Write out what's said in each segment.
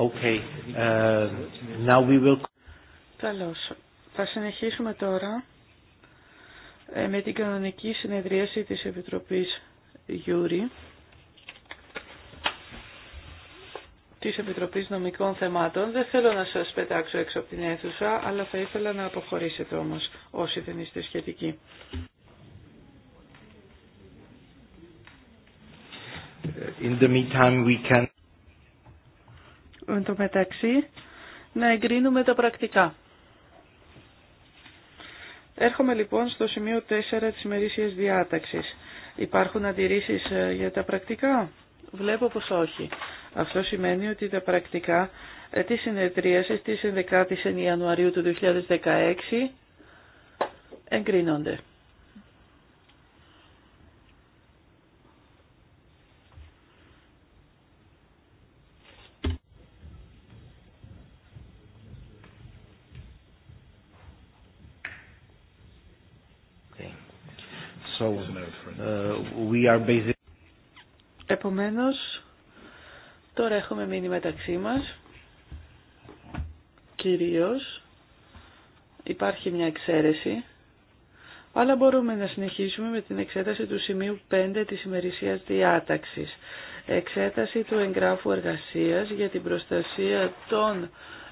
Okay. Uh, now we will... Θα συνεχίσουμε τώρα ε, με την κανονική συνεδρίαση της Επιτροπής Γιούρη της Επιτροπής Νομικών Θεμάτων. Δεν θέλω να σας πετάξω έξω από την αίθουσα, αλλά θα ήθελα να αποχωρήσετε όμως όσοι δεν είστε σχετικοί. In the meantime, we με το μεταξύ να εγκρίνουμε τα πρακτικά. Έρχομαι λοιπόν στο σημείο 4 της ημερήσιας διάταξης. Υπάρχουν αντιρρήσεις ε, για τα πρακτικά. Βλέπω πως όχι. Αυτό σημαίνει ότι τα πρακτικά ε, της συνεδρίασης της 11 η Ιανουαρίου του 2016 εγκρίνονται. Επομένως, τώρα έχουμε μείνει μεταξύ μας. Κυρίως, υπάρχει μια εξαίρεση, αλλά μπορούμε να συνεχίσουμε με την εξέταση του σημείου 5 της ημερησίας διάταξης. Εξέταση του εγγράφου εργασίας για την προστασία των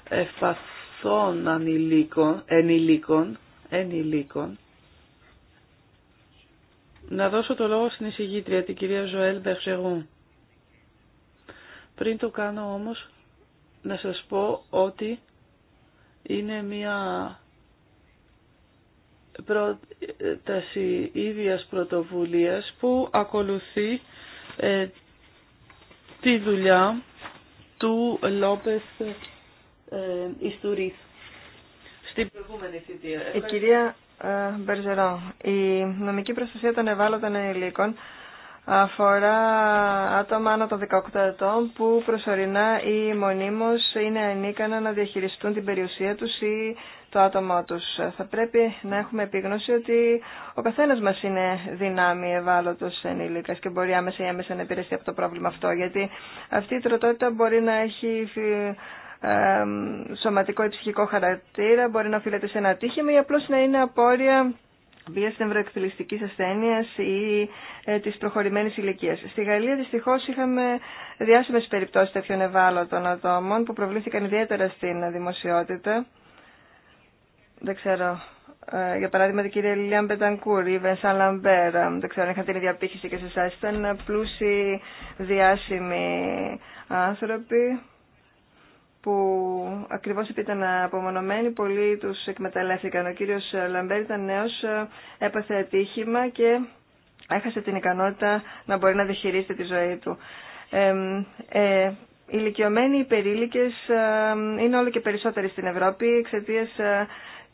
ευπαθών ανηλίκων, ενηλίκων, ενηλίκων να δώσω το λόγο στην εισηγήτρια, την κυρία Ζωέλ Μπερζεγού. Πριν το κάνω όμως, να σας πω ότι είναι μια πρόταση ίδιας πρωτοβουλίας που ακολουθεί ε, τη δουλειά του Λόπες ε, Ιστουρίθ στην ε, κυρία ε, Μπερζερό, η νομική προστασία των ευάλωτων ενηλίκων αφορά άτομα άνω των 18 ετών που προσωρινά ή μονίμως είναι ανίκανα να διαχειριστούν την περιουσία τους ή το άτομο τους. Θα πρέπει να έχουμε επίγνωση ότι ο καθένας μας είναι δυνάμει ευάλωτος ενήλικας και μπορεί άμεσα ή άμεσα να επηρεαστεί από το πρόβλημα αυτό γιατί αυτή η τροτότητα μπορεί να έχει σωματικό ή ψυχικό χαρακτήρα, μπορεί να οφείλεται σε ένα τυχημα ή απλώς να είναι απόρρια βία νευροεκφυλιστικής ασθένεια ή ε, της προχωρημένης ηλικίας. Στη Γαλλία δυστυχώς είχαμε διάσημες περιπτώσεις τέτοιων ευάλωτων ατόμων που προβλήθηκαν ιδιαίτερα στην δημοσιότητα. Δεν ξέρω, ε, για παράδειγμα την κυρία Λιλιάν Μπετανκούρ ή Βενσάν Λαμπέρ, δεν ξέρω αν είχαν την ίδια πύχηση και σε εσά. Ήταν πλούσιοι διάσημοι άνθρωποι που ακριβώς επειδή ήταν απομονωμένοι πολλοί τους εκμεταλλεύτηκαν. Ο κύριος Λαμπέρ ήταν νέος, έπαθε ατύχημα και έχασε την ικανότητα να μπορεί να διχειρίσει τη ζωή του. Ε, ε, οι ηλικιωμένοι υπερήλικες ε, είναι όλο και περισσότεροι στην Ευρώπη ε,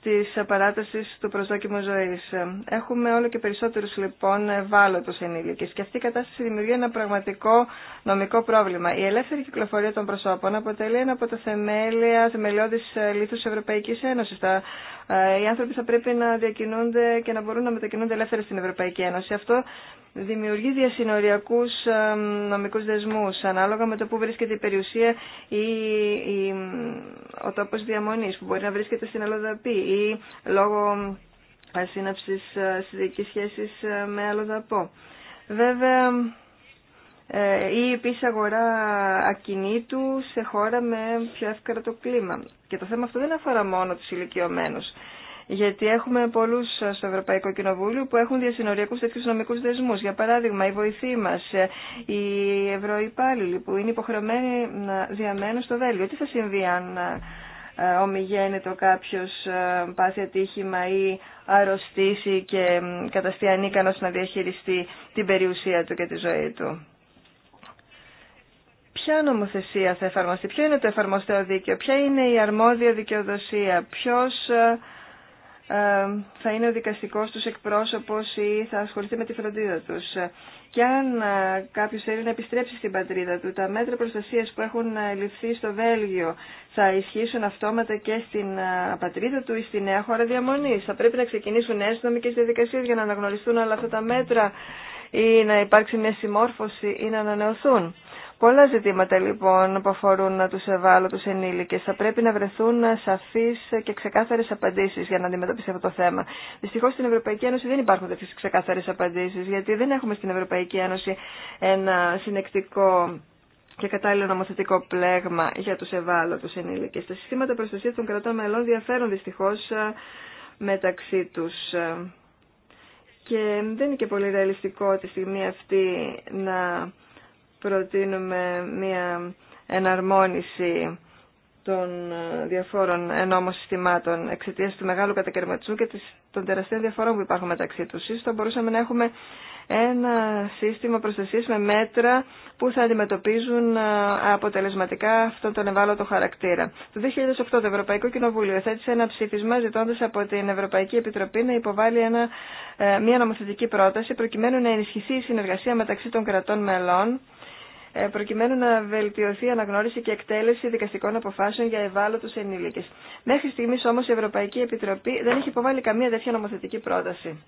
της παράτασης του προσδόκιμου ζωής. Έχουμε όλο και περισσότερους λοιπόν ευάλωτους ενήλικες και αυτή η κατάσταση δημιουργεί ένα πραγματικό νομικό πρόβλημα. Η ελεύθερη κυκλοφορία των προσώπων αποτελεί ένα από τα θεμέλια θεμελιώδης λήθους Ευρωπαϊκής Ένωσης. Τα ε, οι άνθρωποι θα πρέπει να διακινούνται και να μπορούν να μετακινούνται ελεύθερα στην Ευρωπαϊκή Ένωση. Αυτό δημιουργεί διασυνοριακούς ε, νομικούς δεσμούς ανάλογα με το που βρίσκεται η περιουσία ή ο τόπος διαμονής που μπορεί να βρίσκεται στην αλλοδαπή ή λόγω ε, σύναψη συνδικής σχέσης με αλλοδαπό. Βέβαια, ή ε, επίσης αγορά ακινήτου σε χώρα με πιο το κλίμα. Και το θέμα αυτό δεν αφορά μόνο τους ηλικιωμένους. Γιατί έχουμε πολλού ε, στο Ευρωπαϊκό Κοινοβούλιο που έχουν διασυνοριακού τέτοιου νομικού δεσμού. Για παράδειγμα, οι βοηθοί μα, οι ε, ευρωϊπάλληλοι που είναι υποχρεωμένοι να διαμένουν στο Βέλγιο. Τι θα συμβεί αν το κάποιο πάθει ατύχημα ή αρρωστήσει και καταστεί ανίκανο να διαχειριστεί την περιουσία του και τη ζωή του ποια νομοθεσία θα εφαρμοστεί, ποιο είναι το εφαρμοστέο δίκαιο, ποια είναι η αρμόδια δικαιοδοσία, ποιος ε, ε, θα είναι ο δικαστικός τους εκπρόσωπος ή θα ασχοληθεί με τη φροντίδα τους. Και αν ε, κάποιος θέλει να επιστρέψει στην πατρίδα του, τα μέτρα προστασίας που έχουν ληφθεί στο Βέλγιο θα ισχύσουν αυτόματα και στην πατρίδα του ή στη νέα χώρα διαμονής. Θα πρέπει να ξεκινήσουν νέες νομικές διαδικασίες για να αναγνωριστούν όλα αυτά τα μέτρα ή να υπάρξει μια συμμόρφωση ή να ανανεωθούν. Πολλά ζητήματα λοιπόν που αφορούν τους ευάλωτους ενήλικες. Θα πρέπει να βρεθούν σαφείς και ξεκάθαρες απαντήσεις για να αντιμετωπίσει αυτό το θέμα. Δυστυχώς στην Ευρωπαϊκή Ένωση δεν υπάρχουν τέτοιες ξεκάθαρες απαντήσεις γιατί δεν έχουμε στην Ευρωπαϊκή Ένωση ένα συνεκτικό και κατάλληλο νομοθετικό πλέγμα για τους ευάλωτους ενήλικες. Τα συστήματα προστασίας των κρατών μελών διαφέρουν δυστυχώς μεταξύ τους. Και δεν είναι και πολύ ρεαλιστικό τη στιγμή αυτή να προτείνουμε μία εναρμόνιση των ε, διαφόρων ενόμων συστημάτων εξαιτία του μεγάλου κατακαιρματισμού και των τεραστίων διαφορών που υπάρχουν μεταξύ του. Ίσως θα μπορούσαμε να έχουμε ένα σύστημα προστασίας με μέτρα που θα αντιμετωπίζουν ε, αποτελεσματικά αυτόν τον ευάλωτο χαρακτήρα. Το 2008 το Ευρωπαϊκό Κοινοβούλιο θέτησε ένα ψήφισμα ζητώντα από την Ευρωπαϊκή Επιτροπή να υποβάλει ένα, ε, μια νομοθετική πρόταση προκειμένου να ενισχυθεί η συνεργασία μεταξύ των κρατών μελών ε, προκειμένου να βελτιωθεί η αναγνώριση και εκτέλεση δικαστικών αποφάσεων για ευάλωτους ενήλικες. Μέχρι στιγμής όμως η Ευρωπαϊκή Επιτροπή δεν έχει υποβάλει καμία τέτοια νομοθετική πρόταση.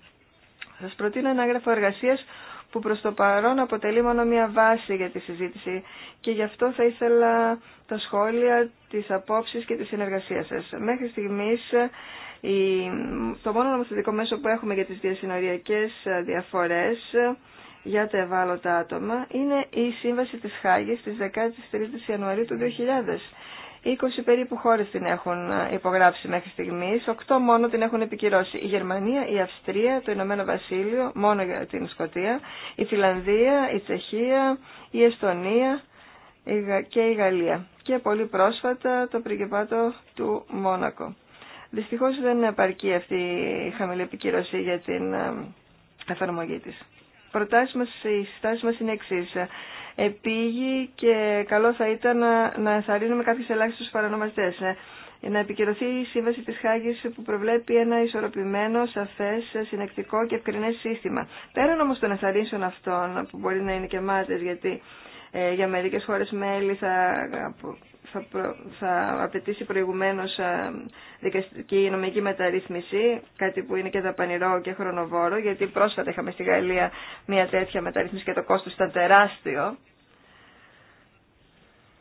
Σας προτείνω ένα έγγραφο εργασίας που προς το παρόν αποτελεί μόνο μια βάση για τη συζήτηση και γι' αυτό θα ήθελα τα σχόλια, τις απόψεις και τη συνεργασία σας. Μέχρι στιγμής ε, το μόνο νομοθετικό μέσο που έχουμε για τις διασυνοριακές ε, διαφορές για τα ευάλωτα άτομα είναι η Σύμβαση της Χάγης της 13ης Ιανουαρίου του 2000. 20 περίπου χώρες την έχουν υπογράψει μέχρι στιγμής, 8 μόνο την έχουν επικυρώσει. Η Γερμανία, η Αυστρία, το Ηνωμένο Βασίλειο, μόνο για την Σκοτία, η Φιλανδία, η Τσεχία, η Εστονία και η Γαλλία. Και πολύ πρόσφατα το πριγκεπάτο του Μόνακο. Δυστυχώς δεν επαρκεί αυτή η χαμηλή επικύρωση για την ε, εφαρμογή της προτάσεις μας, οι συστάσεις μας είναι εξή. Επίγει και καλό θα ήταν να, να ενθαρρύνουμε κάποιους ελάχιστους παρανομαστές. Να επικυρωθεί η σύμβαση της Χάγης που προβλέπει ένα ισορροπημένο, σαφές, συνεκτικό και ευκρινές σύστημα. Πέραν όμως των ενθαρρύνσεων αυτών που μπορεί να είναι και μάζες γιατί ε, για μερικές χώρες μέλη θα, απαιτήσει προηγουμένως ε, δικαστική νομική μεταρρύθμιση, κάτι που είναι και δαπανηρό και χρονοβόρο, γιατί πρόσφατα είχαμε στη Γαλλία μια τέτοια μεταρρύθμιση και το κόστος ήταν τεράστιο.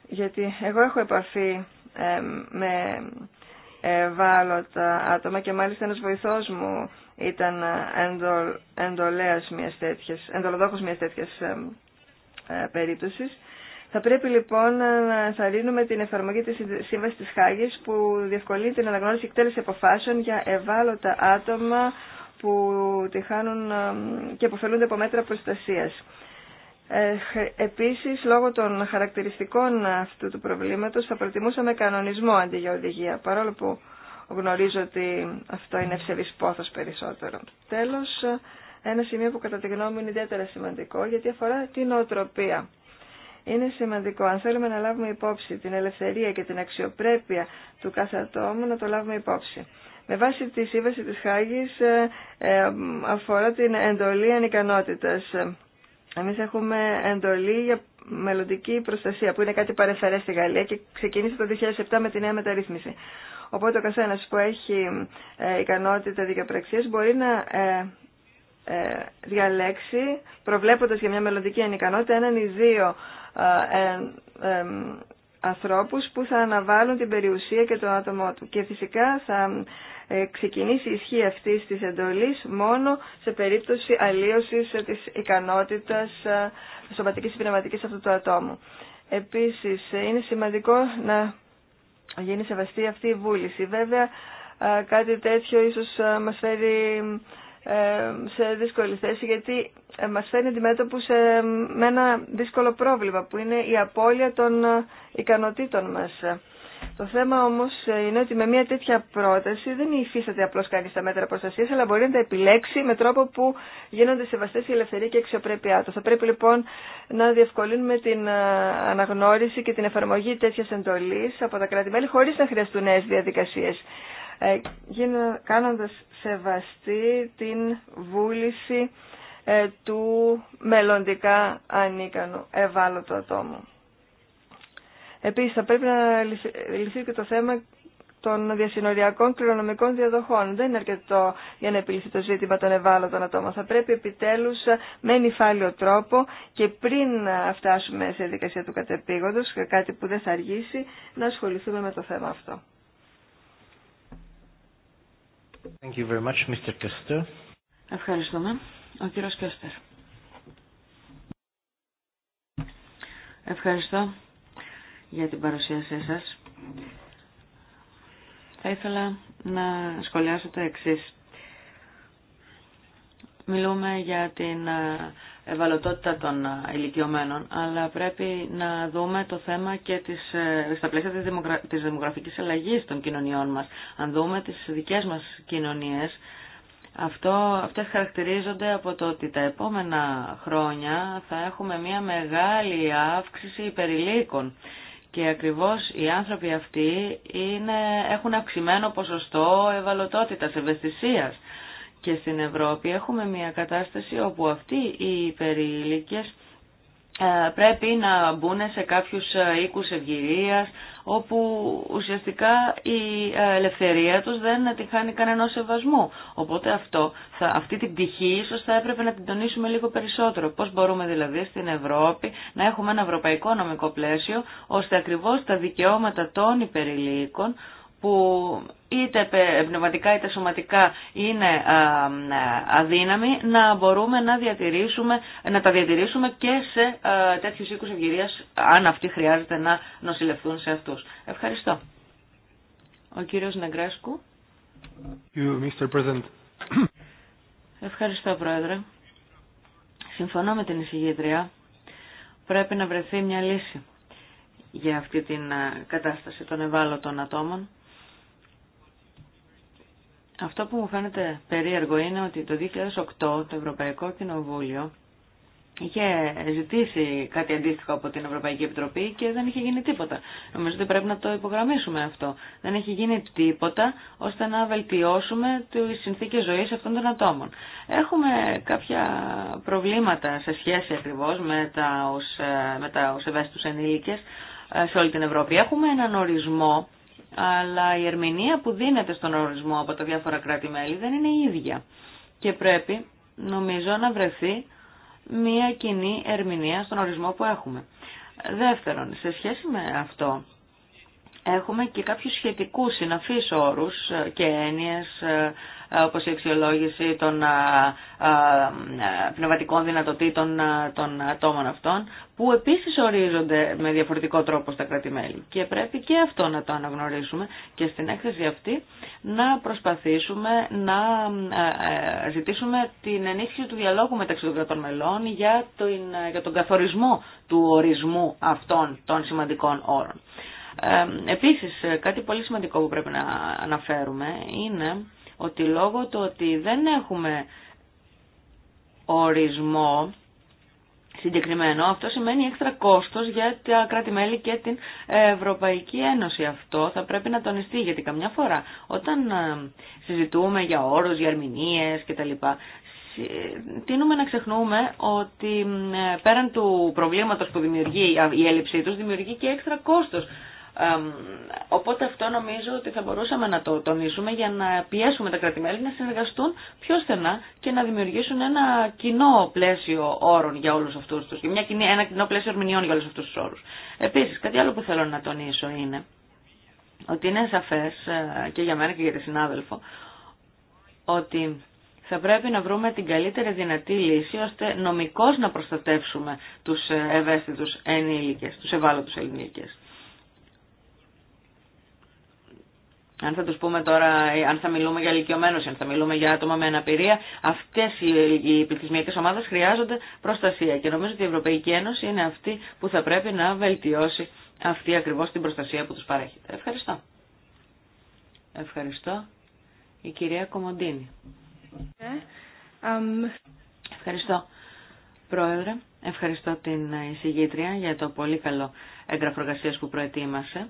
Γιατί εγώ έχω επαφή ε, με ευάλωτα άτομα και μάλιστα ένας βοηθός μου ήταν εντολέας μιας τέτοιας, εντολοδόχος μιας τέτοιας ε, περίπτωση. Θα πρέπει λοιπόν να ενθαρρύνουμε την εφαρμογή της Σύμβασης τη Χάγης που διευκολύνει την αναγνώριση εκτέλεση αποφάσεων για ευάλωτα άτομα που τη χάνουν ε, και αποφελούνται από μέτρα προστασίας. Ε, επίσης, λόγω των χαρακτηριστικών αυτού του προβλήματος θα προτιμούσαμε κανονισμό αντί για οδηγία, παρόλο που γνωρίζω ότι αυτό είναι ευσεβής περισσότερο. Τέλος, ένα σημείο που κατά τη γνώμη μου είναι ιδιαίτερα σημαντικό γιατί αφορά την οτροπία. Είναι σημαντικό, αν θέλουμε να λάβουμε υπόψη την ελευθερία και την αξιοπρέπεια του κάθε ατόμου, να το λάβουμε υπόψη. Με βάση τη σύμβαση της Χάγης ε, ε, αφορά την εντολή ανικανότητας. Εμείς έχουμε εντολή για μελλοντική προστασία που είναι κάτι παρεφερέ στη Γαλλία και ξεκίνησε το 2007 με τη νέα μεταρρύθμιση. Οπότε ο καθένα που έχει ε, ικανότητα δικαιοπραξίας μπορεί να ε, διαλέξει, προβλέποντας για μια μελλοντική ανικανότητα, έναν ή δύο ε, ε, ανθρώπους που θα αναβάλουν την περιουσία και τον άτομό του. Και φυσικά θα ξεκινήσει η ισχύ αυτή τη εντολής μόνο σε περίπτωση αλλίωσης της ικανότητας σωματικής ή πνευματικής αυτού του ατόμου. Επίσης, είναι σημαντικό να γίνει σεβαστή αυτή η βούληση. Βέβαια, κάτι τέτοιο ίσως μας φέρει ε, σε δύσκολη θέση γιατί ε, μας φέρνει αντιμέτωπου με ένα δύσκολο πρόβλημα που είναι η απώλεια των ε, ικανοτήτων μας. Το θέμα όμως είναι ότι με μια τέτοια πρόταση δεν υφίσταται απλώς κανείς τα μέτρα προστασίας αλλά μπορεί να τα επιλέξει με τρόπο που γίνονται σεβαστές η ελευθερία και η αξιοπρέπειά του. Θα πρέπει λοιπόν να διευκολύνουμε την αναγνώριση και την εφαρμογή τέτοιας εντολής από τα κράτη-μέλη χωρίς να χρειαστούν νέες διαδικασίες. Ε, κάνοντας σεβαστή την βούληση ε, του μελλοντικά ανίκανου ευάλωτου ατόμου. Επίσης θα πρέπει να λυθεί και το θέμα των διασυνοριακών κληρονομικών διαδοχών. Δεν είναι αρκετό για να επιλυθεί το ζήτημα των ευάλωτων ατόμων. Θα πρέπει επιτέλους με νυφάλιο τρόπο και πριν φτάσουμε σε διαδικασία του κατεπήγοντος, κάτι που δεν θα αργήσει, να ασχοληθούμε με το θέμα αυτό. Thank you very much, Mr. Kester. Ευχαριστούμε. Ο κύριο Κέστερ. Ευχαριστώ για την παρουσίασή σας. Θα ήθελα να σχολιάσω το εξής. Μιλούμε για την ε, ευαλωτότητα των ηλικιωμένων, αλλά πρέπει να δούμε το θέμα και ε, στα πλαίσια της, δημογρα... της δημογραφικής αλλαγής των κοινωνιών μας. Αν δούμε τις δικές μας κοινωνίες, αυτό, αυτές χαρακτηρίζονται από το ότι τα επόμενα χρόνια θα έχουμε μια μεγάλη αύξηση υπερηλίκων. Και ακριβώς οι άνθρωποι αυτοί είναι, έχουν αυξημένο ποσοστό ευαλωτότητας, ευαισθησίας και στην Ευρώπη έχουμε μια κατάσταση όπου αυτοί οι υπερήλικες ε, πρέπει να μπουν σε κάποιους ε, οίκους ευγυρίας όπου ουσιαστικά η ε, ελευθερία τους δεν την χάνει κανένα σεβασμού. Οπότε αυτό, αυτή την πτυχή ίσως θα έπρεπε να την τονίσουμε λίγο περισσότερο. Πώς μπορούμε δηλαδή στην Ευρώπη να έχουμε ένα ευρωπαϊκό νομικό πλαίσιο ώστε ακριβώς τα δικαιώματα των υπερηλίκων που είτε πνευματικά είτε σωματικά είναι αδύναμοι, να μπορούμε να, διατηρήσουμε, να τα διατηρήσουμε και σε τέτοιους οίκους ευγυρίας, αν αυτοί χρειάζεται να νοσηλευτούν σε αυτούς. Ευχαριστώ. Ο κύριος Νεγκρέσκου. Ευχαριστώ, Πρόεδρε. Συμφωνώ με την εισηγήτρια. Πρέπει να βρεθεί μια λύση για αυτή την κατάσταση των ευάλωτων ατόμων. Αυτό που μου φαίνεται περίεργο είναι ότι το 2008 το Ευρωπαϊκό Κοινοβούλιο είχε ζητήσει κάτι αντίστοιχο από την Ευρωπαϊκή Επιτροπή και δεν είχε γίνει τίποτα. Νομίζω ότι πρέπει να το υπογραμμίσουμε αυτό. Δεν έχει γίνει τίποτα ώστε να βελτιώσουμε τις συνθήκες ζωής αυτών των ατόμων. Έχουμε κάποια προβλήματα σε σχέση ακριβώ με τα ως, ε, με τα ως ενήλικες ε, σε όλη την Ευρώπη. Έχουμε έναν ορισμό αλλά η ερμηνεία που δίνεται στον ορισμό από τα διάφορα κράτη-μέλη δεν είναι η ίδια. Και πρέπει, νομίζω, να βρεθεί μία κοινή ερμηνεία στον ορισμό που έχουμε. Δεύτερον, σε σχέση με αυτό, έχουμε και κάποιους σχετικούς συναφείς όρους ε, και έννοιες ε, ε, όπως η αξιολόγηση των πνευματικών δυνατοτήτων των ατόμων αυτών που επίσης ορίζονται με διαφορετικό τρόπο στα κράτη-μέλη και πρέπει και αυτό να το αναγνωρίσουμε και στην έκθεση αυτή να προσπαθήσουμε να ζητήσουμε την ενίσχυση του διαλόγου μεταξύ των κρατών μελών για τον καθορισμό του ορισμού αυτών των σημαντικών όρων. Επίσης, κάτι πολύ σημαντικό που πρέπει να αναφέρουμε είναι ότι λόγω του ότι δεν έχουμε ορισμό συγκεκριμένο, αυτό σημαίνει έξτρα κόστος για τα κράτη-μέλη και την Ευρωπαϊκή Ένωση. Αυτό θα πρέπει να τονιστεί, γιατί καμιά φορά όταν ε, συζητούμε για όρους, για ερμηνείες κτλ, τίνουμε να ξεχνούμε ότι ε, πέραν του προβλήματος που δημιουργεί η έλλειψή τους, δημιουργεί και έξτρα κόστος Οπότε αυτό νομίζω ότι θα μπορούσαμε να το τονίσουμε για να πιέσουμε τα κρατημέλη να συνεργαστούν πιο στενά και να δημιουργήσουν ένα κοινό πλαίσιο όρων για όλους αυτούς τους και μια κοινή, ένα κοινό πλαίσιο ερμηνεών για όλους αυτούς τους όρους. Επίσης, κάτι άλλο που θέλω να τονίσω είναι ότι είναι σαφές ε, και για μένα και για τη συνάδελφο ότι θα πρέπει να βρούμε την καλύτερη δυνατή λύση ώστε νομικώς να προστατεύσουμε τους ευαίσθητους ενήλικες, τους ευάλωτους ενήλικες. αν θα τους πούμε τώρα, ε, αν θα μιλούμε για ηλικιωμένους, αν θα μιλούμε για άτομα με αναπηρία, αυτές οι πληθυσμιακές ομάδες χρειάζονται προστασία και νομίζω ότι η Ευρωπαϊκή Ένωση είναι αυτή που θα πρέπει να βελτιώσει αυτή ακριβώς την προστασία που τους παρέχεται. Ευχαριστώ. Ευχαριστώ. Η κυρία Κομοντίνη. Ευχαριστώ. Πρόεδρε, ευχαριστώ την εισηγήτρια για το πολύ καλό έγγραφο που προετοίμασε.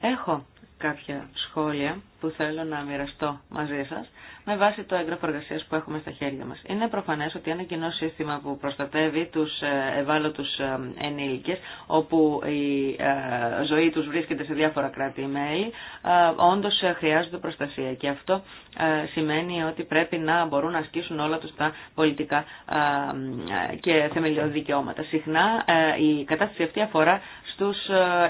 Έχω κάποια σχόλια που θέλω να μοιραστώ μαζί σας με βάση το έγγραφο εργασία που έχουμε στα χέρια μας. Είναι προφανές ότι ένα κοινό σύστημα που προστατεύει τους ε, ευάλωτους ε, ενήλικες όπου η ε, ζωή τους βρίσκεται σε διάφορα κράτη-μέλη όντως χρειάζεται προστασία και αυτό σημαίνει ότι πρέπει να μπορούν να ασκήσουν όλα τους τα πολιτικά και θεμελιώδη δικαιώματα. Συχνά η κατάσταση αυτή αφορά Στου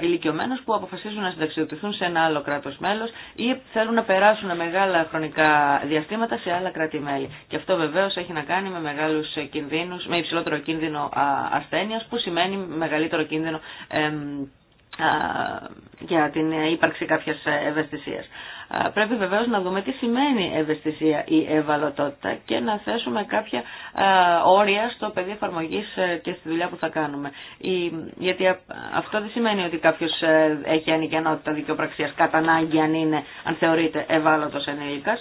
ε, ηλικιωμένου που αποφασίζουν να συνταξιδοτηθούν σε ένα άλλο κράτος μέλος ή θέλουν να περάσουν μεγάλα χρονικά διαστήματα σε άλλα κράτη-μέλη. Και αυτό βεβαίω έχει να κάνει με μεγάλου κίνδυνου, με υψηλότερο κίνδυνο ασθένεια, που σημαίνει μεγαλύτερο κίνδυνο για την ύπαρξη κάποια ευαισθησία. Πρέπει βεβαίως να δούμε τι σημαίνει ευαισθησία ή ευαλωτότητα και να θέσουμε κάποια όρια στο πεδίο εφαρμογή ε, και στη δουλειά που θα κάνουμε. Γιατί αυτό δεν σημαίνει ότι κάποιο ε, έχει ανικανότητα δικαιοπραξία κατά ανάγκη αν, είναι, αν θεωρείται ευάλωτο ενήλικα.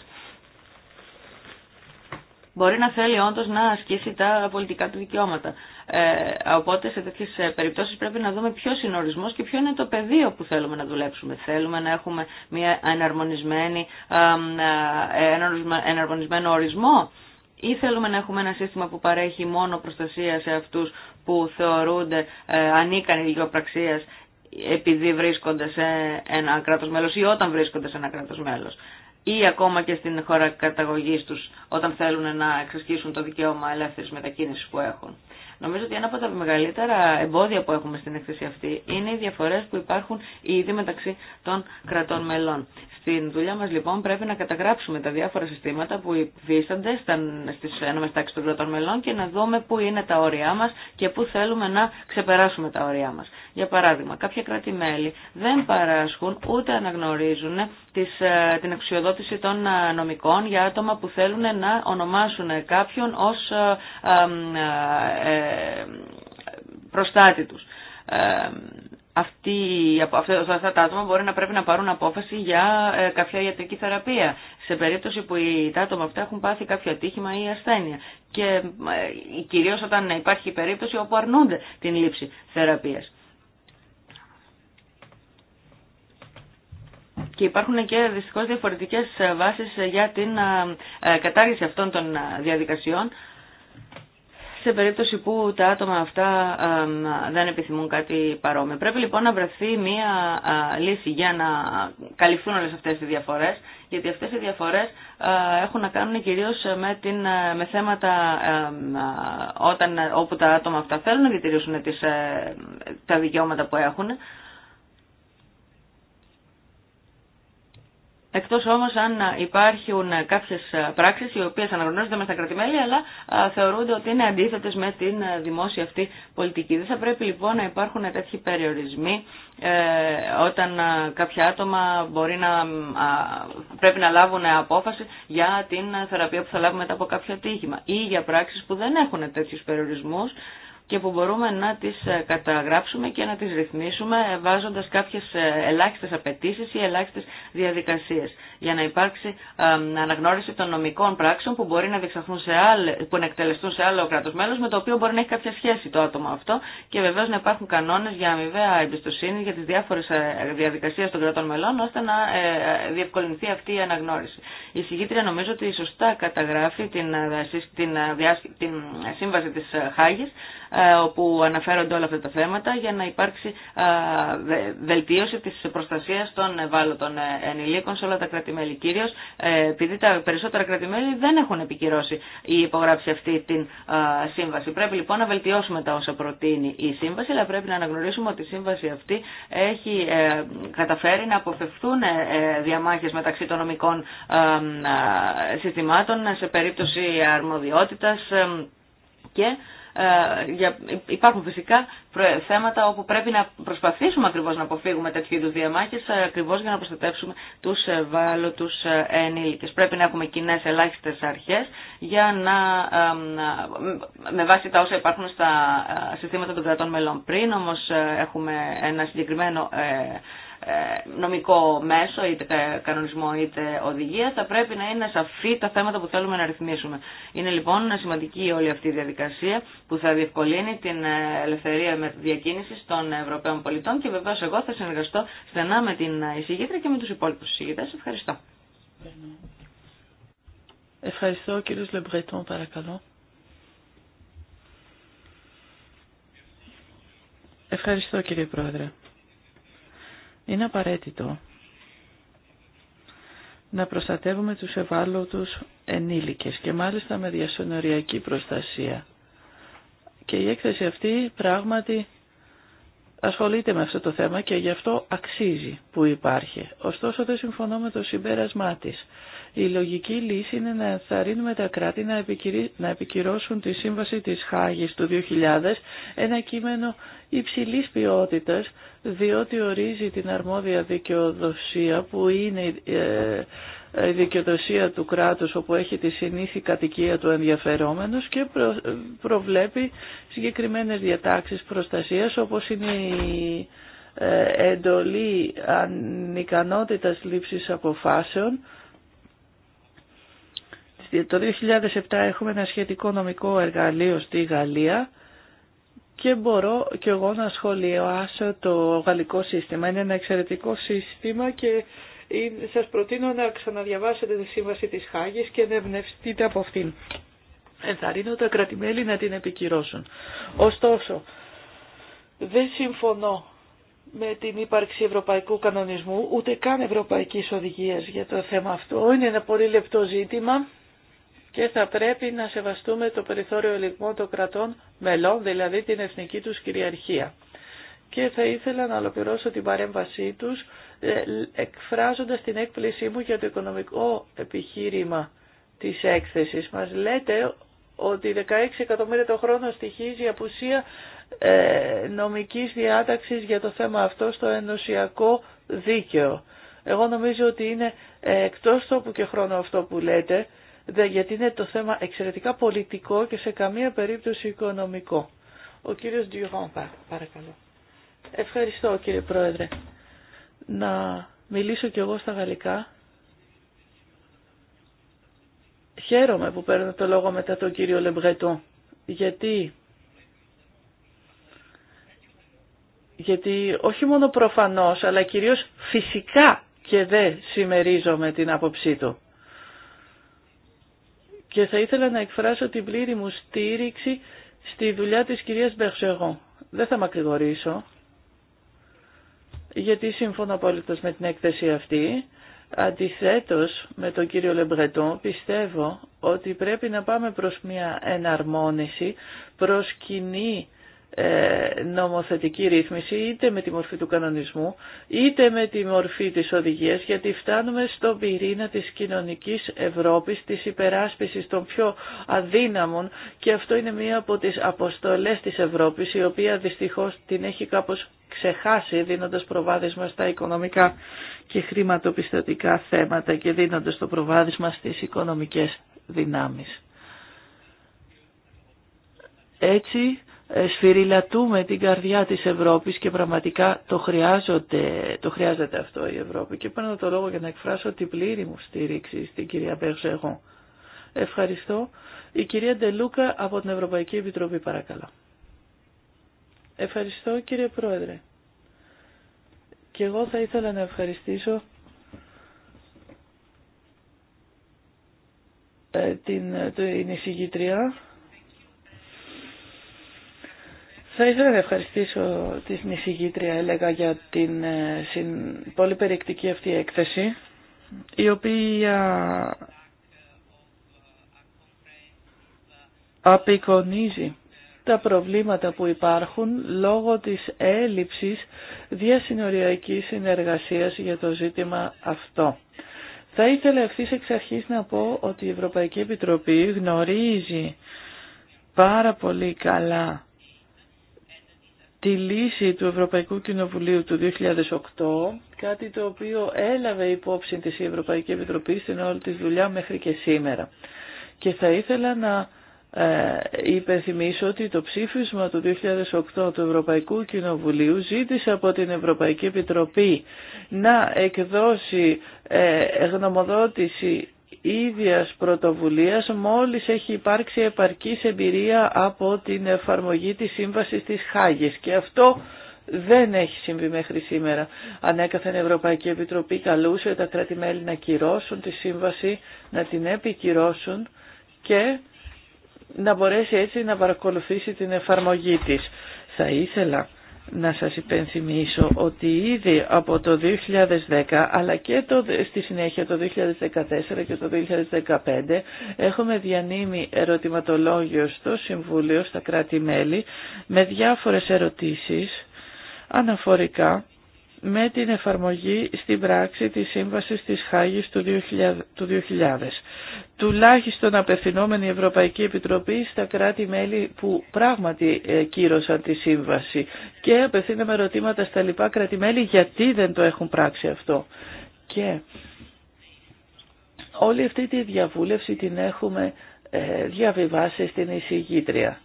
Μπορεί να θέλει όντω να ασκήσει τα πολιτικά του δικαιώματα. Ε, οπότε σε τέτοιε περιπτώσει πρέπει να δούμε ποιο είναι ο ορισμό και ποιο είναι το πεδίο που θέλουμε να δουλέψουμε. Θέλουμε να έχουμε μια εναρμονισμένη, ε, εναρμονισμένο ορισμό ή θέλουμε να έχουμε ένα σύστημα που παρέχει μόνο προστασία σε αυτούς που θεωρούνται ε, ανίκανοι λιγοπραξίας επειδή βρίσκονται σε ένα κράτος μέλος ή όταν βρίσκονται σε ένα κράτος μέλος ή ακόμα και στην χώρα καταγωγής τους όταν θέλουν να εξασκήσουν το δικαίωμα ελεύθερης μετακίνησης που έχουν. Νομίζω ότι ένα από τα μεγαλύτερα εμπόδια που έχουμε στην έκθεση αυτή είναι οι διαφορέ που υπάρχουν ήδη μεταξύ των κρατών μελών. Στην δουλειά μα λοιπόν πρέπει να καταγράψουμε τα διάφορα συστήματα που υφίστανται στι ένωμες τάξει των κρατών μελών και να δούμε πού είναι τα όρια μα και πού θέλουμε να ξεπεράσουμε τα όρια μα. Για παράδειγμα, κάποια κράτη-μέλη δεν παράσχουν ούτε αναγνωρίζουν ε, την αξιοδότηση των ε, νομικών για άτομα που θέλουν να ονομάσουν κάποιον ως ε, προστάτη τους. Ε, αυτοί, αυτά τα άτομα μπορεί να πρέπει να πάρουν απόφαση για ε, κάποια ιατρική θεραπεία σε περίπτωση που οι, τα άτομα αυτά έχουν πάθει κάποιο ατύχημα ή ασθένεια και ε, κυρίως όταν υπάρχει περίπτωση όπου αρνούνται την λήψη θεραπείας. Και υπάρχουν και δυστυχώς διαφορετικές ε, βάσεις ε, για την κατάργηση αυτών των διαδικασιών σε περίπτωση που τα άτομα αυτά δεν επιθυμούν κάτι παρόμοιο. Πρέπει λοιπόν να βρεθεί μία λύση για να καλυφθούν όλες αυτές οι διαφορές, γιατί αυτές οι διαφορές έχουν να κάνουν κυρίως με, την, με θέματα όταν, όπου τα άτομα αυτά θέλουν να διατηρήσουν τις, ε, τα δικαιώματα που έχουν, Εκτός όμως αν υπάρχουν κάποιες πράξεις οι οποίες αναγνωρίζονται μέσα στα κρατημέλη αλλά θεωρούνται ότι είναι αντίθετες με την δημόσια αυτή πολιτική. Δεν θα πρέπει λοιπόν να υπάρχουν τέτοιοι περιορισμοί ε, όταν κάποια άτομα μπορεί να, πρέπει να λάβουν απόφαση για την θεραπεία που θα λάβουν μετά από κάποιο ατύχημα ή για πράξεις που δεν έχουν τέτοιους περιορισμούς και που μπορούμε να τις ε, καταγράψουμε και να τις ρυθμίσουμε ε, βάζοντας κάποιες ε, ελάχιστες απαιτήσεις ή ελάχιστες διαδικασίες για να υπάρξει αναγνώριση των νομικών πράξεων που μπορεί να διεξαχθούν σε άλλε, που να εκτελεστούν σε άλλο κράτο μέλο με το οποίο μπορεί να έχει κάποια σχέση το άτομο αυτό και βεβαίω να υπάρχουν κανόνε για αμοιβαία εμπιστοσύνη για τι διάφορε διαδικασίε των κρατών μελών ώστε να ε, διευκολυνθεί αυτή η αναγνώριση. Η συγκίτρια νομίζω ότι σωστά καταγράφει την, ε, την, ε, την σύμβαση τη Χάγη όπου αναφέρονται όλα αυτά τα θέματα για να υπάρξει βελτίωση της προστασίας των ευάλωτων ενηλίκων σε όλα τα κράτη κρατη κυρίω, ε, επειδή τα περισσοτερα κρατημέλη δεν έχουν επικυρώσει ή υπογράψει αυτή την σύμβαση. Πρέπει λοιπόν να βελτιώσουμε τα όσα προτείνει η υπογράψη αυτη αλλά πρέπει να αναγνωρίσουμε ότι η σύμβαση αυτή έχει ε, καταφέρει να αποφευθούν ε, διαμάχε μεταξύ των νομικών συστημάτων σε περίπτωση αρμοδιότητα και ε, υπάρχουν φυσικά θέματα όπου πρέπει να προσπαθήσουμε ακριβώς να αποφύγουμε τέτοιου είδους διαμάχες ε, ακριβώς για να προστατεύσουμε τους ευάλωτους ε, ενήλικες. Πρέπει να έχουμε κοινέ ελάχιστες αρχές για να, με βάση τα όσα υπάρχουν στα συστήματα των κρατών μελών πριν, όμως έχουμε ένα συγκεκριμένο ε, νομικό μέσο, είτε κανονισμό είτε οδηγία, θα πρέπει να είναι σαφή τα θέματα που θέλουμε να ρυθμίσουμε. Είναι λοιπόν σημαντική όλη αυτή η διαδικασία που θα διευκολύνει την ε, ελευθερία διακίνηση των Ευρωπαίων πολιτών και βεβαίω εγώ θα συνεργαστώ στενά με την εισηγήτρια και με του υπόλοιπου εισηγητέ. Ευχαριστώ. Ευχαριστώ κύριο Λεμπρετών παρακαλώ. Ευχαριστώ κύριε Πρόεδρε. Είναι απαραίτητο να προστατεύουμε τους ευάλωτους ενήλικες και μάλιστα με διασωνοριακή προστασία. Και η έκθεση αυτή πράγματι ασχολείται με αυτό το θέμα και γι' αυτό αξίζει που υπάρχει. Ωστόσο δεν συμφωνώ με το συμπέρασμά της. Η λογική λύση είναι να ενθαρρύνουμε τα κράτη να επικυρώσουν τη σύμβαση της Χάγης του 2000, ένα κείμενο υψηλής ποιότητας, διότι ορίζει την αρμόδια δικαιοδοσία που είναι ε, ε, η δικαιοδοσία του κράτους όπου έχει τη συνήθη κατοικία του ενδιαφερόμενος και προβλέπει συγκεκριμένες διατάξεις προστασίας όπως είναι η ε, εντολή ανικανότητας λήψης αποφάσεων το 2007 έχουμε ένα σχετικό νομικό εργαλείο στη Γαλλία και μπορώ και εγώ να σχολιάσω το γαλλικό σύστημα. Είναι ένα εξαιρετικό σύστημα και σας προτείνω να ξαναδιαβάσετε τη σύμβαση της Χάγης και να εμπνευστείτε από αυτήν. Ενθαρρύνω τα κρατημέλη να την επικυρώσουν. Ωστόσο, δεν συμφωνώ με την ύπαρξη ευρωπαϊκού κανονισμού, ούτε καν ευρωπαϊκής οδηγίας για το θέμα αυτό. Είναι ένα πολύ λεπτό ζήτημα και θα πρέπει να σεβαστούμε το περιθώριο ελιγμό των κρατών μελών, δηλαδή την εθνική τους κυριαρχία. Και θα ήθελα να ολοκληρώσω την παρέμβασή τους ε, εκφράζοντας την έκπλησή μου για το οικονομικό επιχείρημα της έκθεσης. Μας λέτε ότι 16 εκατομμύρια το χρόνο στοιχίζει η απουσία ε, νομικής διάταξης για το θέμα αυτό στο ενωσιακό δίκαιο. Εγώ νομίζω ότι είναι ε, εκτός τόπου και χρόνο αυτό που λέτε γιατί είναι το θέμα εξαιρετικά πολιτικό και σε καμία περίπτωση οικονομικό. Ο κύριος Ντιουγάν, παρακαλώ. Ευχαριστώ κύριε Πρόεδρε. Να μιλήσω κι εγώ στα γαλλικά. Χαίρομαι που παίρνω το λόγο μετά τον κύριο Λεμπρετό. Γιατί γιατί όχι μόνο προφανώς αλλά κυρίως φυσικά και δεν συμμερίζομαι την άποψή του και θα ήθελα να εκφράσω την πλήρη μου στήριξη στη δουλειά της κυρίας Μπερσεγό. Δεν θα μακρηγορήσω, γιατί σύμφωνα απόλυτος με την έκθεση αυτή, αντιθέτως με τον κύριο Λεμπρετό, πιστεύω ότι πρέπει να πάμε προς μια εναρμόνιση, προς κοινή ε, νομοθετική ρύθμιση είτε με τη μορφή του κανονισμού είτε με τη μορφή της οδηγίας γιατί φτάνουμε στον πυρήνα της κοινωνικής Ευρώπης της υπεράσπισης των πιο αδύναμων και αυτό είναι μία από τις αποστολές της Ευρώπης η οποία δυστυχώς την έχει κάπως ξεχάσει δίνοντας προβάδισμα στα οικονομικά και χρηματοπιστωτικά θέματα και δίνοντας το προβάδισμα στις οικονομικές δυνάμεις. Έτσι, ε, σφυριλατούμε την καρδιά της Ευρώπης και πραγματικά το, χρειάζονται, το χρειάζεται αυτό η Ευρώπη. Και παίρνω το λόγο για να εκφράσω την πλήρη μου στήριξη στην κυρία Μπερζέγο. Ευχαριστώ. Η κυρία Ντελούκα από την Ευρωπαϊκή Επιτροπή παρακαλώ. Ευχαριστώ κύριε Πρόεδρε. Και εγώ θα ήθελα να ευχαριστήσω ε, την, την εισηγητριά θα ήθελα να ευχαριστήσω τη συνεισηγήτρια, έλεγα, για την ε, πολύ περιεκτική αυτή έκθεση, η οποία απεικονίζει τα προβλήματα που υπάρχουν λόγω της έλλειψης διασυνοριακής συνεργασίας για το ζήτημα αυτό. Θα ήθελα ευθύς εξ αρχής να πω ότι η Ευρωπαϊκή Επιτροπή γνωρίζει πάρα πολύ καλά τη λύση του Ευρωπαϊκού Κοινοβουλίου του 2008, κάτι το οποίο έλαβε υπόψη της η Ευρωπαϊκή Επιτροπή στην όλη τη δουλειά μέχρι και σήμερα. Και θα ήθελα να ε, υπενθυμίσω ότι το ψήφισμα του 2008 του Ευρωπαϊκού Κοινοβουλίου ζήτησε από την Ευρωπαϊκή Επιτροπή να εκδώσει ε, γνωμοδότηση ίδιας πρωτοβουλίας μόλις έχει υπάρξει επαρκής εμπειρία από την εφαρμογή της σύμβασης της Χάγης και αυτό δεν έχει συμβεί μέχρι σήμερα. Ανέκαθεν η Ευρωπαϊκή Επιτροπή καλούσε τα κράτη-μέλη να κυρώσουν τη σύμβαση, να την επικυρώσουν και να μπορέσει έτσι να παρακολουθήσει την εφαρμογή της. Θα ήθελα να σας υπενθυμίσω ότι ήδη από το 2010 αλλά και το, στη συνέχεια το 2014 και το 2015 έχουμε διανύμει ερωτηματολόγιο στο Συμβούλιο, στα κράτη-μέλη με διάφορες ερωτήσεις αναφορικά με την εφαρμογή στην πράξη της Σύμβασης της Χάγης του 2000. Του 2000. Τουλάχιστον απευθυνόμενη η Ευρωπαϊκή Επιτροπή στα κράτη-μέλη που πράγματι ε, κύρωσαν τη Σύμβαση και απευθύναμε ερωτήματα στα λοιπά κράτη-μέλη γιατί δεν το έχουν πράξει αυτό. Και όλη αυτή τη διαβούλευση την έχουμε ε, διαβιβάσει στην εισηγήτρια.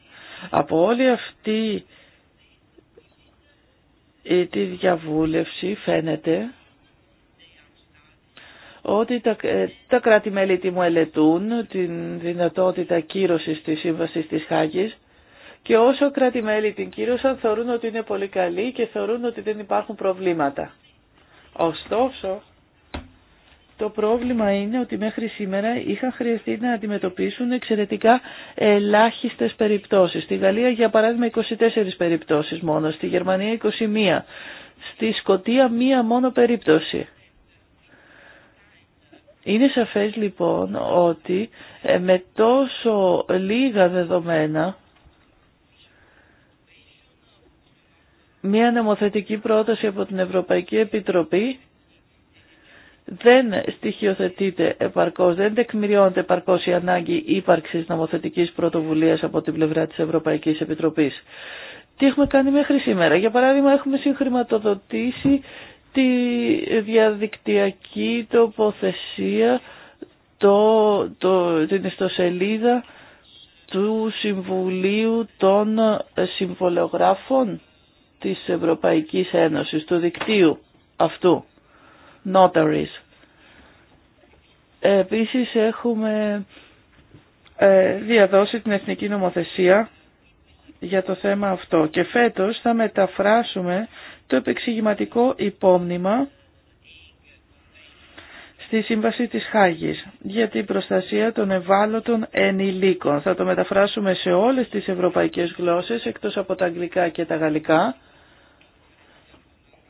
Από όλη αυτή τη διαβούλευση φαίνεται ότι τα, ε, τα κράτη-μέλη τη μου ελετούν την δυνατότητα κύρωσης της Σύμβασης της Χάγης και όσο κράτη-μέλη την κύρωσαν θεωρούν ότι είναι πολύ καλή και θεωρούν ότι δεν υπάρχουν προβλήματα. Ωστόσο, το πρόβλημα είναι ότι μέχρι σήμερα είχαν χρειαστεί να αντιμετωπίσουν εξαιρετικά ελάχιστες περιπτώσεις. Στη Γαλλία για παράδειγμα 24 περιπτώσεις μόνο, στη Γερμανία 21, στη Σκοτία μία μόνο περίπτωση. Είναι σαφές λοιπόν ότι ε, με τόσο λίγα δεδομένα μια νομοθετική πρόταση από την Ευρωπαϊκή Επιτροπή δεν στοιχειοθετείται επαρκώς, δεν τεκμηριώνεται επαρκώς η ανάγκη ύπαρξης νομοθετικής πρωτοβουλίας από την πλευρά της Ευρωπαϊκής Επιτροπής. Τι έχουμε κάνει μέχρι σήμερα. Για παράδειγμα έχουμε συγχρηματοδοτήσει τη διαδικτυακή τοποθεσία, το, το, την ιστοσελίδα του Συμβουλίου των Συμβολεογράφων της Ευρωπαϊκής Ένωσης, του δικτύου αυτού notaries. Επίσης έχουμε ε, διαδώσει την Εθνική Νομοθεσία για το θέμα αυτό και φέτος θα μεταφράσουμε το επεξηγηματικό υπόμνημα στη Σύμβαση της Χάγης για την προστασία των ευάλωτων ενηλίκων. Θα το μεταφράσουμε σε όλες τις ευρωπαϊκές γλώσσες εκτός από τα αγγλικά και τα γαλλικά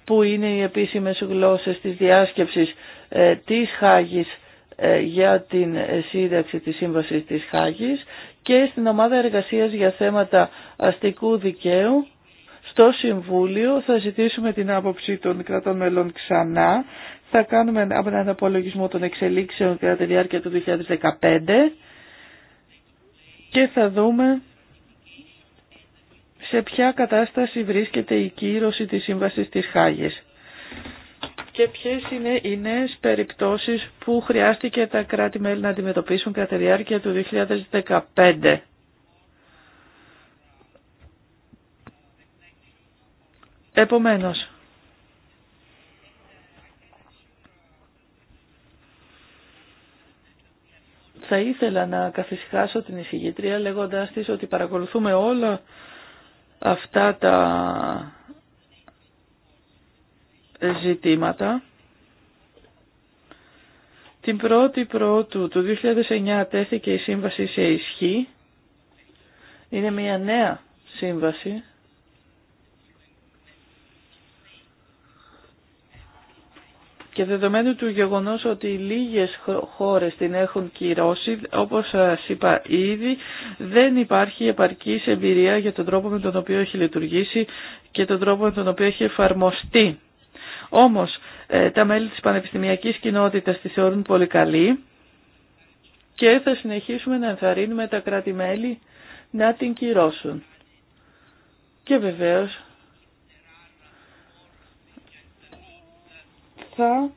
που είναι οι επίσημες γλώσσες της διάσκεψης ε, της Χάγης ε, για την ε, σύνταξη της Σύμβασης της Χάγης και στην Ομάδα Εργασίας για θέματα αστικού δικαίου στο Συμβούλιο θα ζητήσουμε την άποψη των κρατών μελών ξανά. Θα κάνουμε έναν απολογισμό των εξελίξεων κατά τη διάρκεια του 2015 και θα δούμε σε ποια κατάσταση βρίσκεται η κύρωση της Σύμβασης της Χάγης και ποιες είναι οι νέες περιπτώσεις που χρειάστηκε τα κράτη-μέλη να αντιμετωπίσουν κατά τη διάρκεια του 2015. Επομένως, θα ήθελα να καθησυχάσω την εισηγήτρια λέγοντάς της ότι παρακολουθούμε όλα αυτά τα ζητήματα. Την 1η Πρώτου του 2009 τέθηκε η σύμβαση σε ισχύ. Είναι μια νέα σύμβαση Και δεδομένου του γεγονός ότι λίγες χώρες την έχουν κυρώσει, όπως ε, σας είπα ήδη, δεν υπάρχει επαρκής εμπειρία για τον τρόπο με τον οποίο έχει λειτουργήσει και τον τρόπο με τον οποίο έχει εφαρμοστεί. Όμως, ε, τα μέλη της πανεπιστημιακής κοινότητας τη θεωρούν πολύ καλή και θα συνεχίσουμε να ενθαρρύνουμε τα κράτη-μέλη να την κυρώσουν. Και βεβαίως θα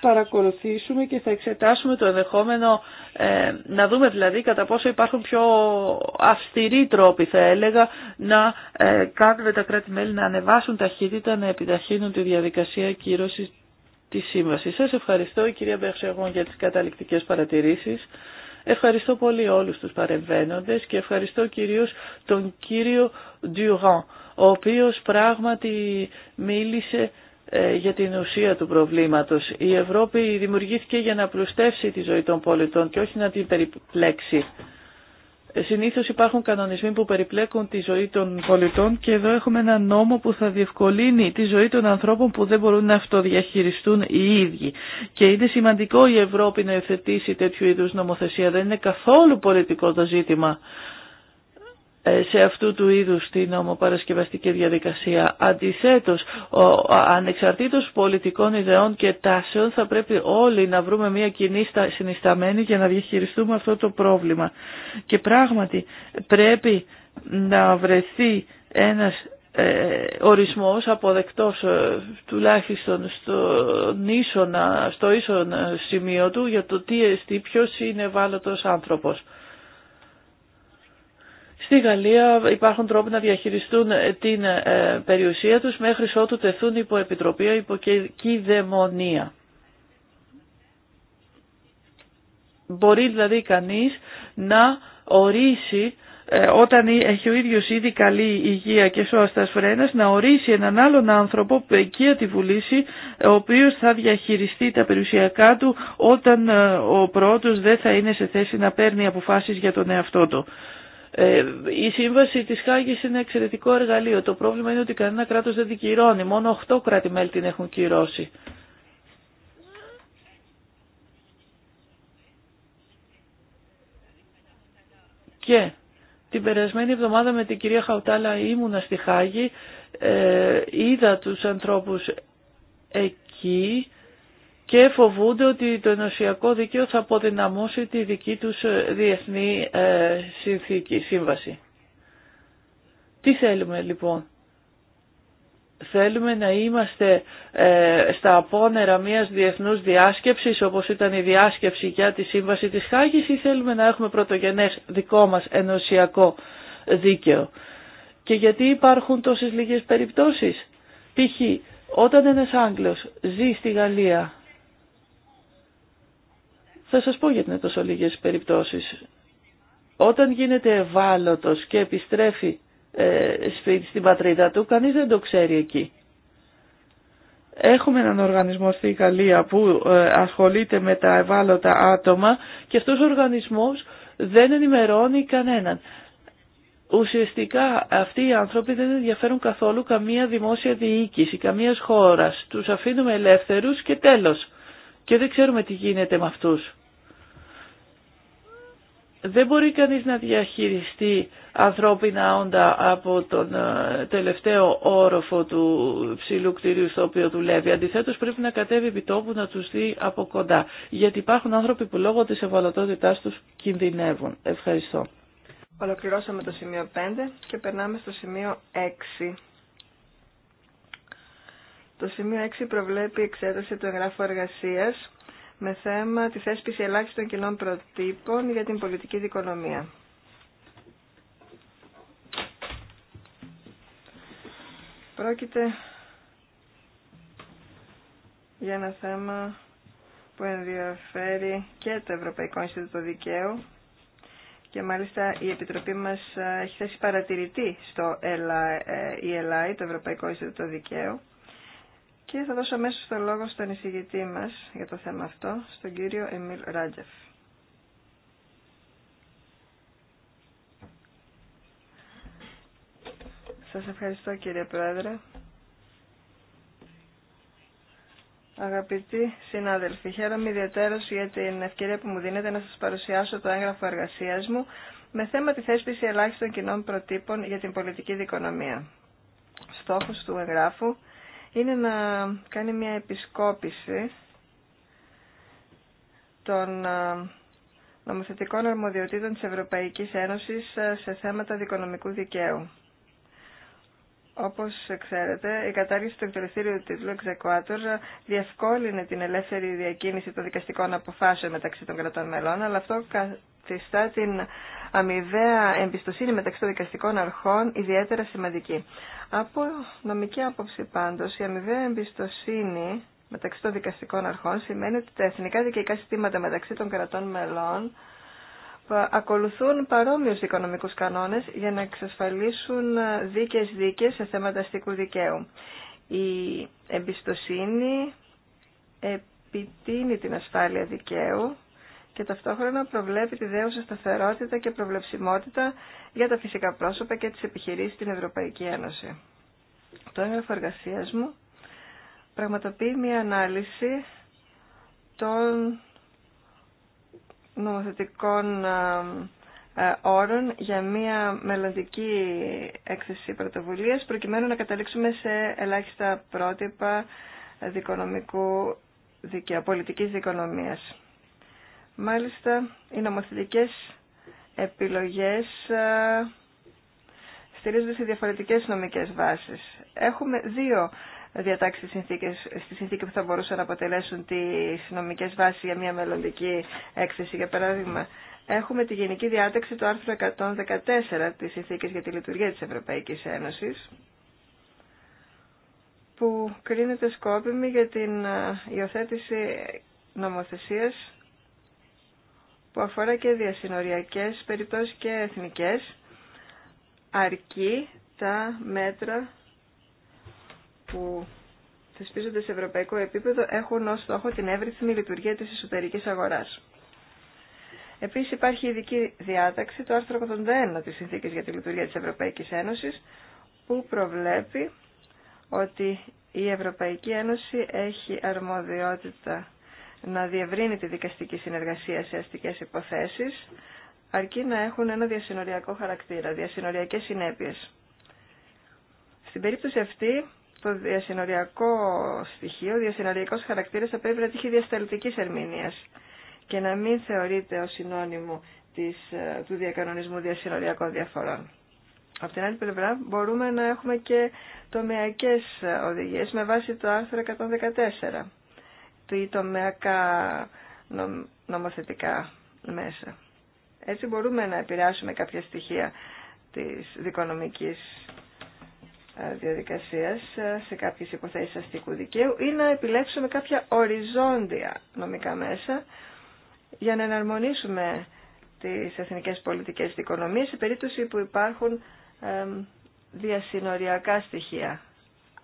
παρακολουθήσουμε και θα εξετάσουμε το ενδεχόμενο ε, να δούμε δηλαδή κατά πόσο υπάρχουν πιο αυστηροί τρόποι θα έλεγα να ε, τα κράτη-μέλη να ανεβάσουν ταχύτητα, να επιταχύνουν τη διαδικασία κύρωσης της σύμβασης. Σας ευχαριστώ κυρία Μπερσεγόν για τις καταληκτικές παρατηρήσεις. Ευχαριστώ πολύ όλους τους παρεμβαίνοντες και ευχαριστώ κυρίως τον κύριο Ντιουγάν, ο οποίος πράγματι μίλησε ε, για την ουσία του προβλήματος. Η Ευρώπη δημιουργήθηκε για να πλουστεύσει τη ζωή των πολιτών και όχι να την περιπλέξει. Ε, συνήθως υπάρχουν κανονισμοί που περιπλέκουν τη ζωή των πολιτών και εδώ έχουμε ένα νόμο που θα διευκολύνει τη ζωή των ανθρώπων που δεν μπορούν να αυτοδιαχειριστούν οι ίδιοι. Και είναι σημαντικό η Ευρώπη να υιοθετήσει τέτοιου είδους νομοθεσία. Δεν είναι καθόλου πολιτικό το ζήτημα. Ε, σε αυτού του είδους την νομοπαρασκευαστική διαδικασία. Αντιθέτως, ο, ανεξαρτήτως πολιτικών ιδεών και τάσεων θα πρέπει όλοι να βρούμε μια κοινή συνισταμένη για να διαχειριστούμε αυτό το πρόβλημα. Και πράγματι πρέπει να βρεθεί ένας ε, ορισμός αποδεκτός ε, τουλάχιστον στο ίσον ε, σημείο του για το τι εστί ποιος είναι ευάλωτος άνθρωπος. Στη Γαλλία υπάρχουν τρόποι να διαχειριστούν ε, την ε, περιουσία τους μέχρι ότου τεθούν υπό επιτροπή, υπό κυδαιμονία. Μπορεί δηλαδή κανείς να ορίσει ε, όταν έχει ο ίδιος ήδη καλή υγεία και σώστας φρένας να ορίσει έναν άλλον άνθρωπο που εκεί τη βουλήσει ο οποίος θα διαχειριστεί τα περιουσιακά του όταν ο πρώτος δεν θα είναι σε θέση να παίρνει αποφάσεις για τον εαυτό του. Ε, η σύμβαση της Χάγης είναι εξαιρετικό εργαλείο. Το πρόβλημα είναι ότι κανένα κράτος δεν την κυρώνει. Μόνο 8 κράτη-μέλη την έχουν κυρώσει. Και την περασμένη εβδομάδα με την κυρία Χαουτάλα ήμουνα στη Χάγη, ε, είδα τους ανθρώπους εκεί, και φοβούνται ότι το ενωσιακό δίκαιο θα αποδυναμώσει τη δική τους ε, διεθνή ε, συνθήκη, σύμβαση. Τι θέλουμε λοιπόν. Θέλουμε να είμαστε ε, στα απόνερα μιας διεθνούς διάσκεψης όπως ήταν η διάσκεψη για τη Σύμβαση της Χάγης ή θέλουμε να έχουμε πρωτογενές δικό μας ενωσιακό δίκαιο. Και γιατί υπάρχουν τόσες λίγες περιπτώσεις. Π.χ. όταν ένας Άγγλος ζει στη Γαλλία θα σας πω γιατί είναι τόσο λίγες περιπτώσεις. Όταν γίνεται ευάλωτος και επιστρέφει ε, στην πατρίδα του, κανείς δεν το ξέρει εκεί. Έχουμε έναν οργανισμό στη Γαλλία που ε, ασχολείται με τα ευάλωτα άτομα και αυτός ο οργανισμός δεν ενημερώνει κανέναν. Ουσιαστικά αυτοί οι άνθρωποι δεν ενδιαφέρουν καθόλου καμία δημόσια διοίκηση, καμίας χώρας. Τους αφήνουμε ελεύθερους και τέλος. Και δεν ξέρουμε τι γίνεται με αυτούς δεν μπορεί κανείς να διαχειριστεί ανθρώπινα όντα από τον ε, τελευταίο όροφο του ψηλού κτηρίου στο οποίο δουλεύει. Αντιθέτως πρέπει να κατέβει επί να τους δει από κοντά. Γιατί υπάρχουν άνθρωποι που λόγω της ευαλωτότητάς τους κινδυνεύουν. Ευχαριστώ. Ολοκληρώσαμε το σημείο 5 και περνάμε στο σημείο 6. Το σημείο 6 προβλέπει εξέταση του εγγράφου εργασίας με θέμα τη θέσπιση ελάχιστων κοινών προτύπων για την πολιτική δικονομία. Πρόκειται για ένα θέμα που ενδιαφέρει και το Ευρωπαϊκό Ινστιτούτο Δικαίου και μάλιστα η Επιτροπή μας έχει θέσει παρατηρητή στο ELI, ε, το Ευρωπαϊκό Ινστιτούτο Δικαίου και θα δώσω αμέσω το λόγο στον εισηγητή μας για το θέμα αυτό, στον κύριο Εμίλ Ράντζεφ. Σας ευχαριστώ κύριε Πρόεδρε. Αγαπητοί συνάδελφοι, χαίρομαι ιδιαίτερα για την ευκαιρία που μου δίνετε να σας παρουσιάσω το έγγραφο εργασίας μου με θέμα τη θέσπιση ελάχιστων κοινών προτύπων για την πολιτική δικονομία. Στόχος του εγγράφου είναι να κάνει μια επισκόπηση των νομοθετικών αρμοδιοτήτων της Ευρωπαϊκής Ένωσης ε, σε θέματα δικονομικού δικαίου. Όπως ξέρετε, η κατάργηση του εκτελεστήριου τίτλου Εξεκουάτορ διευκόλυνε την ελεύθερη διακίνηση των δικαστικών αποφάσεων μεταξύ των κρατών μελών, αλλά αυτό καθιστά την αμοιβαία εμπιστοσύνη μεταξύ των δικαστικών αρχών ιδιαίτερα σημαντική. Από νομική άποψη πάντως, η αμοιβαία εμπιστοσύνη μεταξύ των δικαστικών αρχών σημαίνει ότι τα εθνικά δικαιικά συστήματα μεταξύ των κρατών μελών ακολουθούν παρόμοιους οικονομικούς κανόνες για να εξασφαλίσουν δίκαιες δίκες σε θέματα αστικού δικαίου. Η εμπιστοσύνη επιτείνει την ασφάλεια δικαίου και ταυτόχρονα προβλέπει τη δέουσα σταθερότητα και προβλεψιμότητα για τα φυσικά πρόσωπα και τις επιχειρήσεις στην Ευρωπαϊκή Ένωση. Το έγγραφο εργασία μου πραγματοποιεί μια ανάλυση των νομοθετικών ε, ε, όρων για μια μελλοντική έκθεση πρωτοβουλία προκειμένου να καταλήξουμε σε ελάχιστα πρότυπα δικονομικού δικαίου, πολιτικής δικονομίας. Μάλιστα, οι νομοθετικές επιλογές ε, στηρίζονται σε διαφορετικές νομικές βάσεις. Έχουμε δύο διατάξει στις στη συνθήκη που θα μπορούσαν να αποτελέσουν τις νομικές βάσεις για μια μελλοντική έκθεση. Για παράδειγμα, έχουμε τη γενική διάταξη του άρθρου 114 της συνθήκης για τη λειτουργία της Ευρωπαϊκής Ένωσης που κρίνεται σκόπιμη για την ε, υιοθέτηση νομοθεσίας που αφορά και διασυνοριακές περιπτώσεις και εθνικές αρκεί τα μέτρα που θεσπίζονται σε ευρωπαϊκό επίπεδο έχουν ως στόχο την εύρυθμη λειτουργία της εσωτερικής αγοράς. Επίσης υπάρχει ειδική διάταξη, το άρθρο 81 της Συνθήκης για τη Λειτουργία της Ευρωπαϊκής Ένωσης, που προβλέπει ότι η Ευρωπαϊκή Ένωση έχει αρμοδιότητα να διευρύνει τη δικαστική συνεργασία σε αστικές υποθέσεις, αρκεί να έχουν ένα διασυνοριακό χαρακτήρα, διασυνοριακές συνέπειες. Στην περίπτωση αυτή, το διασυνοριακό στοιχείο, ο διασυνοριακός χαρακτήρας θα πρέπει να τύχει διασταλτική ερμηνεία και να μην θεωρείται ως συνώνυμο της, ε, του διακανονισμού διασυνοριακών διαφορών. Από την άλλη πλευρά μπορούμε να έχουμε και τομεακές ε, οδηγίες με βάση το άρθρο 114 ή τομεακά νομοθετικά μέσα. Έτσι μπορούμε να επηρεάσουμε κάποια στοιχεία της δικονομικής ε, διαδικασίας ε, σε κάποιες υποθέσεις αστικού δικαίου ή να επιλέξουμε κάποια οριζόντια νομικά μέσα για να εναρμονίσουμε τις εθνικές πολιτικές της σε περίπτωση που υπάρχουν διασυνοριακά στοιχεία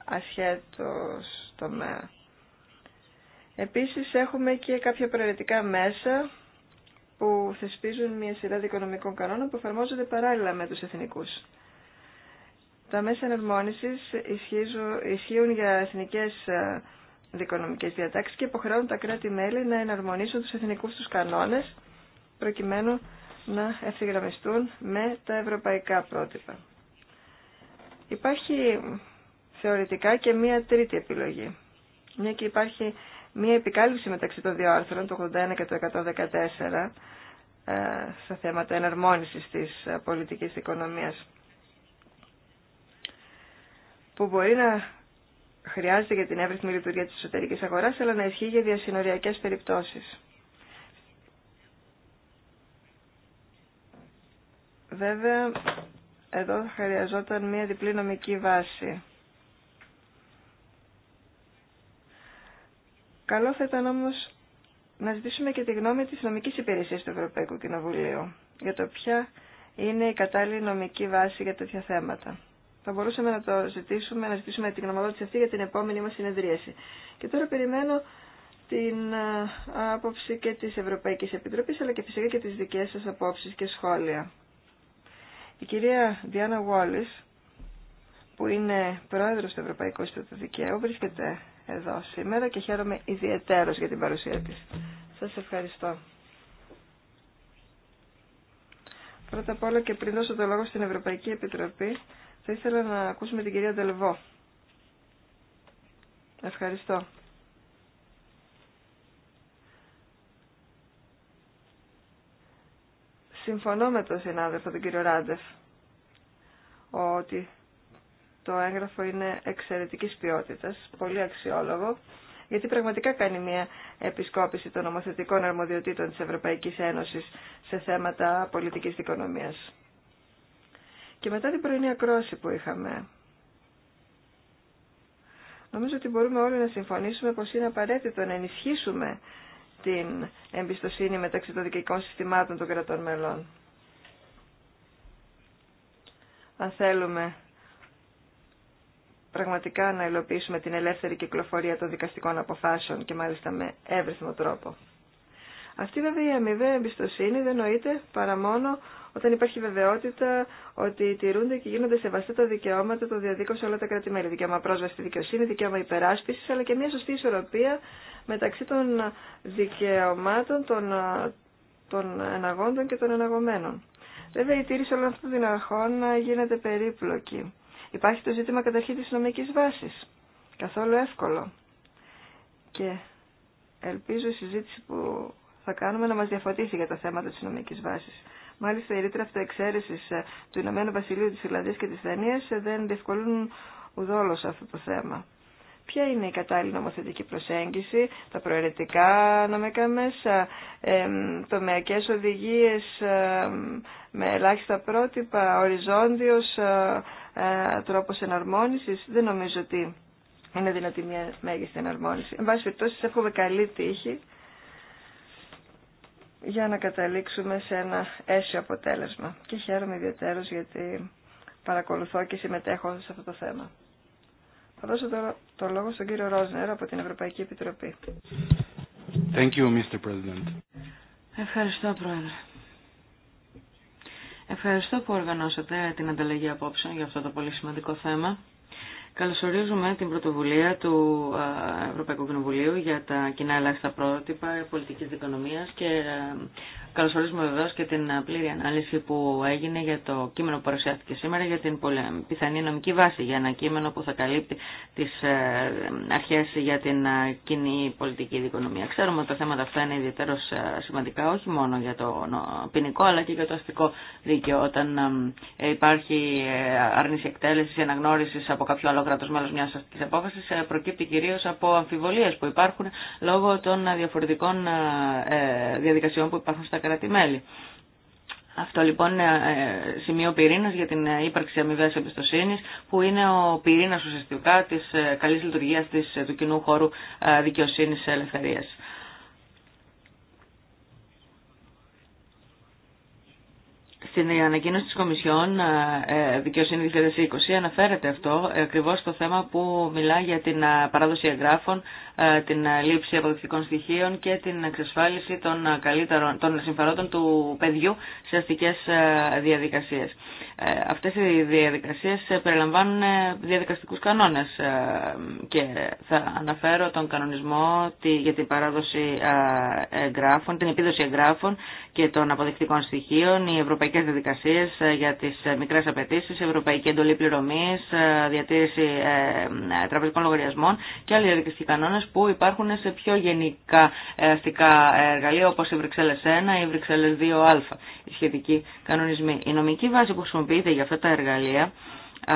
ασχέτως τομέα. Επίσης έχουμε και κάποια προαιρετικά μέσα που θεσπίζουν μια σειρά δικονομικών κανόνων που εφαρμόζονται παράλληλα με τους εθνικούς. Τα μέσα εναρμόνισης ισχύουν για εθνικέ ε, δικονομικέ διατάξεις και υποχρεώνουν τα κράτη-μέλη να εναρμονίσουν τους εθνικούς τους κανόνες προκειμένου να ευθυγραμμιστούν με τα ευρωπαϊκά πρότυπα. Υπάρχει θεωρητικά και μία τρίτη επιλογή. Μια και υπάρχει μία επικάλυψη μεταξύ των δύο άρθρων, το 81 και το 114, ε, στα θέματα εναρμόνισης της ε, πολιτικής οικονομίας που μπορεί να χρειάζεται για την εύρυθμη λειτουργία της εσωτερικής αγοράς, αλλά να ισχύει για διασυνοριακές περιπτώσεις. Βέβαια, εδώ χρειαζόταν μια διπλή νομική βάση. Καλό θα ήταν όμως να ζητήσουμε και τη γνώμη της νομικής υπηρεσίας του Ευρωπαϊκού Κοινοβουλίου για το ποια είναι η κατάλληλη νομική βάση για τέτοια θέματα θα μπορούσαμε να το ζητήσουμε, να ζητήσουμε την γνωμοδότηση αυτή για την επόμενη μας συνεδρίαση. Και τώρα περιμένω την ε, άποψη και της Ευρωπαϊκής Επιτροπής, αλλά και φυσικά και τις δικές σας απόψεις και σχόλια. Η κυρία Διάννα Βόλι, που είναι πρόεδρος του Ευρωπαϊκού Ινστιτούτου Δικαίου, βρίσκεται εδώ σήμερα και χαίρομαι ιδιαίτερος για την παρουσία της. Σας ευχαριστώ. Πρώτα απ' όλα και πριν δώσω το λόγο στην Ευρωπαϊκή Επιτροπή, θα ήθελα να ακούσουμε την κυρία Ντελβό. Ευχαριστώ. Συμφωνώ με τον συνάδελφο τον κύριο Ράντεφ ότι το έγγραφο είναι εξαιρετικής ποιότητας, πολύ αξιόλογο, γιατί πραγματικά κάνει μια επισκόπηση των νομοθετικών αρμοδιοτήτων της Ευρωπαϊκής Ένωσης σε θέματα πολιτικής οικονομίας. Και μετά την πρωινή ακρόση που είχαμε, νομίζω ότι μπορούμε όλοι να συμφωνήσουμε πως είναι απαραίτητο να ενισχύσουμε την εμπιστοσύνη μεταξύ των δικαιικών συστημάτων των κρατών μελών. Αν θέλουμε πραγματικά να υλοποιήσουμε την ελεύθερη κυκλοφορία των δικαστικών αποφάσεων και μάλιστα με εύρυθμο τρόπο. Αυτή βέβαια η αμοιβαία εμπιστοσύνη δεν νοείται παρά μόνο όταν υπάρχει βεβαιότητα ότι τηρούνται και γίνονται σεβαστά τα δικαιώματα των διαδίκων σε όλα τα κράτη-μέλη. Δικαίωμα πρόσβαση στη δικαιοσύνη, δικαίωμα υπεράσπιση, αλλά και μια σωστή ισορροπία μεταξύ των δικαιωμάτων των, των εναγόντων και των εναγωμένων. Βέβαια, η τήρηση όλων αυτών των αρχών γίνεται περίπλοκη. Υπάρχει το ζήτημα καταρχήν τη νομική βάση. Καθόλου εύκολο. Και ελπίζω η συζήτηση που θα κάνουμε να μας διαφωτίσει για τα θέματα της νομικής βάσης. Μάλιστα, η ρήτρα αυτοεξαίρεση ε, του Ηνωμένου Βασιλείου, τη Ιρλανδία και τη Δανία ε, δεν διευκολύνουν ουδόλω αυτό το θέμα. Ποια είναι η κατάλληλη νομοθετική προσέγγιση, τα προαιρετικά νομικά μέσα, ε, οδηγίε οδηγίες με ελάχιστα πρότυπα, οριζόντιος ε, ε, τρόπος εναρμόνισης. Δεν νομίζω ότι είναι δυνατή μια μέγιστη εναρμόνιση. Εν πάση περιπτώσει, εύχομαι καλή τύχη για να καταλήξουμε σε ένα αίσιο αποτέλεσμα. Και χαίρομαι ιδιαίτερως γιατί παρακολουθώ και συμμετέχω σε αυτό το θέμα. Θα δώσω τώρα το λόγο στον κύριο Ρόζνερ από την Ευρωπαϊκή Επιτροπή. Ευχαριστώ, Πρόεδρε. Ευχαριστώ που οργανώσατε την ανταλλαγή απόψεων για αυτό το πολύ σημαντικό θέμα. Καλωσορίζουμε την πρωτοβουλία του Ευρωπαϊκού Κοινοβουλίου για τα κοινά ελάχιστα πρότυπα πολιτικής δικονομίας και Καλωσορίζουμε βεβαίω και την ε, πλήρη ανάλυση που έγινε για το κείμενο που παρουσιάστηκε σήμερα για την πιθανή νομική βάση για ένα κείμενο που θα καλύπτει τι ε, αρχέ για την ε, κοινή πολιτική δικονομία. Ξέρουμε ότι τα θέματα αυτά είναι ιδιαίτερω σημαντικά όχι μόνο για το ποινικό αλλά και για το αστικό δίκαιο. Όταν υπάρχει άρνηση εκτέλεση ή αναγνώριση από κάποιο άλλο κράτο μέλο μια αστική απόφαση προκύπτει κυρίω από αμφιβολίε που υπάρχουν λόγω των διαφορετικών διαδικασιών που υπάρχουν στα αυτό λοιπόν είναι ε, σημείο πυρήνα για την ε, ύπαρξη αμοιβέ εμπιστοσύνη, που είναι ο πυρήνα ουσιαστικά της ε, καλής λειτουργίας του κοινού χώρου δικαιοσύνης ελευθερίας. Στην ανακοίνωση της Κομισιόν Δικαιοσύνη 2020 αναφέρεται αυτό ακριβώς το θέμα που μιλά για την παράδοση εγγράφων ε, την λήψη αποδεικτικών στοιχείων και την εξασφάλιση των, καλύτερων, των συμφερόντων του παιδιού σε αστικέ ε, διαδικασίε. Ε, αυτές οι διαδικασίες περιλαμβάνουν διαδικαστικούς κανόνες και θα αναφέρω τον κανονισμό για την παράδοση εγγράφων, την επίδοση εγγράφων και των αποδεικτικών στοιχείων, οι ευρωπαϊκές διαδικασίες για τις μικρές απαιτήσει, η ευρωπαϊκή εντολή πληρωμής, διατήρηση τραπεζικών λογαριασμών και άλλοι διαδικαστικοί κανόνες που υπάρχουν σε πιο γενικά ε, αστικά εργαλεία όπως η Βρυξέλλες 1 ή η Βρυξέλλες 2α, οι σχετικοί κανονισμοί. Η νομική βάση που χρησιμοποιείται για αυτά τα εργαλεία ε,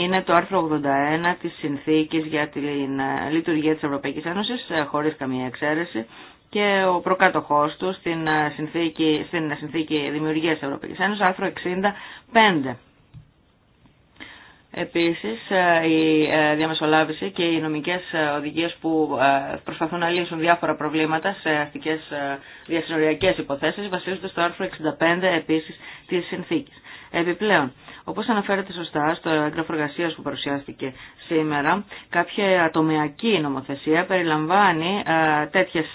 είναι το άρθρο 81 της Συνθήκης για τη ε, λειτουργία της Ευρωπαϊκής Ένωσης χωρίς καμία εξαίρεση και ο προκάτοχός του στην Συνθήκη, στην συνθήκη Δημιουργίας της Ευρωπαϊκής Ένωσης, άρθρο 65. Επίσης, ε, η ε, διαμεσολάβηση και οι νομικές ε, οδηγίες που προσπαθούν να λύσουν διάφορα προβλήματα σε αστικές διασυνοριακές υποθέσεις βασίζονται στο άρθρο 65 επίσης της συνθήκης. Επιπλέον, όπως αναφέρεται σωστά στο έγγραφο εργασία που παρουσιάστηκε σήμερα, κάποια ατομιακή νομοθεσία περιλαμβάνει τέτοιες,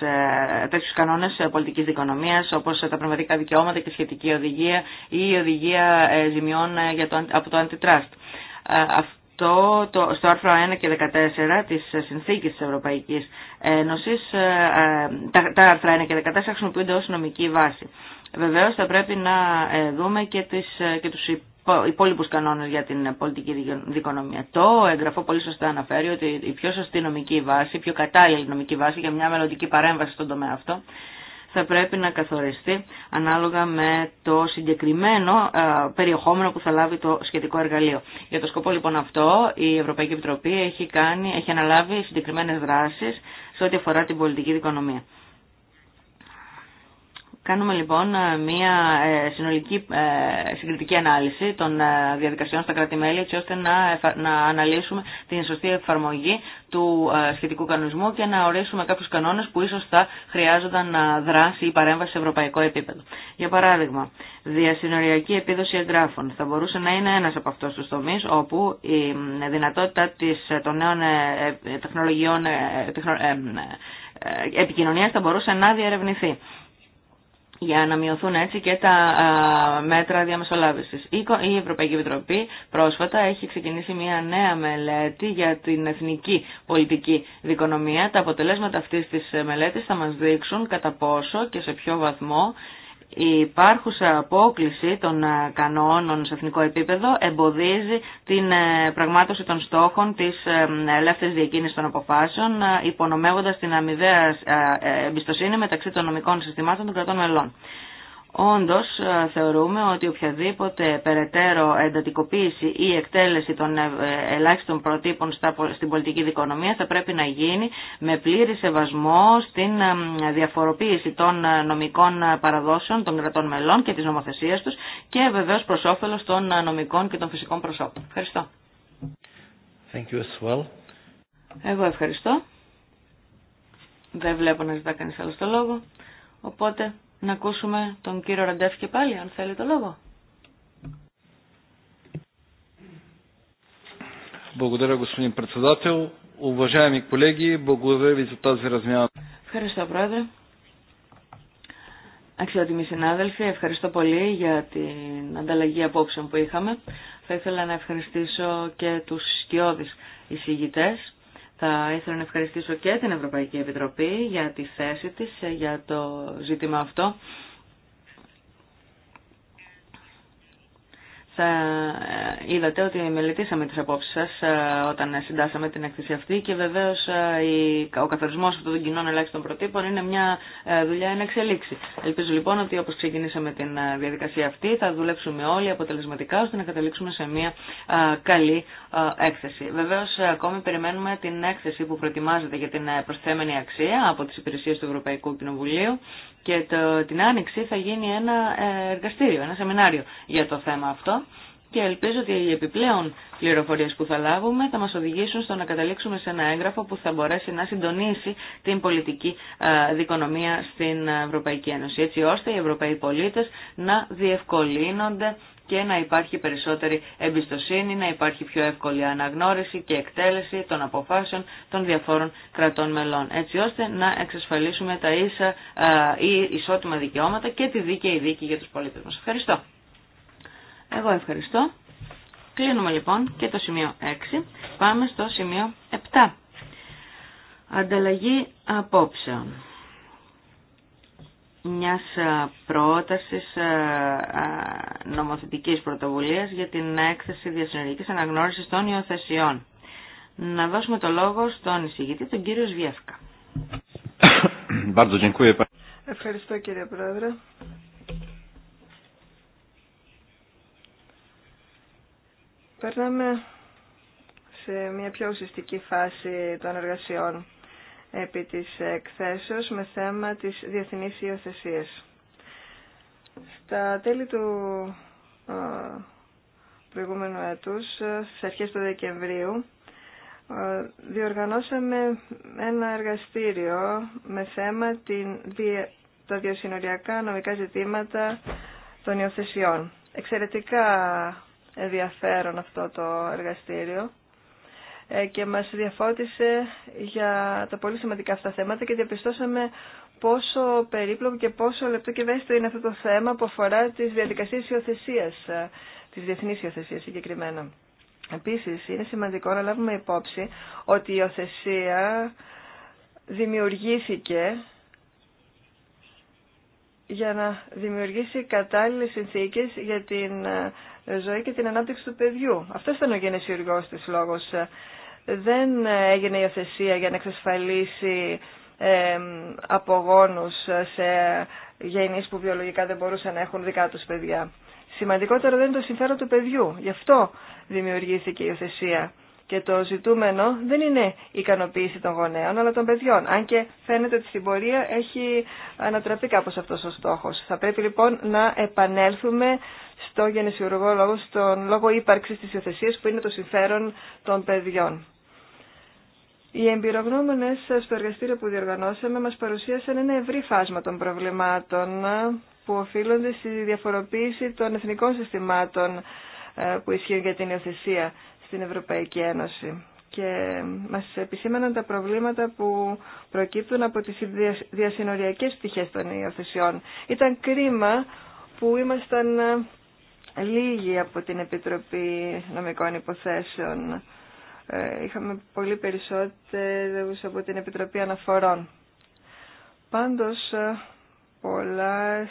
τέτοιους κανόνες πολιτικής δικονομίας, όπως τα πνευματικά δικαιώματα και σχετική οδηγία ή η οδηγία ζημιών για το, από το αντιτράστ. Ε, αυτό το, στο άρθρο 1 και 14 της Συνθήκης της Ευρωπαϊκής Ένωσης, ε, ε, τα, τα άρθρα 1 και 14 χρησιμοποιούνται ως νομική βάση. Βεβαίως θα πρέπει να δούμε και, τις, και τους υπόλοιπου κανόνε για την πολιτική δικονομία. Το εγγραφό πολύ σωστά αναφέρει ότι η πιο σωστή νομική βάση, η πιο κατάλληλη νομική βάση για μια μελλοντική παρέμβαση στον τομέα αυτό θα πρέπει να καθοριστεί ανάλογα με το συγκεκριμένο ε, περιεχόμενο που θα λάβει το σχετικό εργαλείο. Για το σκοπό λοιπόν αυτό η Ευρωπαϊκή Επιτροπή έχει, κάνει, έχει αναλάβει συγκεκριμένες δράσεις σε ό,τι αφορά την πολιτική δικονομία. Κάνουμε λοιπόν ε, μια ε, συνολική ε, συγκριτική ανάλυση των διαδικασιών στα κράτη-μέλη έτσι ώστε να αναλύσουμε την σωστή εφαρμογή του σχετικού κανονισμού και να ορίσουμε κάποιους κανόνες που ίσως θα χρειάζονταν να δράσει ή παρέμβαση σε ευρωπαϊκό επίπεδο. Για παράδειγμα, διασυνοριακή επίδοση εγγράφων θα μπορούσε να είναι ένας από αυτούς τους τομείς όπου η δυνατότητα των νέων τεχνολογιών επικοινωνίας θα μπορούσε να διερευνηθεί για να μειωθούν έτσι και τα μέτρα διαμεσολάβησης. Η Ευρωπαϊκή Επιτροπή πρόσφατα έχει ξεκινήσει μια νέα μελέτη για την εθνική πολιτική δικονομία. Τα αποτελέσματα αυτής της μελέτης θα μας δείξουν κατά πόσο και σε ποιο βαθμό η υπάρχουσα απόκληση των ε, κανόνων σε εθνικό επίπεδο εμποδίζει την ε, πραγμάτωση των στόχων της ε, ελεύθερης διακίνησης των αποφάσεων, υπονομεύοντας την αμοιβαία εμπιστοσύνη μεταξύ των νομικών συστημάτων των κρατών μελών. Όντως θεωρούμε ότι οποιαδήποτε περαιτέρω εντατικοποίηση ή εκτέλεση των ε, ελάχιστων προτύπων στην πολιτική δικονομία θα πρέπει να γίνει με πλήρη σεβασμό στην ε, διαφοροποίηση των ε, νομικών παραδόσεων των κρατών μελών και της νομοθεσίας τους και βεβαίως προς όφελος των νομικών και των φυσικών προσώπων. Ευχαριστώ. Thank you as well. Εγώ ευχαριστώ. Δεν βλέπω να ζητά κανείς άλλο το λόγο. Οπότε να ακούσουμε τον κύριο Ραντεύ και πάλι, αν θέλει το λόγο. Ευχαριστώ, Πρόεδρε. Αξιότιμοι συνάδελφοι, ευχαριστώ πολύ για την ανταλλαγή απόψεων που είχαμε. Θα ήθελα να ευχαριστήσω και τους σκιώδεις εισηγητές θα ήθελα να ευχαριστήσω και την Ευρωπαϊκή Επιτροπή για τη θέση της ε, για το ζήτημα αυτό. Ε, είδατε ότι μελετήσαμε τις απόψεις σας ε, όταν συντάσαμε την έκθεση αυτή και βεβαίως ε, ο καθορισμός αυτών των κοινών ελάχιστων προτύπων είναι μια δουλειά εν εξελίξη. Ελπίζω λοιπόν ότι όπως ξεκινήσαμε την διαδικασία αυτή θα δουλέψουμε όλοι αποτελεσματικά ώστε να καταλήξουμε σε μια καλή έκθεση. Βεβαίως ακόμη περιμένουμε την έκθεση που προετοιμάζεται για την προσθέμενη αξία από τις υπηρεσίες του Ευρωπαϊκού Κοινοβουλίου και το, την Άνοιξη θα γίνει ένα ε, εργαστήριο, ένα σεμινάριο για το θέμα αυτό και ελπίζω ότι οι επιπλέον πληροφορίες που θα λάβουμε θα μας οδηγήσουν στο να καταλήξουμε σε ένα έγγραφο που θα μπορέσει να συντονίσει την πολιτική ε, δικονομία στην Ευρωπαϊκή Ένωση, έτσι ώστε οι Ευρωπαίοι πολίτες να διευκολύνονται και να υπάρχει περισσότερη εμπιστοσύνη, να υπάρχει πιο εύκολη αναγνώριση και εκτέλεση των αποφάσεων των διαφόρων κρατών μελών, έτσι ώστε να εξασφαλίσουμε τα ίσα ή ισότιμα δικαιώματα και τη δίκαιη δίκη για τους πολίτες μας. Ευχαριστώ. Εγώ ευχαριστώ. Κλείνουμε λοιπόν και το σημείο 6. Πάμε στο σημείο 7. Ανταλλαγή απόψεων μιας ε, πρότασης ε, ε, νομοθετικής πρωτοβουλίας για την έκθεση διασυνορική αναγνώρισης των υιοθεσιών. Να δώσουμε το λόγο στον εισηγητή, τον κύριο Σβιεύκα. Ευχαριστώ κύριε Πρόεδρε. Περνάμε σε μια πιο ουσιαστική φάση των εργασιών επί της εκθέσεως με θέμα της διεθνής υιοθεσία. Στα τέλη του ε, προηγούμενου έτους, στις αρχές του Δεκεμβρίου, ε, διοργανώσαμε ένα εργαστήριο με θέμα την, τα διασυνοριακά νομικά ζητήματα των υιοθεσιών. Εξαιρετικά ενδιαφέρον αυτό το εργαστήριο ε, και μας διαφώτισε για τα πολύ σημαντικά αυτά θέματα και διαπιστώσαμε πόσο περίπλοκο και πόσο λεπτό και ευαίσθητο είναι αυτό το θέμα που αφορά τις διαδικασίες υιοθεσίας, ε, τις διεθνείς υιοθεσίες συγκεκριμένα. Επίσης, είναι σημαντικό να λάβουμε υπόψη ότι η υιοθεσία δημιουργήθηκε για να δημιουργήσει κατάλληλες συνθήκες για την ε, ζωή και την ανάπτυξη του παιδιού. Αυτό ήταν ο γενεσιουργός της λόγος δεν έγινε υιοθεσία για να εξασφαλίσει ε, απογόνους σε γενείς που βιολογικά δεν μπορούσαν να έχουν δικά τους παιδιά. Σημαντικότερο δεν είναι το συμφέρον του παιδιού. Γι' αυτό δημιουργήθηκε η υιοθεσία. Και το ζητούμενο δεν είναι η ικανοποίηση των γονέων, αλλά των παιδιών. Αν και φαίνεται ότι στην πορεία έχει ανατραπεί κάπως αυτός ο στόχος. Θα πρέπει λοιπόν να επανέλθουμε στο γενεσιουργό λόγο, στον λόγο ύπαρξης της υιοθεσίας που είναι το συμφέρον των παιδιών. Οι εμπειρογνώμονες στο εργαστήριο που διοργανώσαμε μας παρουσίασαν ένα ευρύ φάσμα των προβλημάτων που οφείλονται στη διαφοροποίηση των εθνικών συστημάτων ε, που ισχύουν για την υιοθεσία στην Ευρωπαϊκή Ένωση. Και ε, μας επισήμαναν τα προβλήματα που προκύπτουν από τις διασυνοριακές πτυχές των υιοθεσιών. Ήταν κρίμα που ήμασταν ε, λίγοι από την Επιτροπή Νομικών Υποθέσεων ε, είχαμε πολύ περισσότερους από την Επιτροπή Αναφορών. Πάντως, ε, πολλά ε,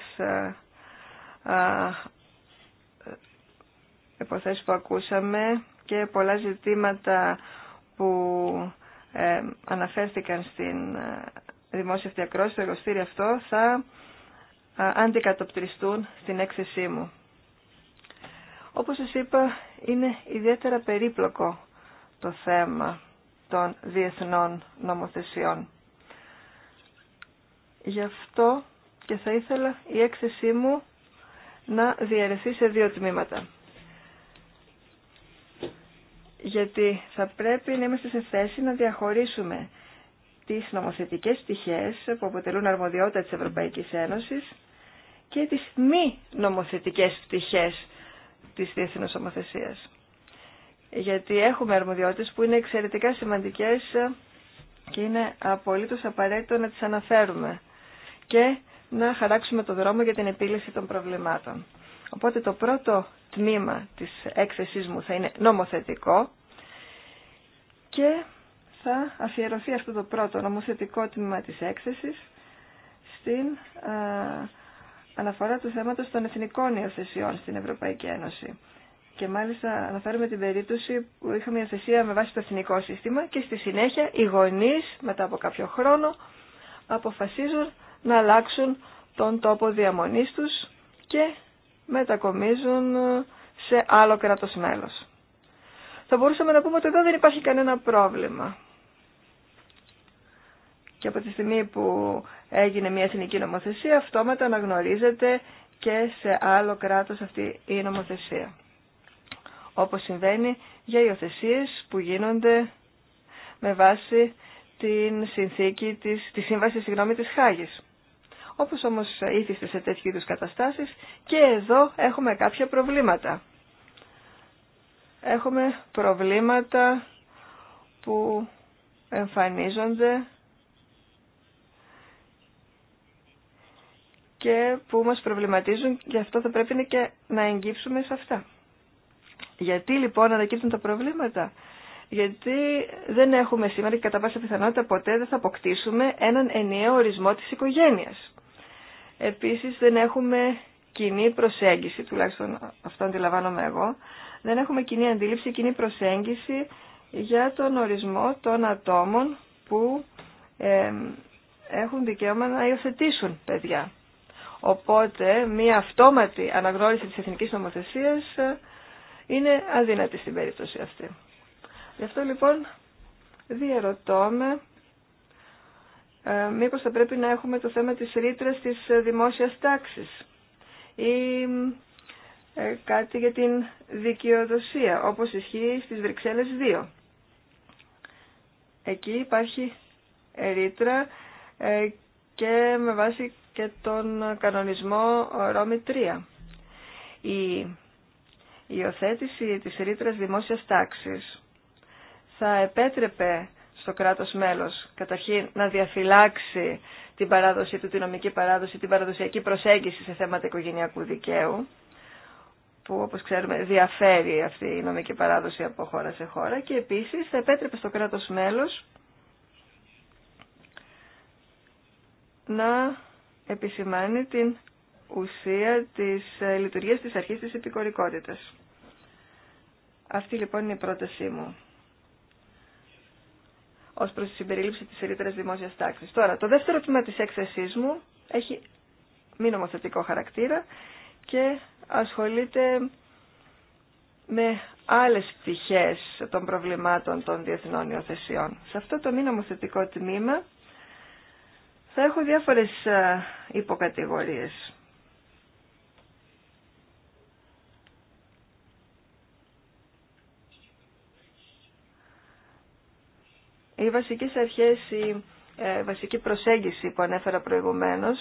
υποθέσεις που ακούσαμε και πολλά ζητήματα που αναφέρθηκαν στην δημόσια αυτή στο εργοστήρι αυτό, θα αντικατοπτριστούν στην έκθεσή μου. Όπως σας είπα, είναι ιδιαίτερα περίπλοκο το θέμα των διεθνών νομοθεσιών. Γι' αυτό και θα ήθελα η έκθεσή μου να διαιρεθεί σε δύο τμήματα. Γιατί θα πρέπει να είμαστε σε θέση να διαχωρίσουμε τις νομοθετικές στοιχές που αποτελούν αρμοδιότητα της Ευρωπαϊκής Ένωσης και τις μη νομοθετικές πτυχές της διεθνούς ομοθεσίας γιατί έχουμε αρμοδιότητες που είναι εξαιρετικά σημαντικές και είναι απολύτως απαραίτητο να τις αναφέρουμε και να χαράξουμε το δρόμο για την επίλυση των προβλημάτων. Οπότε το πρώτο τμήμα της έκθεσής μου θα είναι νομοθετικό και θα αφιερωθεί αυτό το πρώτο νομοθετικό τμήμα της έκθεσης στην αναφορά του θέματος των εθνικών υιοθεσιών στην Ευρωπαϊκή Ένωση. Και μάλιστα αναφέρουμε την περίπτωση που είχαμε θεσία με βάση το εθνικό σύστημα και στη συνέχεια οι γονεί, μετά από κάποιο χρόνο αποφασίζουν να αλλάξουν τον τόπο διαμονή τους και μετακομίζουν σε άλλο κράτο μέλο. Θα μπορούσαμε να πούμε ότι εδώ δεν υπάρχει κανένα πρόβλημα. Και από τη στιγμή που έγινε μια εθνική νομοθεσία, αυτόματα αναγνωρίζεται και σε άλλο κράτος αυτή η νομοθεσία όπως συμβαίνει για υιοθεσίε που γίνονται με βάση την συνθήκη της, τη σύμβαση συγγνώμη, της Χάγης. Όπως όμως ήθιστε σε τέτοιου είδους καταστάσεις και εδώ έχουμε κάποια προβλήματα. Έχουμε προβλήματα που εμφανίζονται και που μας προβληματίζουν και αυτό θα πρέπει και να εγγύψουμε σε αυτά. Γιατί λοιπόν ανακύπτουν τα προβλήματα. Γιατί δεν έχουμε σήμερα και κατά πάσα πιθανότητα ποτέ δεν θα αποκτήσουμε έναν ενιαίο ορισμό της οικογένειας. Επίσης δεν έχουμε κοινή προσέγγιση, τουλάχιστον αυτό αντιλαμβάνομαι εγώ, δεν έχουμε κοινή αντίληψη, κοινή προσέγγιση για τον ορισμό των ατόμων που ε, έχουν δικαίωμα να υιοθετήσουν παιδιά. Οπότε μία αυτόματη αναγνώριση της εθνικής νομοθεσίας είναι αδύνατη στην περίπτωση αυτή. Γι' αυτό λοιπόν διαρωτώ ε, μήπως θα πρέπει να έχουμε το θέμα της ρήτρα της ε, δημόσιας τάξης ή ε, κάτι για την δικαιοδοσία όπως ισχύει στις Βρυξέλλες 2. Εκεί υπάρχει ρήτρα ε, και με βάση και τον κανονισμό ε, Ρώμη 3. Η η υιοθέτηση της ρήτρας δημόσιας τάξης θα επέτρεπε στο κράτος μέλος καταρχήν να διαφυλάξει την παράδοση του, την νομική παράδοση, την παραδοσιακή προσέγγιση σε θέματα οικογενειακού δικαίου που όπως ξέρουμε διαφέρει αυτή η νομική παράδοση από χώρα σε χώρα και επίσης θα επέτρεπε στο κράτος μέλος να επισημάνει την ουσία της ε, λειτουργίας της αρχής της επικορικότητας. Αυτή λοιπόν είναι η πρότασή μου ω προ τη συμπερίληψη τη δημόσια τάξη. Τώρα, το δεύτερο τμήμα τη έκθεσή μου έχει μη νομοθετικό χαρακτήρα και ασχολείται με άλλε πτυχές των προβλημάτων των διεθνών υιοθεσιών. Σε αυτό το μη νομοθετικό τμήμα θα έχω διάφορες ε, υποκατηγορίες. Οι βασικές αρχές, η ε, βασική προσέγγιση που ανέφερα προηγουμένως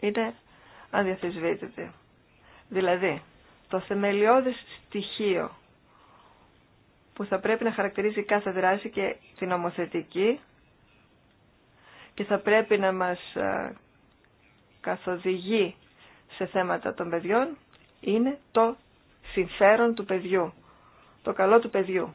είναι ανδιαφυσβήτητη. Δηλαδή, το θεμελιώδες στοιχείο που θα πρέπει να χαρακτηρίζει κάθε δράση και την νομοθετική και θα πρέπει να μας ε, καθοδηγεί σε θέματα των παιδιών είναι το συμφέρον του παιδιού, το καλό του παιδιού.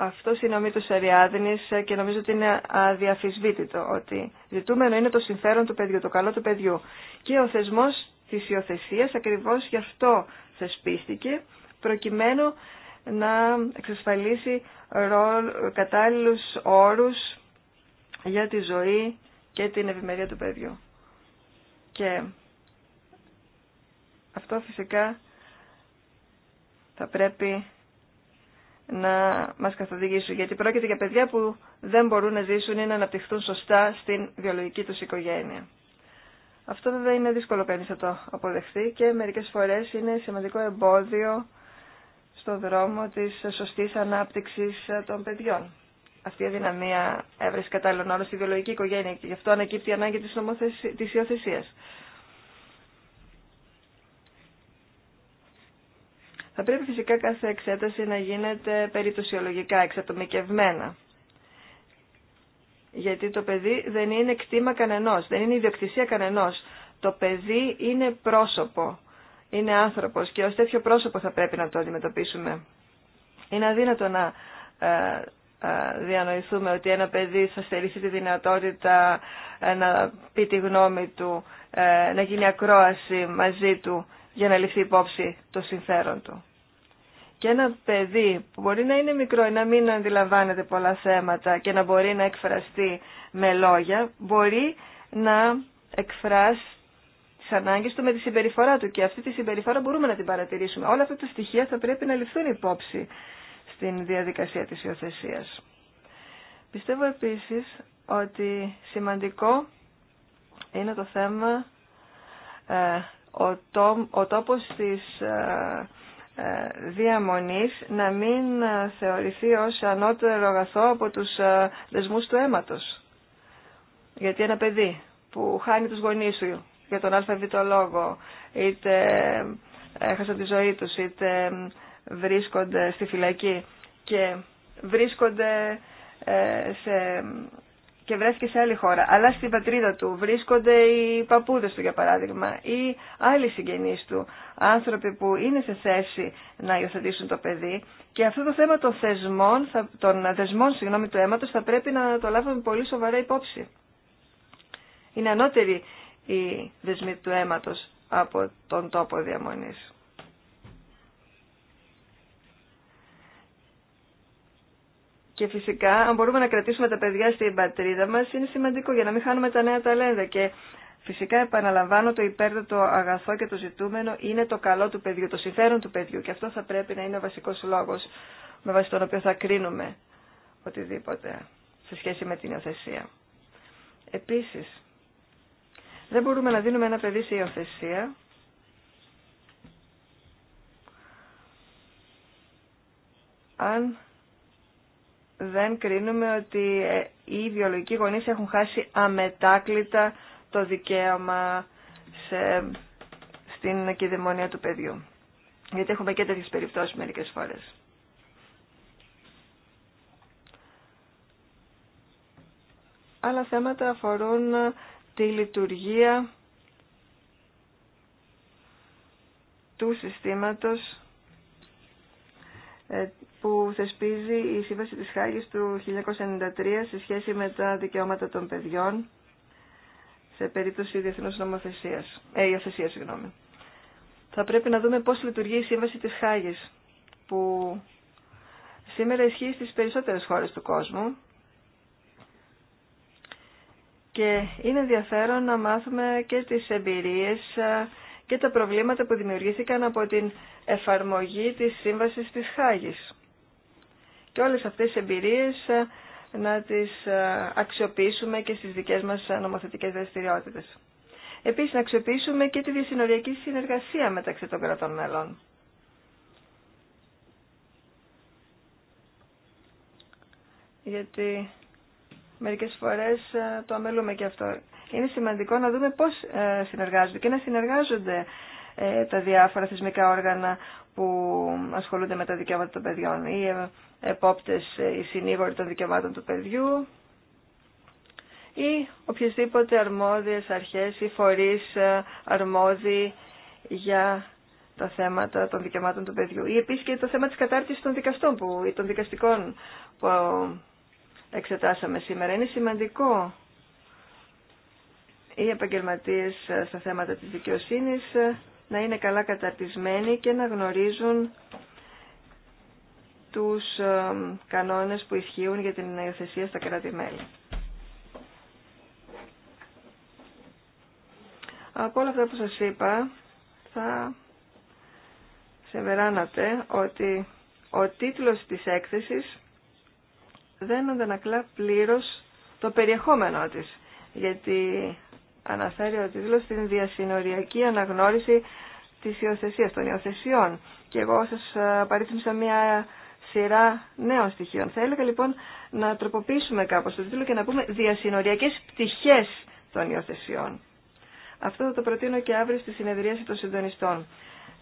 Αυτό είναι ο μύθος Αριάδνης και νομίζω ότι είναι αδιαφυσβήτητο ότι ζητούμενο είναι το συμφέρον του παιδιού, το καλό του παιδιού. Και ο θεσμός της υιοθεσία ακριβώς γι' αυτό θεσπίστηκε προκειμένου να εξασφαλίσει κατάλληλου όρους για τη ζωή και την ευημερία του παιδιού. Και αυτό φυσικά θα πρέπει να μας καθοδηγήσουν, γιατί πρόκειται για παιδιά που δεν μπορούν να ζήσουν ή να αναπτυχθούν σωστά στην βιολογική τους οικογένεια. Αυτό βέβαια είναι δύσκολο κανείς να το αποδεχθεί και μερικές φορές είναι σημαντικό εμπόδιο στο δρόμο της σωστής ανάπτυξης των παιδιών. Αυτή η αδυναμία έβρεση κατάλληλων όρων στη βιολογική οικογένεια και γι' αυτό ανακύπτει η ανάγκη της, νομοθεσ... Θα πρέπει φυσικά κάθε εξέταση να γίνεται περιπτωσιολογικά, εξατομικευμένα. Γιατί το παιδί δεν είναι κτήμα κανενός, δεν είναι ιδιοκτησία κανενός. Το παιδί είναι πρόσωπο, είναι άνθρωπος και ως τέτοιο πρόσωπο θα πρέπει να το αντιμετωπίσουμε. Είναι αδύνατο να ε, ε, διανοηθούμε ότι ένα παιδί θα στερήσει τη δυνατότητα ε, να πει τη γνώμη του, να γίνει ακρόαση μαζί του για να ληφθεί υπόψη το συμφέρον του. Και ένα παιδί που μπορεί να είναι μικρό ή να μην αντιλαμβάνεται πολλά θέματα και να μπορεί να εκφραστεί με λόγια, μπορεί να εκφράσει τις ανάγκες του με τη συμπεριφορά του και αυτή τη συμπεριφορά μπορούμε να την παρατηρήσουμε. Όλα αυτά τα στοιχεία θα πρέπει να ληφθούν υπόψη στην διαδικασία της υιοθεσία. Πιστεύω επίσης ότι σημαντικό είναι το θέμα ε, ο, ο τόπος της ε, ε, διαμονής να μην ε, θεωρηθεί ως ανώτερο αγαθό από τους δεσμούς του αίματος. Γιατί ένα παιδί που χάνει τους γονείς του για τον αλφαβητό λόγο, είτε έχασαν τη ζωή τους, είτε βρίσκονται στη φυλακή και βρίσκονται σε και βρέθηκε σε άλλη χώρα, αλλά στην πατρίδα του βρίσκονται οι παππούδες του για παράδειγμα ή άλλοι συγγενείς του, άνθρωποι που είναι σε θέση να υιοθετήσουν το παιδί και αυτό το θέμα των θεσμών, των δεσμών συγγνώμη, του αίματος θα πρέπει να το λάβουμε πολύ σοβαρά υπόψη. Είναι ανώτεροι η δεσμοί του αίματος από τον τόπο διαμονής. Και φυσικά, αν μπορούμε να κρατήσουμε τα παιδιά στην πατρίδα μα, είναι σημαντικό για να μην χάνουμε τα νέα ταλέντα. Και φυσικά, επαναλαμβάνω, το υπέρτατο αγαθό και το ζητούμενο είναι το καλό του παιδιού, το συμφέρον του παιδιού. Και αυτό θα πρέπει να είναι ο βασικό λόγο με βάση τον οποίο θα κρίνουμε οτιδήποτε σε σχέση με την υιοθεσία. Επίση, δεν μπορούμε να δίνουμε ένα παιδί σε υιοθεσία αν δεν κρίνουμε ότι ε, οι βιολογικοί γονείς έχουν χάσει αμετάκλητα το δικαίωμα σε, στην κυδαιμονία του παιδιού. Γιατί έχουμε και τέτοιες περιπτώσεις μερικές φορές. Άλλα θέματα αφορούν ε, τη λειτουργία του συστήματος ε, που θεσπίζει η Σύμβαση της Χάγης του 1993 σε σχέση με τα δικαιώματα των παιδιών σε περίπτωση διεθνούς νομοθεσίας, ε, υιοθεσίας, συγγνώμη. Θα πρέπει να δούμε πώς λειτουργεί η Σύμβαση της Χάγης που σήμερα ισχύει στις περισσότερες χώρες του κόσμου και είναι ενδιαφέρον να μάθουμε και τις εμπειρίες ε, και τα προβλήματα που δημιουργήθηκαν από την εφαρμογή της Σύμβασης της Χάγης. Και όλες αυτές τις εμπειρίες ε, να τις ε, αξιοποιήσουμε και στις δικές μας ε, νομοθετικές δραστηριότητες. Επίσης να αξιοποιήσουμε και τη διασυνοριακή συνεργασία μεταξύ των κρατών μελών. Γιατί μερικές φορές το αμελούμε και αυτό. Είναι σημαντικό να δούμε πώς συνεργάζονται και να συνεργάζονται ε, τα διάφορα θεσμικά όργανα που ασχολούνται με τα δικαιώματα των παιδιών, ή ε, επόπτες, ή ε, συνήγοροι των δικαιωμάτων του παιδιού ή οποιασδήποτε αρμόδιες αρχές ή φορείς αρμόδιοι για τα θέματα των δικαιωμάτων του παιδιού. Ή επίσης και το θέμα της κατάρτισης των δικαστών που, ή των δικαστικών που εξετάσαμε σήμερα. Είναι σημαντικό οι επαγγελματίες στα θέματα της δικαιοσύνης να είναι καλά καταρτισμένοι και να γνωρίζουν τους ε, κανόνες που ισχύουν για την υιοθεσία στα κράτη-μέλη. Από όλα αυτά που σας είπα, θα σεβεράνατε ότι ο τίτλος της έκθεσης δεν αντανακλά πλήρως το περιεχόμενό της, γιατί αναφέρει ο τίτλος στην διασυνοριακή αναγνώριση της υιοθεσίας, των υιοθεσιών. Και εγώ σας ε, παρήθμισα μια σειρά νέων στοιχείων. Θα έλεγα λοιπόν να τροποποιήσουμε κάπως το τίτλο και να πούμε διασυνοριακές πτυχές των υιοθεσιών. Αυτό θα το προτείνω και αύριο στη συνεδρίαση των συντονιστών.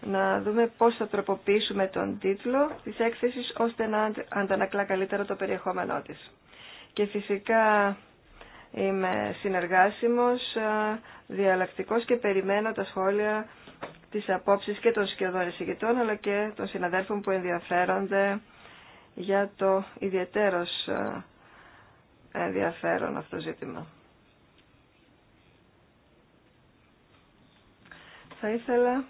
Να δούμε πώς θα τροποποιήσουμε τον τίτλο της έκθεσης ώστε να αντανακλά καλύτερα το περιεχόμενό της. Και φυσικά Είμαι συνεργάσιμος, ε, διαλλακτικός και περιμένω τα σχόλια της απόψης και των σχεδόν εισηγητών αλλά και των συναδέρφων που ενδιαφέρονται για το ιδιαίτερος ε, ενδιαφέρον αυτό ζήτημα. Θα ήθελα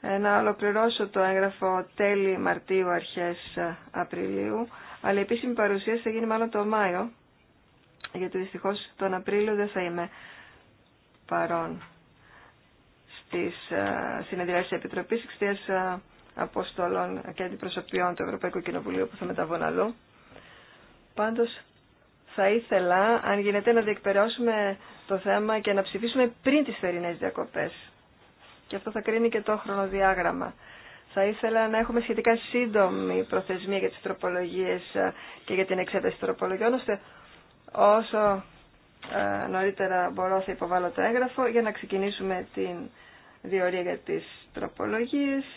ε, να ολοκληρώσω το έγγραφο τέλη Μαρτίου, αρχές Απριλίου, αλλά η επίσημη παρουσίαση θα γίνει μάλλον το Μάιο γιατί δυστυχώς τον Απρίλιο δεν θα είμαι παρόν στις ε, συνεδριάσεις της Επιτροπής εξαιτία ε, αποστολών και αντιπροσωπιών του Ευρωπαϊκού Κοινοβουλίου που θα μεταβούν αλλού. Πάντως θα ήθελα, αν γίνεται, να διεκπαιρεώσουμε το θέμα και να ψηφίσουμε πριν τις θερινές διακοπές. Και αυτό θα κρίνει και το χρονοδιάγραμμα. Θα ήθελα να έχουμε σχετικά σύντομη προθεσμία για τις τροπολογίες ε, και για την εξέταση τροπολογιών, ώστε Όσο ε, νωρίτερα μπορώ θα υποβάλω το έγγραφο για να ξεκινήσουμε την διορία για τις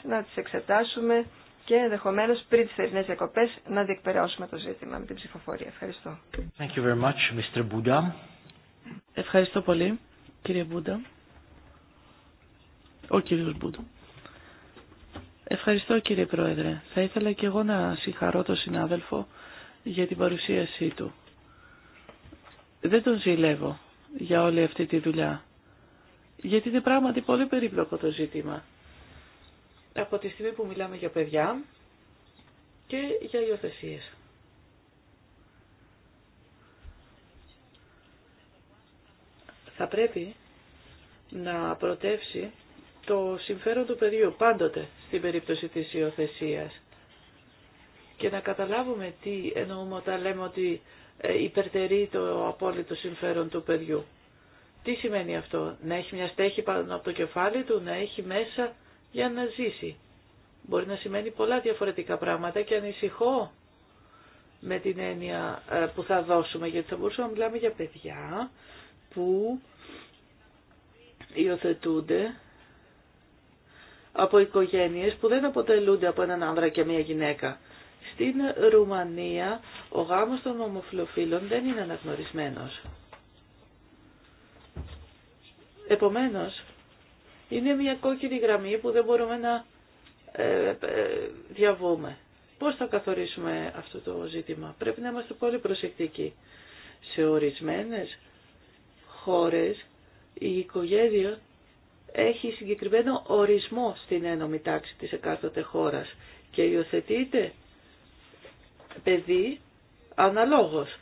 να τις εξετάσουμε και ενδεχομένω πριν τι θερινές διακοπέ να διεκπαιρεώσουμε το ζήτημα με την ψηφοφορία. Ευχαριστώ. Thank you very much, Mr. Buddha. Ευχαριστώ πολύ, κύριε Μπούντα. Ο κύριος Μπούντα. Ευχαριστώ κύριε Πρόεδρε. Θα ήθελα και εγώ να συγχαρώ τον συνάδελφο για την παρουσίασή του δεν τον ζηλεύω για όλη αυτή τη δουλειά. Γιατί είναι πράγματι πολύ περίπλοκο το ζήτημα. Από τη στιγμή που μιλάμε για παιδιά και για υιοθεσίε. Θα πρέπει να προτεύσει το συμφέρον του παιδιού πάντοτε στην περίπτωση της υιοθεσία. Και να καταλάβουμε τι εννοούμε όταν λέμε ότι ε, υπερτερεί το απόλυτο συμφέρον του παιδιού. Τι σημαίνει αυτό, να έχει μια στέχη πάνω από το κεφάλι του, να έχει μέσα για να ζήσει. Μπορεί να σημαίνει πολλά διαφορετικά πράγματα και ανησυχώ με την έννοια ε, που θα δώσουμε, γιατί θα μπορούσαμε να μιλάμε για παιδιά που υιοθετούνται από οικογένειες που δεν αποτελούνται από έναν άνδρα και μια γυναίκα. Στην Ρουμανία ο γάμος των ομοφιλοφίλων δεν είναι αναγνωρισμένος. Επομένως, είναι μια κόκκινη γραμμή που δεν μπορούμε να ε, ε, διαβούμε. Πώς θα καθορίσουμε αυτό το ζήτημα. Πρέπει να είμαστε πολύ προσεκτικοί. Σε ορισμένες χώρες η οικογένεια έχει συγκεκριμένο ορισμό στην ένωμη τάξη της εκάστοτε χώρας και υιοθετείται παιδί αναλόγως.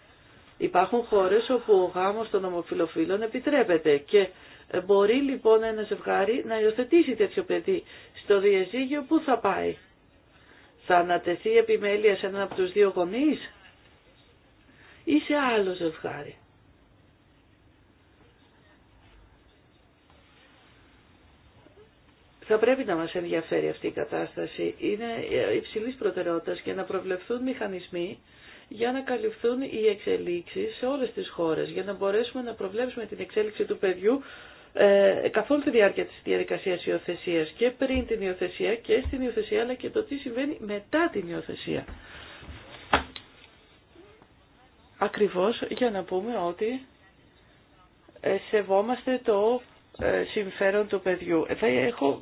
Υπάρχουν χώρες όπου ο γάμος των ομοφυλοφίλων επιτρέπεται και μπορεί λοιπόν ένα ζευγάρι να υιοθετήσει τέτοιο παιδί στο διαζύγιο που θα πάει. Θα ανατεθεί επιμέλεια σε έναν από τους δύο γονείς ή σε άλλο ζευγάρι. Θα πρέπει να μας ενδιαφέρει αυτή η κατάσταση. Είναι υψηλής προτεραιότητας και να προβλεφθούν μηχανισμοί για να καλυφθούν οι εξελίξεις σε όλες τις χώρες, για να μπορέσουμε να προβλέψουμε την εξέλιξη του παιδιού ε, καθ' όλη τη διάρκεια της διαδικασίας υιοθεσία και πριν την υιοθεσία και στην υιοθεσία αλλά και το τι συμβαίνει μετά την υιοθεσία. Ακριβώς για να πούμε ότι ε, σεβόμαστε το ε, συμφέρον του παιδιού. Ε, θα έχω,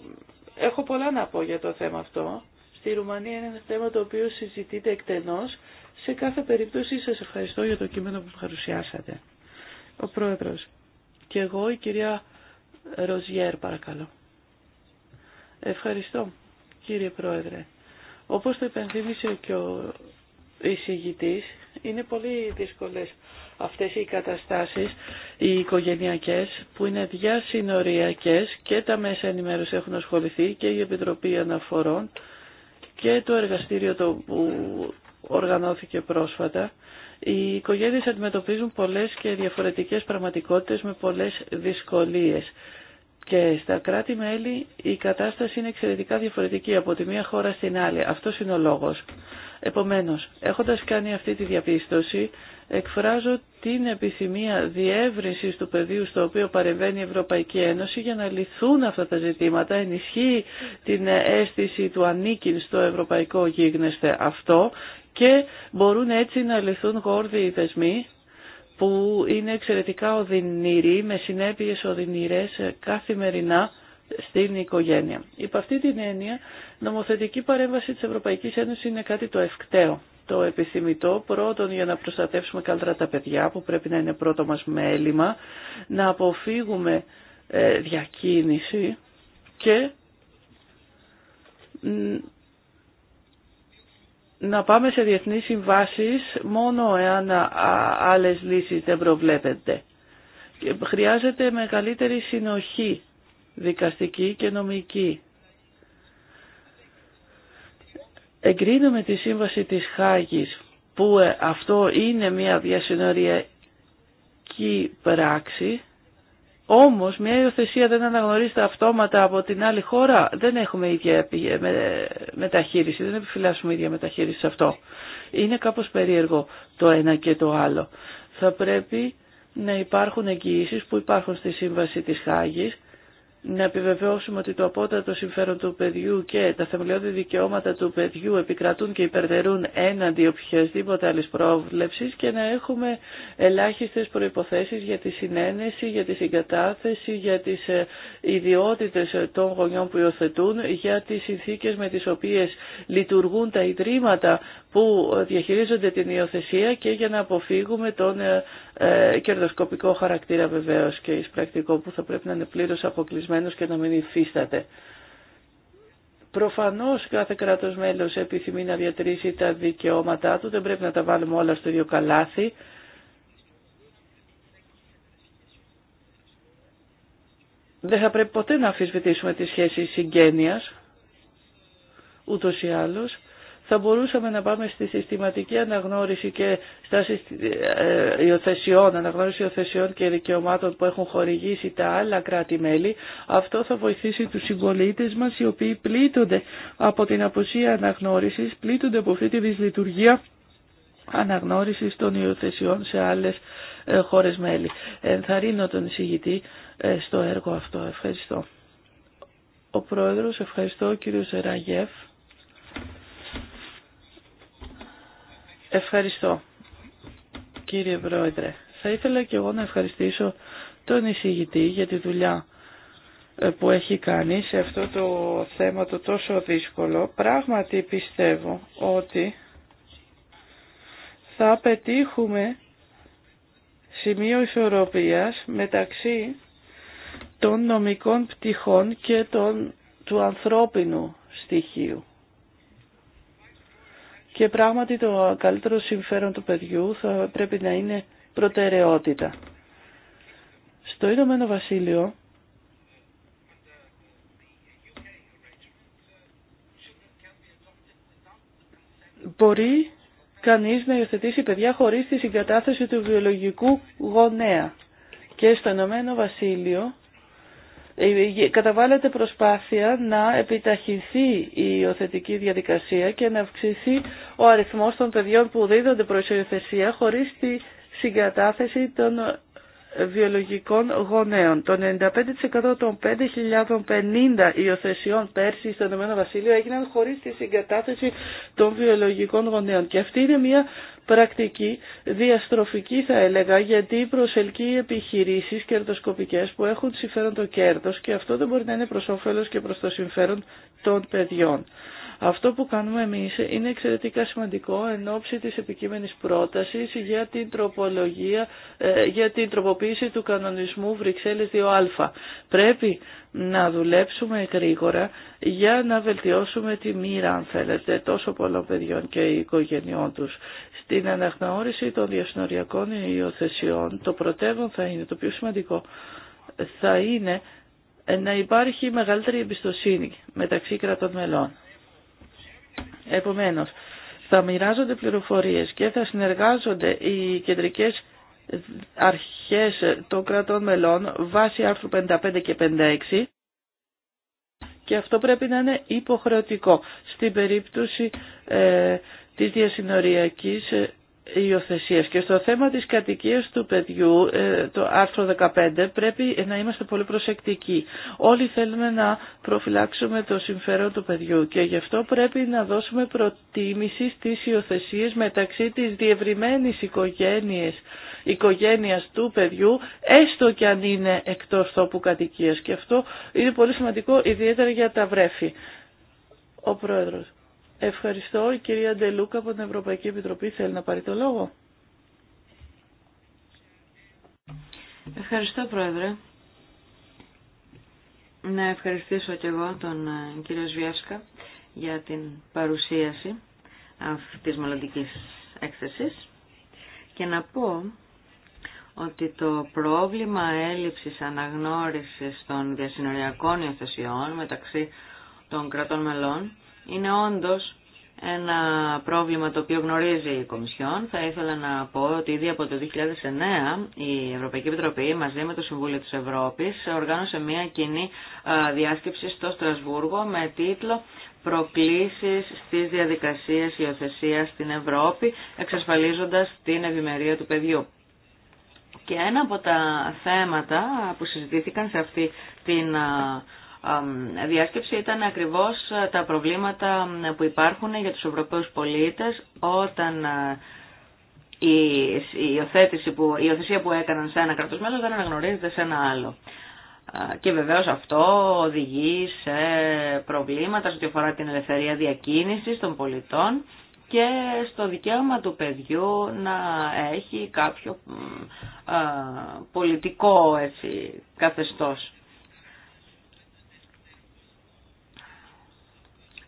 έχω πολλά να πω για το θέμα αυτό. Στη Ρουμανία είναι ένα θέμα το οποίο συζητείται εκτενώς σε κάθε περίπτωση σας ευχαριστώ για το κείμενο που παρουσιάσατε. Ο Πρόεδρος. Και εγώ η κυρία Ροζιέρ παρακαλώ. Ευχαριστώ κύριε Πρόεδρε. Όπως το επενθύμισε και ο εισηγητής, είναι πολύ δύσκολες αυτές οι καταστάσεις, οι οικογενειακές, που είναι διασυνοριακές και τα μέσα ενημέρωση έχουν ασχοληθεί και η Επιτροπή Αναφορών και το εργαστήριο το, που οργανώθηκε πρόσφατα, οι οικογένειες αντιμετωπίζουν πολλές και διαφορετικές πραγματικότητες με πολλές δυσκολίες. Και στα κράτη-μέλη η κατάσταση είναι εξαιρετικά διαφορετική από τη μία χώρα στην άλλη. Αυτό είναι ο λόγος. Επομένως, έχοντας κάνει αυτή τη διαπίστωση, εκφράζω την επιθυμία διεύρυνσης του πεδίου στο οποίο παρεμβαίνει η Ευρωπαϊκή Ένωση για να λυθούν αυτά τα ζητήματα, ενισχύει την αίσθηση του ανήκειν στο ευρωπαϊκό γίγνεσθε αυτό και μπορούν έτσι να λυθούν γόρδιοι δεσμοί που είναι εξαιρετικά οδυνηροί, με συνέπειες οδυνηρές καθημερινά στην οικογένεια. Υπ' αυτή την έννοια, νομοθετική παρέμβαση της Ευρωπαϊκής Ένωσης είναι κάτι το ευκταίο, το επιθυμητό, πρώτον για να προστατεύσουμε καλύτερα τα παιδιά, που πρέπει να είναι πρώτο μας μέλημα, να αποφύγουμε ε, διακίνηση και να πάμε σε διεθνείς συμβάσεις μόνο εάν άλλες λύσεις δεν προβλέπεται. Χρειάζεται μεγαλύτερη συνοχή δικαστική και νομική. Εγκρίνουμε τη σύμβαση της Χάγης που ε, αυτό είναι μια διασυνοριακή πράξη όμως μια υιοθεσία δεν αναγνωρίζεται αυτόματα από την άλλη χώρα, δεν έχουμε ίδια μεταχείριση, δεν επιφυλάσσουμε ίδια μεταχείριση σε αυτό. Είναι κάπως περίεργο το ένα και το άλλο. Θα πρέπει να υπάρχουν εγγυήσεις που υπάρχουν στη Σύμβαση της Χάγης να επιβεβαιώσουμε ότι το απότατο συμφέρον του παιδιού και τα θεμελιώδη δικαιώματα του παιδιού επικρατούν και υπερτερούν έναντι οποιασδήποτε άλλη πρόβλεψης και να έχουμε ελάχιστες προϋποθέσεις για τη συνένεση, για τη συγκατάθεση, για τις ε, ιδιότητες ε, των γονιών που υιοθετούν, για τις συνθήκε με τις οποίες λειτουργούν τα ιδρύματα που διαχειρίζονται την υιοθεσία και για να αποφύγουμε τον ε, ε, κερδοσκοπικό χαρακτήρα βεβαίως και εις πρακτικό που θα πρέπει να είναι πλήρως αποκλεισμένος και να μην υφίσταται. Προφανώς κάθε κράτος μέλος επιθυμεί να διατηρήσει τα δικαιώματά του, δεν πρέπει να τα βάλουμε όλα στο ίδιο καλάθι. Δεν θα πρέπει ποτέ να αφισβητήσουμε τη σχέση συγγένειας, ούτως ή άλλως θα μπορούσαμε να πάμε στη συστηματική αναγνώριση και στα ε, υιοθεσιών, αναγνώριση υιοθεσιών και δικαιωμάτων που έχουν χορηγήσει τα άλλα κράτη-μέλη. Αυτό θα βοηθήσει τους συμπολίτε μας οι οποίοι πλήττονται από την αποσία αναγνώρισης, πλήττονται από αυτή τη δυσλειτουργία αναγνώρισης των υιοθεσιών σε άλλες ε, χώρες μέλη. Ενθαρρύνω τον εισηγητή ε, στο έργο αυτό. Ευχαριστώ. Ο Πρόεδρος, ευχαριστώ κύριο Σεραγεφ. Ευχαριστώ, κύριε Πρόεδρε. Θα ήθελα και εγώ να ευχαριστήσω τον εισηγητή για τη δουλειά ε, που έχει κάνει σε αυτό το θέμα το τόσο δύσκολο. Πράγματι πιστεύω ότι θα πετύχουμε σημείο ισορροπίας μεταξύ των νομικών πτυχών και των, του ανθρώπινου στοιχείου. Και πράγματι το καλύτερο συμφέρον του παιδιού θα πρέπει να είναι προτεραιότητα. Στο Ηνωμένο Βασίλειο μπορεί κανείς να υιοθετήσει παιδιά χωρίς τη συγκατάθεση του βιολογικού γονέα. Και στο Ηνωμένο Βασίλειο ε, καταβάλλεται προσπάθεια να επιταχυνθεί η υιοθετική διαδικασία και να αυξηθεί ο αριθμός των παιδιών που δίδονται προς υιοθεσία χωρίς τη συγκατάθεση των βιολογικών γονέων. Το 95% των 5.050 υιοθεσιών πέρσι στο Ηνωμένο Βασίλειο έγιναν χωρίς τη συγκατάθεση των βιολογικών γονέων. Και αυτή είναι μια πρακτική διαστροφική θα έλεγα γιατί προσελκύει επιχειρήσεις κερδοσκοπικές που έχουν συμφέρον το κέρδος και αυτό δεν μπορεί να είναι προς όφελος και προς το συμφέρον των παιδιών. Αυτό που κάνουμε εμείς είναι εξαιρετικά σημαντικό εν ώψη της επικείμενης πρότασης για την, τροπολογία, ε, για την τροποποίηση του κανονισμού Βρυξέλλες 2α. Πρέπει να δουλέψουμε γρήγορα για να βελτιώσουμε τη μοίρα, αν θέλετε, τόσο πολλών παιδιών και οικογενειών τους. Στην αναγνώριση των διασυνοριακών υιοθεσιών, το πρωτεύον θα είναι, το πιο σημαντικό, θα είναι να υπάρχει μεγαλύτερη εμπιστοσύνη μεταξύ κρατών μελών. Επομένως, θα μοιράζονται πληροφορίες και θα συνεργάζονται οι κεντρικές αρχές των κρατών μελών βάσει άρθρου 55 και 56 και αυτό πρέπει να είναι υποχρεωτικό στην περίπτωση ε, της διασυνοριακής ε, υιοθεσίας. Και στο θέμα της κατοικίας του παιδιού, ε, το άρθρο 15, πρέπει να είμαστε πολύ προσεκτικοί. Όλοι θέλουμε να προφυλάξουμε το συμφέρον του παιδιού και γι' αυτό πρέπει να δώσουμε προτίμηση στις υιοθεσίες μεταξύ της διευρυμένης οικογένειας, οικογένειας του παιδιού, έστω και αν είναι εκτός τόπου κατοικίας. Και αυτό είναι πολύ σημαντικό, ιδιαίτερα για τα βρέφη. Ο Πρόεδρος. Ευχαριστώ. Η κυρία Ντελούκα από την Ευρωπαϊκή Επιτροπή θέλει να πάρει το λόγο. Ευχαριστώ, Πρόεδρε. Να ευχαριστήσω και εγώ τον ε, κύριο Σβιάσκα για την παρουσίαση αυτής της μελλοντικής έκθεσης και να πω ότι το πρόβλημα έλλειψης αναγνώρισης των διασυνοριακών υιοθεσιών μεταξύ των κρατών μελών είναι όντως ένα πρόβλημα το οποίο γνωρίζει η Κομισιόν. Θα ήθελα να πω ότι ήδη από το 2009 η Ευρωπαϊκή Επιτροπή μαζί με το Συμβούλιο της Ευρώπης οργάνωσε μια κοινή διάσκεψη στο Στρασβούργο με τίτλο «Προκλήσεις στις διαδικασίες υιοθεσία στην Ευρώπη, εξασφαλίζοντας την ευημερία του παιδιού». Και ένα από τα θέματα που συζητήθηκαν σε αυτή την διάσκεψη ήταν ακριβώς ε, τα προβλήματα που υπάρχουν για τους Ευρωπαίους πολίτες όταν ε, η, υιοθέτηση που, η υιοθεσία που έκαναν σε ένα κράτος μέλος δεν αναγνωρίζεται σε ένα άλλο. Και βεβαίως αυτό οδηγεί σε προβλήματα σε ό,τι αφορά την ελευθερία διακίνησης των πολιτών και στο δικαίωμα του παιδιού να έχει κάποιο πολιτικό έτσι, καθεστώς.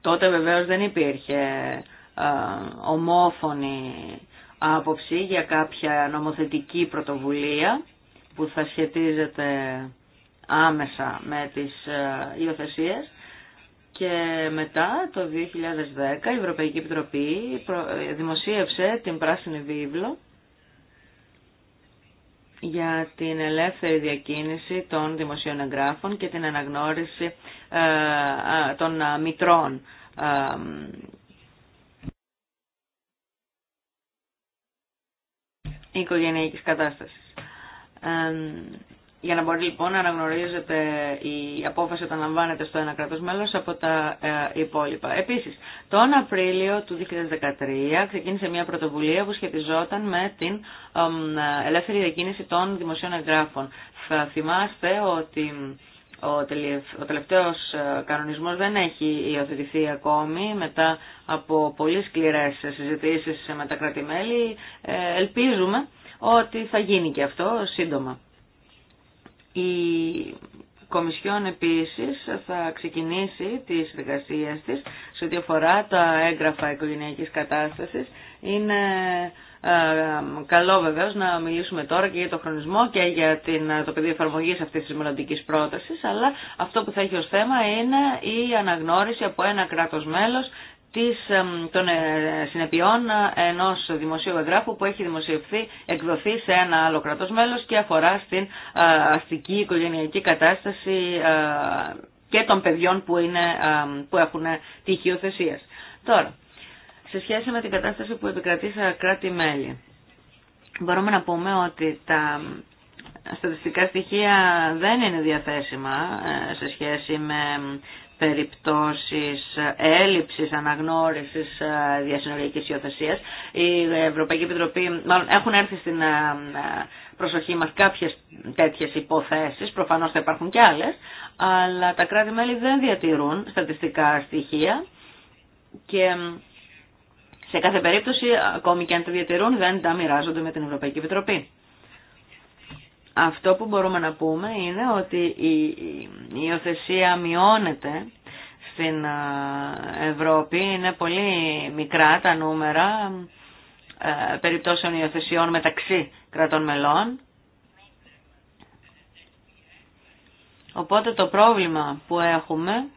Τότε βεβαίως δεν υπήρχε ε, ομόφωνη άποψη για κάποια νομοθετική πρωτοβουλία που θα σχετίζεται άμεσα με τις ε, υιοθεσίε. Και μετά το 2010 η Ευρωπαϊκή Επιτροπή ε, δημοσίευσε την Πράσινη Βίβλο για την ελεύθερη διακίνηση των δημοσίων εγγράφων και την αναγνώριση ε, των μητρών. οικογενειακής κατάστασης. Ε, για να μπορεί λοιπόν να αναγνωρίζεται η απόφαση όταν λαμβάνεται στο ένα κράτος μέλος από τα ε, υπόλοιπα. Επίσης, τον Απρίλιο του 2013 ξεκίνησε μια πρωτοβουλία που σχετιζόταν με την ελεύθερη διακίνηση των δημοσίων εγγράφων. Θα θυμάστε ότι ο τελευταίος ε, κανονισμός δεν έχει υιοθετηθεί ακόμη μετά από πολύ σκληρές συζητήσεις με τα κράτη-μέλη. Ε, ελπίζουμε ότι θα γίνει και αυτό σύντομα. Η Κομισιόν επίσης θα ξεκινήσει τις εργασίες της σε ό,τι αφορά τα έγγραφα οικογενειακής κατάστασης. Είναι ε, καλό βεβαίω να μιλήσουμε τώρα και για το χρονισμό και για την, ε, το πεδίο εφαρμογή αυτή τη μελλοντική πρόταση, αλλά αυτό που θα έχει ω θέμα είναι η αναγνώριση από ένα κράτο μέλο της, των ε, συνεπειών ε, ενός δημοσίου εγγράφου που έχει δημοσιευθεί, εκδοθεί σε ένα άλλο κρατός μέλος και αφορά στην ε, αστική οικογενειακή κατάσταση και των παιδιών που, είναι, που έχουν τύχη Τώρα, σε σχέση με την κατάσταση που επικρατεί σε κράτη-μέλη, μπορούμε να πούμε ότι τα στατιστικά στοιχεία δεν είναι διαθέσιμα σε σχέση με περιπτώσεις έλλειψης αναγνώρισης ε, διασυνοριακής υιοθεσίας. Η Ευρωπαϊκή Επιτροπή, μάλλον έχουν έρθει στην ε, προσοχή μας κάποιες τέτοιες υποθέσεις, προφανώς θα υπάρχουν και άλλες, αλλά τα κράτη-μέλη δεν διατηρούν στατιστικά στοιχεία και ε, σε κάθε περίπτωση, ακόμη και αν τα διατηρούν, δεν τα μοιράζονται με την Ευρωπαϊκή Επιτροπή. Αυτό που μπορούμε να πούμε είναι ότι η υιοθεσία μειώνεται στην Ευρώπη. Είναι πολύ μικρά τα νούμερα ε, περιπτώσεων υιοθεσιών μεταξύ κρατών μελών. Οπότε το πρόβλημα που έχουμε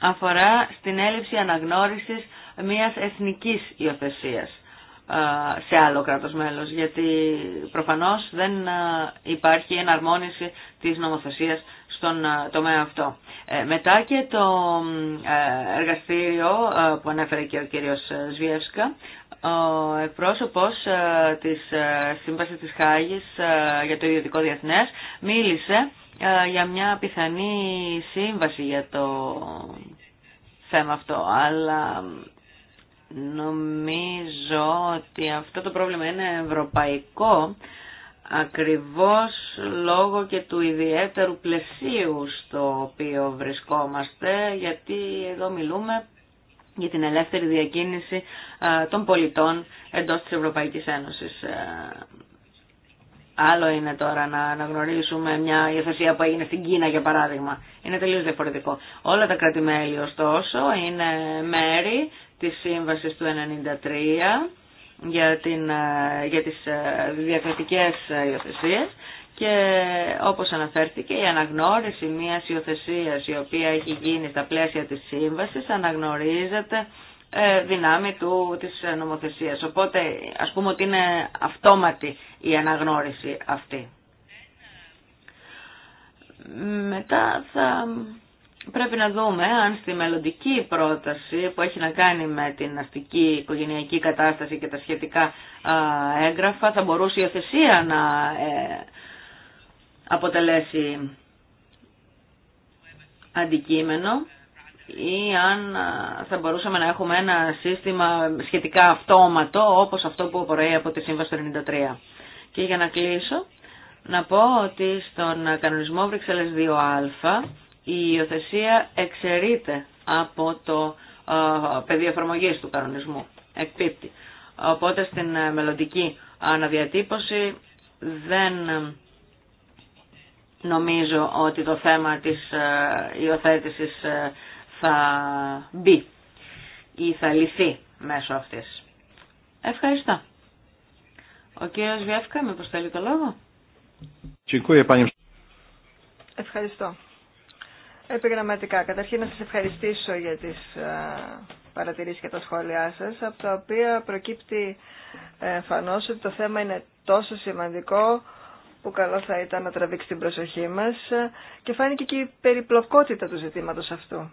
αφορά στην έλλειψη αναγνώρισης μιας εθνικής υιοθεσίας σε άλλο κράτος μέλος, γιατί προφανώς δεν υπάρχει εναρμόνιση της νομοθεσίας στον τομέα αυτό. Ε, μετά και το ε, εργαστήριο που ανέφερε και ο κύριος Σβιεύσκα, ο εκπρόσωπος της Σύμβασης της Χάγης για το Ιδιωτικό Διεθνές μίλησε για μια πιθανή σύμβαση για το θέμα αυτό, αλλά Νομίζω ότι αυτό το πρόβλημα είναι ευρωπαϊκό ακριβώς λόγω και του ιδιαίτερου πλαισίου στο οποίο βρισκόμαστε γιατί εδώ μιλούμε για την ελεύθερη διακίνηση των πολιτών εντός της Ευρωπαϊκής Ένωσης. Άλλο είναι τώρα να αναγνωρίσουμε μια υιοθεσία που έγινε στην Κίνα για παράδειγμα. Είναι τελείως διαφορετικό. Όλα τα κρατημέλη ωστόσο είναι μέρη της σύμβασης του 1993 για, την, ε, για τις ε, διακριτικές υιοθεσίες και όπως αναφέρθηκε η αναγνώριση μιας υιοθεσία η οποία έχει γίνει στα πλαίσια της σύμβασης αναγνωρίζεται ε, δυνάμει του, της νομοθεσίας. Οπότε ας πούμε ότι είναι αυτόματη η αναγνώριση αυτή. Μετά θα Πρέπει να δούμε αν στη μελλοντική πρόταση που έχει να κάνει με την αστική οικογενειακή κατάσταση και τα σχετικά έγγραφα θα μπορούσε η οθεσία να ε, αποτελέσει αντικείμενο ή αν θα μπορούσαμε να έχουμε ένα σύστημα σχετικά αυτόματο όπως αυτό που απορρέει από τη Σύμβαση του 93. Και για να κλείσω, να πω ότι στον κανονισμό Βρυξέλλες 2α η υιοθεσία εξαιρείται από το πεδίο εφαρμογή του κανονισμού. Εκπίπτει. Οπότε στην ε, μελλοντική αναδιατύπωση δεν ε, νομίζω ότι το θέμα της ε, υιοθέτηση θα μπει ή θα λυθεί μέσω αυτής. Ευχαριστώ. Ο κύριος Βιέφκα, με προσθέτει το λόγο. Ευχαριστώ επιγραμματικά. Καταρχήν να σας ευχαριστήσω για τις ε, παρατηρήσεις και τα σχόλιά σας, από τα οποία προκύπτει ε, φανώς ότι το θέμα είναι τόσο σημαντικό που καλό θα ήταν να τραβήξει την προσοχή μας ε, και φάνηκε και η περιπλοκότητα του ζητήματος αυτού.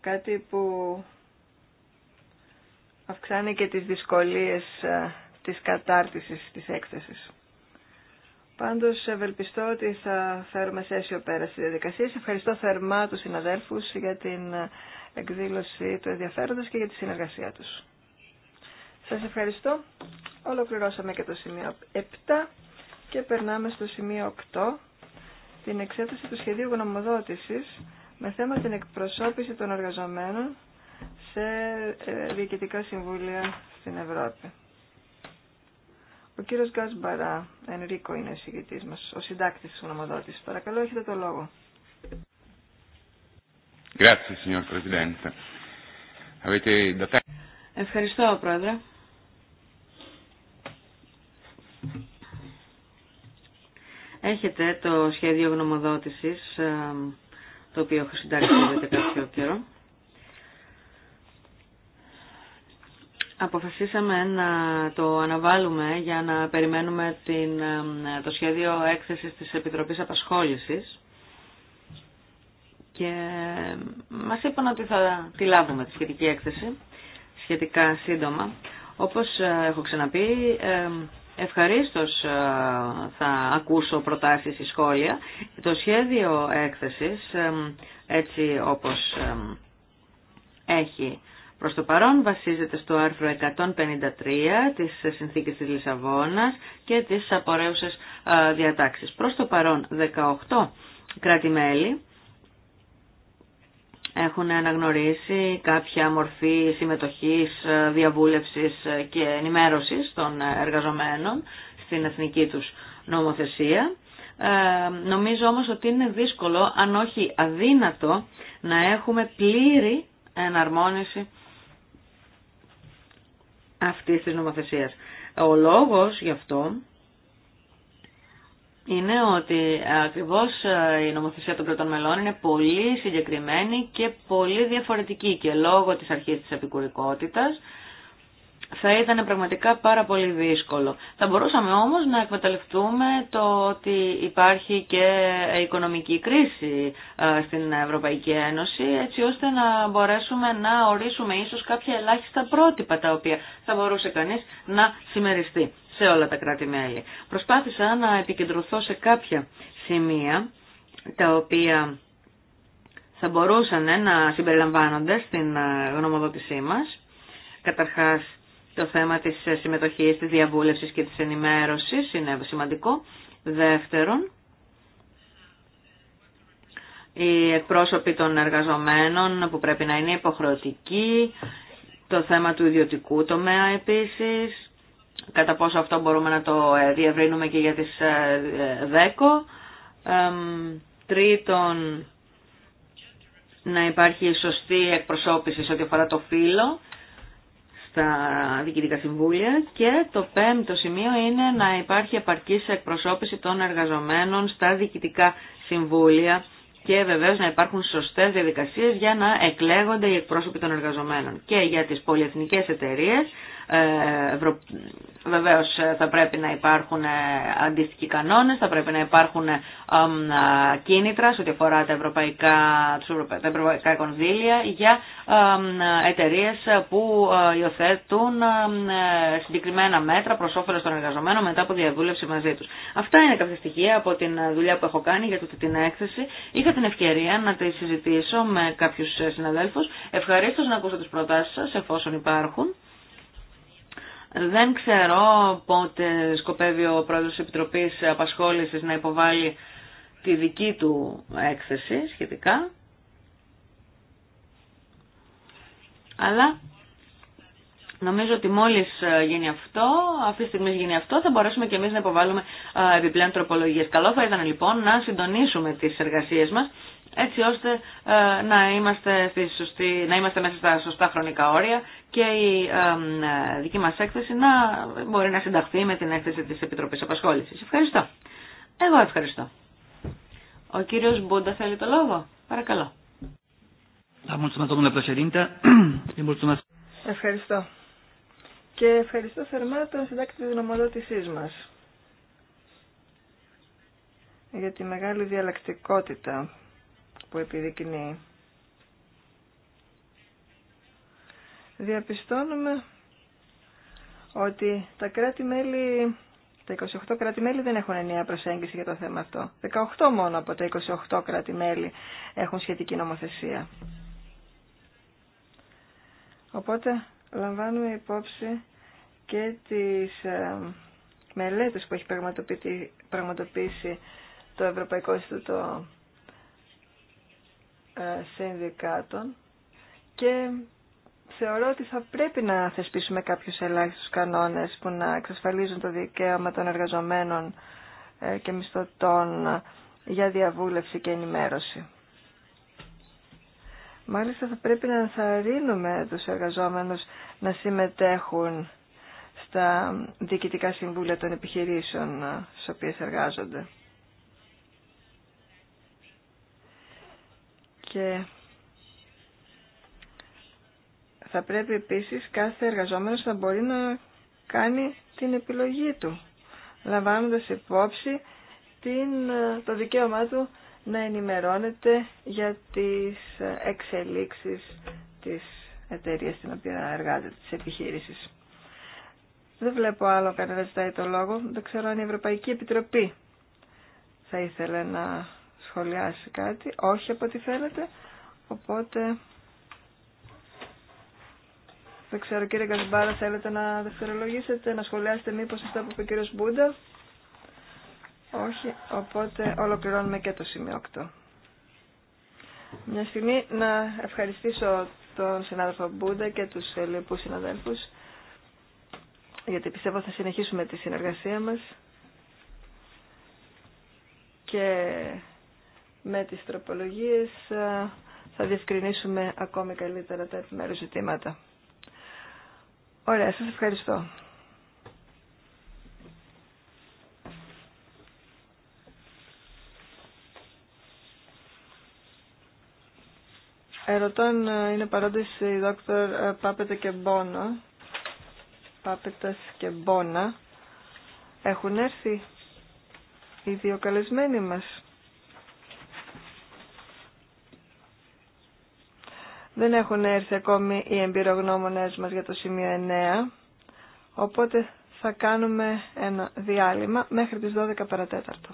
Κάτι που αυξάνει και τις δυσκολίες της κατάρτισης της έκθεσης. Πάντως ευελπιστώ ότι θα φέρουμε σε αίσιο πέρα στη διαδικασία. Ευχαριστώ θερμά τους συναδέλφους για την εκδήλωση του ενδιαφέροντος και για τη συνεργασία τους. Σας ευχαριστώ. Ολοκληρώσαμε και το σημείο 7 και περνάμε στο σημείο 8 την εξέταση του σχεδίου γνωμοδότησης με θέμα την εκπροσώπηση των εργαζομένων σε ε, διοικητικά συμβούλια στην Ευρώπη. Ο κύριο Γκάσμπαρα Ενρίκο είναι ο συγκεκριτής μα. ο συντάκτη τη γνωμοδότησης. Παρακαλώ, έχετε το λόγο. Ευχαριστώ, Πρόεδρε. Έχετε το σχέδιο γνωμοδότησης, ε, το οποίο έχω συντάξει και κάποιο καιρό. αποφασίσαμε να το αναβάλουμε για να περιμένουμε την, ε, το σχέδιο έκθεσης της Επιτροπής Απασχόλησης και ε, μας είπαν ότι θα τη λάβουμε τη σχετική έκθεση σχετικά σύντομα. Όπως ε, έχω ξαναπεί, ευχαρίστως θα ακούσω προτάσεις ή σχόλια. Το σχέδιο έκθεσης, έτσι όπως έχει Προς το παρόν βασίζεται στο άρθρο 153 της Συνθήκης της Λισαβόνας και της απορρέουσες διατάξεις. Προς το παρόν 18 κράτη-μέλη έχουν αναγνωρίσει κάποια μορφή συμμετοχής, διαβούλευσης και ενημέρωσης των εργαζομένων στην εθνική τους νομοθεσία. νομίζω όμως ότι είναι δύσκολο, αν όχι αδύνατο, να έχουμε πλήρη εναρμόνιση αυτή της νομοθεσία. Ο λόγος γι' αυτό είναι ότι ακριβώς η νομοθεσία των πρώτων μελών είναι πολύ συγκεκριμένη και πολύ διαφορετική και λόγω της αρχής της επικουρικότητας θα ήταν πραγματικά πάρα πολύ δύσκολο. Θα μπορούσαμε όμως να εκμεταλλευτούμε το ότι υπάρχει και οικονομική κρίση ε, στην Ευρωπαϊκή Ένωση έτσι ώστε να μπορέσουμε να ορίσουμε ίσως κάποια ελάχιστα πρότυπα τα οποία θα μπορούσε κανείς να συμμεριστεί σε όλα τα κράτη-μέλη. Προσπάθησα να επικεντρωθώ σε κάποια σημεία τα οποία θα μπορούσαν να συμπεριλαμβάνονται στην ε, γνωμοδότησή μας. Καταρχάς το θέμα της συμμετοχής, της διαβούλευσης και της ενημέρωσης είναι σημαντικό. Δεύτερον, οι εκπρόσωποι των εργαζομένων που πρέπει να είναι υποχρεωτικοί, το θέμα του ιδιωτικού τομέα επίσης, κατά πόσο αυτό μπορούμε να το ε, διευρύνουμε και για τις ε, ΔΕΚΟ. Τρίτον, να υπάρχει σωστή εκπροσώπηση σε ό,τι αφορά το φύλλο στα διοικητικά συμβούλια και το πέμπτο σημείο είναι να υπάρχει επαρκής εκπροσώπηση των εργαζομένων στα διοικητικά συμβούλια και βεβαίως να υπάρχουν σωστές διαδικασίες για να εκλέγονται οι εκπρόσωποι των εργαζομένων. Και για τις πολυεθνικές εταιρείες Ευρω... Βεβαίω ε, θα πρέπει να υπάρχουν ε, αντίστοιχοι κανόνε, θα πρέπει να υπάρχουν κίνητρα σε ό,τι αφορά τα ευρωπαϊκά, τα ευρωπαϊκά κονδύλια για εταιρείε που ε, υιοθέτουν συγκεκριμένα μέτρα προ όφελο των εργαζομένων μετά από διαβούλευση μαζί του. Αυτά είναι κάποια στοιχεία από την δουλειά που έχω κάνει για τούτη την έκθεση. Είχα την ευκαιρία να τη συζητήσω με κάποιου συναδέλφου. Ευχαρίστω να ακούσω τι προτάσει σα εφόσον υπάρχουν δεν ξέρω πότε σκοπεύει ο πρόεδρος της Επιτροπής Απασχόλησης να υποβάλει τη δική του έκθεση σχετικά. Αλλά νομίζω ότι μόλις γίνει αυτό, αυτή τη στιγμή γίνει αυτό, θα μπορέσουμε και εμείς να υποβάλουμε επιπλέον τροπολογίες. Καλό θα ήταν λοιπόν να συντονίσουμε τις εργασίες μας έτσι ώστε να, είμαστε να είμαστε μέσα στα σωστά χρονικά όρια και η δική μας έκθεση να μπορεί να συνταχθεί με την έκθεση της Επιτροπής Απασχόλησης. Ευχαριστώ. Εγώ ευχαριστώ. Ο κύριος Μπούντα θέλει το λόγο. Παρακαλώ. Ευχαριστώ. Και ευχαριστώ θερμά τον συντάκτη της νομοδότησής μας για τη μεγάλη διαλλακτικότητα που επιδεικνύει. διαπιστώνουμε ότι τα κράτη-μέλη, τα 28 κράτη-μέλη δεν έχουν ενιαία προσέγγιση για το θέμα αυτό. 18 μόνο από τα 28 κράτη-μέλη έχουν σχετική νομοθεσία. Οπότε λαμβάνουμε υπόψη και τις ε, μελέτες που έχει πραγματοποιήσει το Ευρωπαϊκό Ινστιτούτο ε, Συνδικάτων και θεωρώ ότι θα πρέπει να θεσπίσουμε κάποιους ελάχιστους κανόνες που να εξασφαλίζουν το δικαίωμα των εργαζομένων ε, και μισθωτών ε, για διαβούλευση και ενημέρωση. Μάλιστα θα πρέπει να ενθαρρύνουμε τους εργαζόμενους να συμμετέχουν στα διοικητικά συμβούλια των επιχειρήσεων ε, στις οποίες εργάζονται. Και θα πρέπει επίσης κάθε εργαζόμενος να μπορεί να κάνει την επιλογή του, λαμβάνοντας υπόψη την, ε, το δικαίωμά του να ενημερώνεται για τις εξελίξεις της εταιρείας στην οποία εργάζεται, της επιχείρησης. Δεν βλέπω άλλο κανένα ζητάει το λόγο. Δεν ξέρω αν η Ευρωπαϊκή Επιτροπή θα ήθελε να σχολιάσει κάτι. Όχι από ό,τι φαίνεται. Οπότε δεν ξέρω κύριε Γκαζμπάρα, θέλετε να δευτερολογήσετε, να σχολιάσετε μήπω αυτά που είπε ο κύριο Μπούντα. Όχι, οπότε ολοκληρώνουμε και το σημείο 8. Μια στιγμή να ευχαριστήσω τον συνάδελφο Μπούντα και του λοιπούς συναδέλφου γιατί πιστεύω θα συνεχίσουμε τη συνεργασία μα και με τι τροπολογίε ε, θα διευκρινίσουμε ακόμη καλύτερα τα επιμέρους ζητήματα. Ωραία, σας ευχαριστώ. Ερωτών ε, είναι παρόντες οι δόκτωρ ε, Πάπετα και Μπόνα. Πάπετας και Μπόνα. Έχουν έρθει οι δύο καλεσμένοι μας. Δεν έχουν έρθει ακόμη οι εμπειρογνώμονες μας για το σημείο 9, οπότε θα κάνουμε ένα διάλειμμα μέχρι τις 12 παρατέταρτο.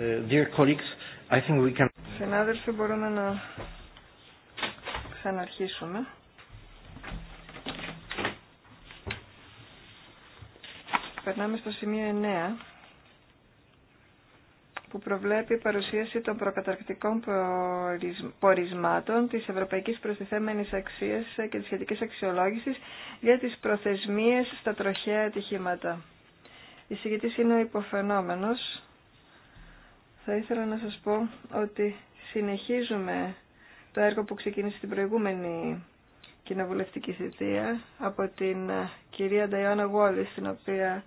Uh, dear colleagues, I think we can... Συνάδελφοι, μπορούμε να ξαναρχίσουμε. Περνάμε στο σημείο 9 που προβλέπει η παρουσίαση των προκαταρκτικών πορισμάτων της Ευρωπαϊκής Προστιθέμενης Αξίας και της σχετικής αξιολόγησης για τις προθεσμίες στα τροχαία ατυχήματα. Η συγκεκριτής είναι ο υποφαινόμενος θα ήθελα να σας πω ότι συνεχίζουμε το έργο που ξεκίνησε την προηγούμενη κοινοβουλευτική θητεία από την ε, κυρία Νταϊόνα Γουόλη, στην οποία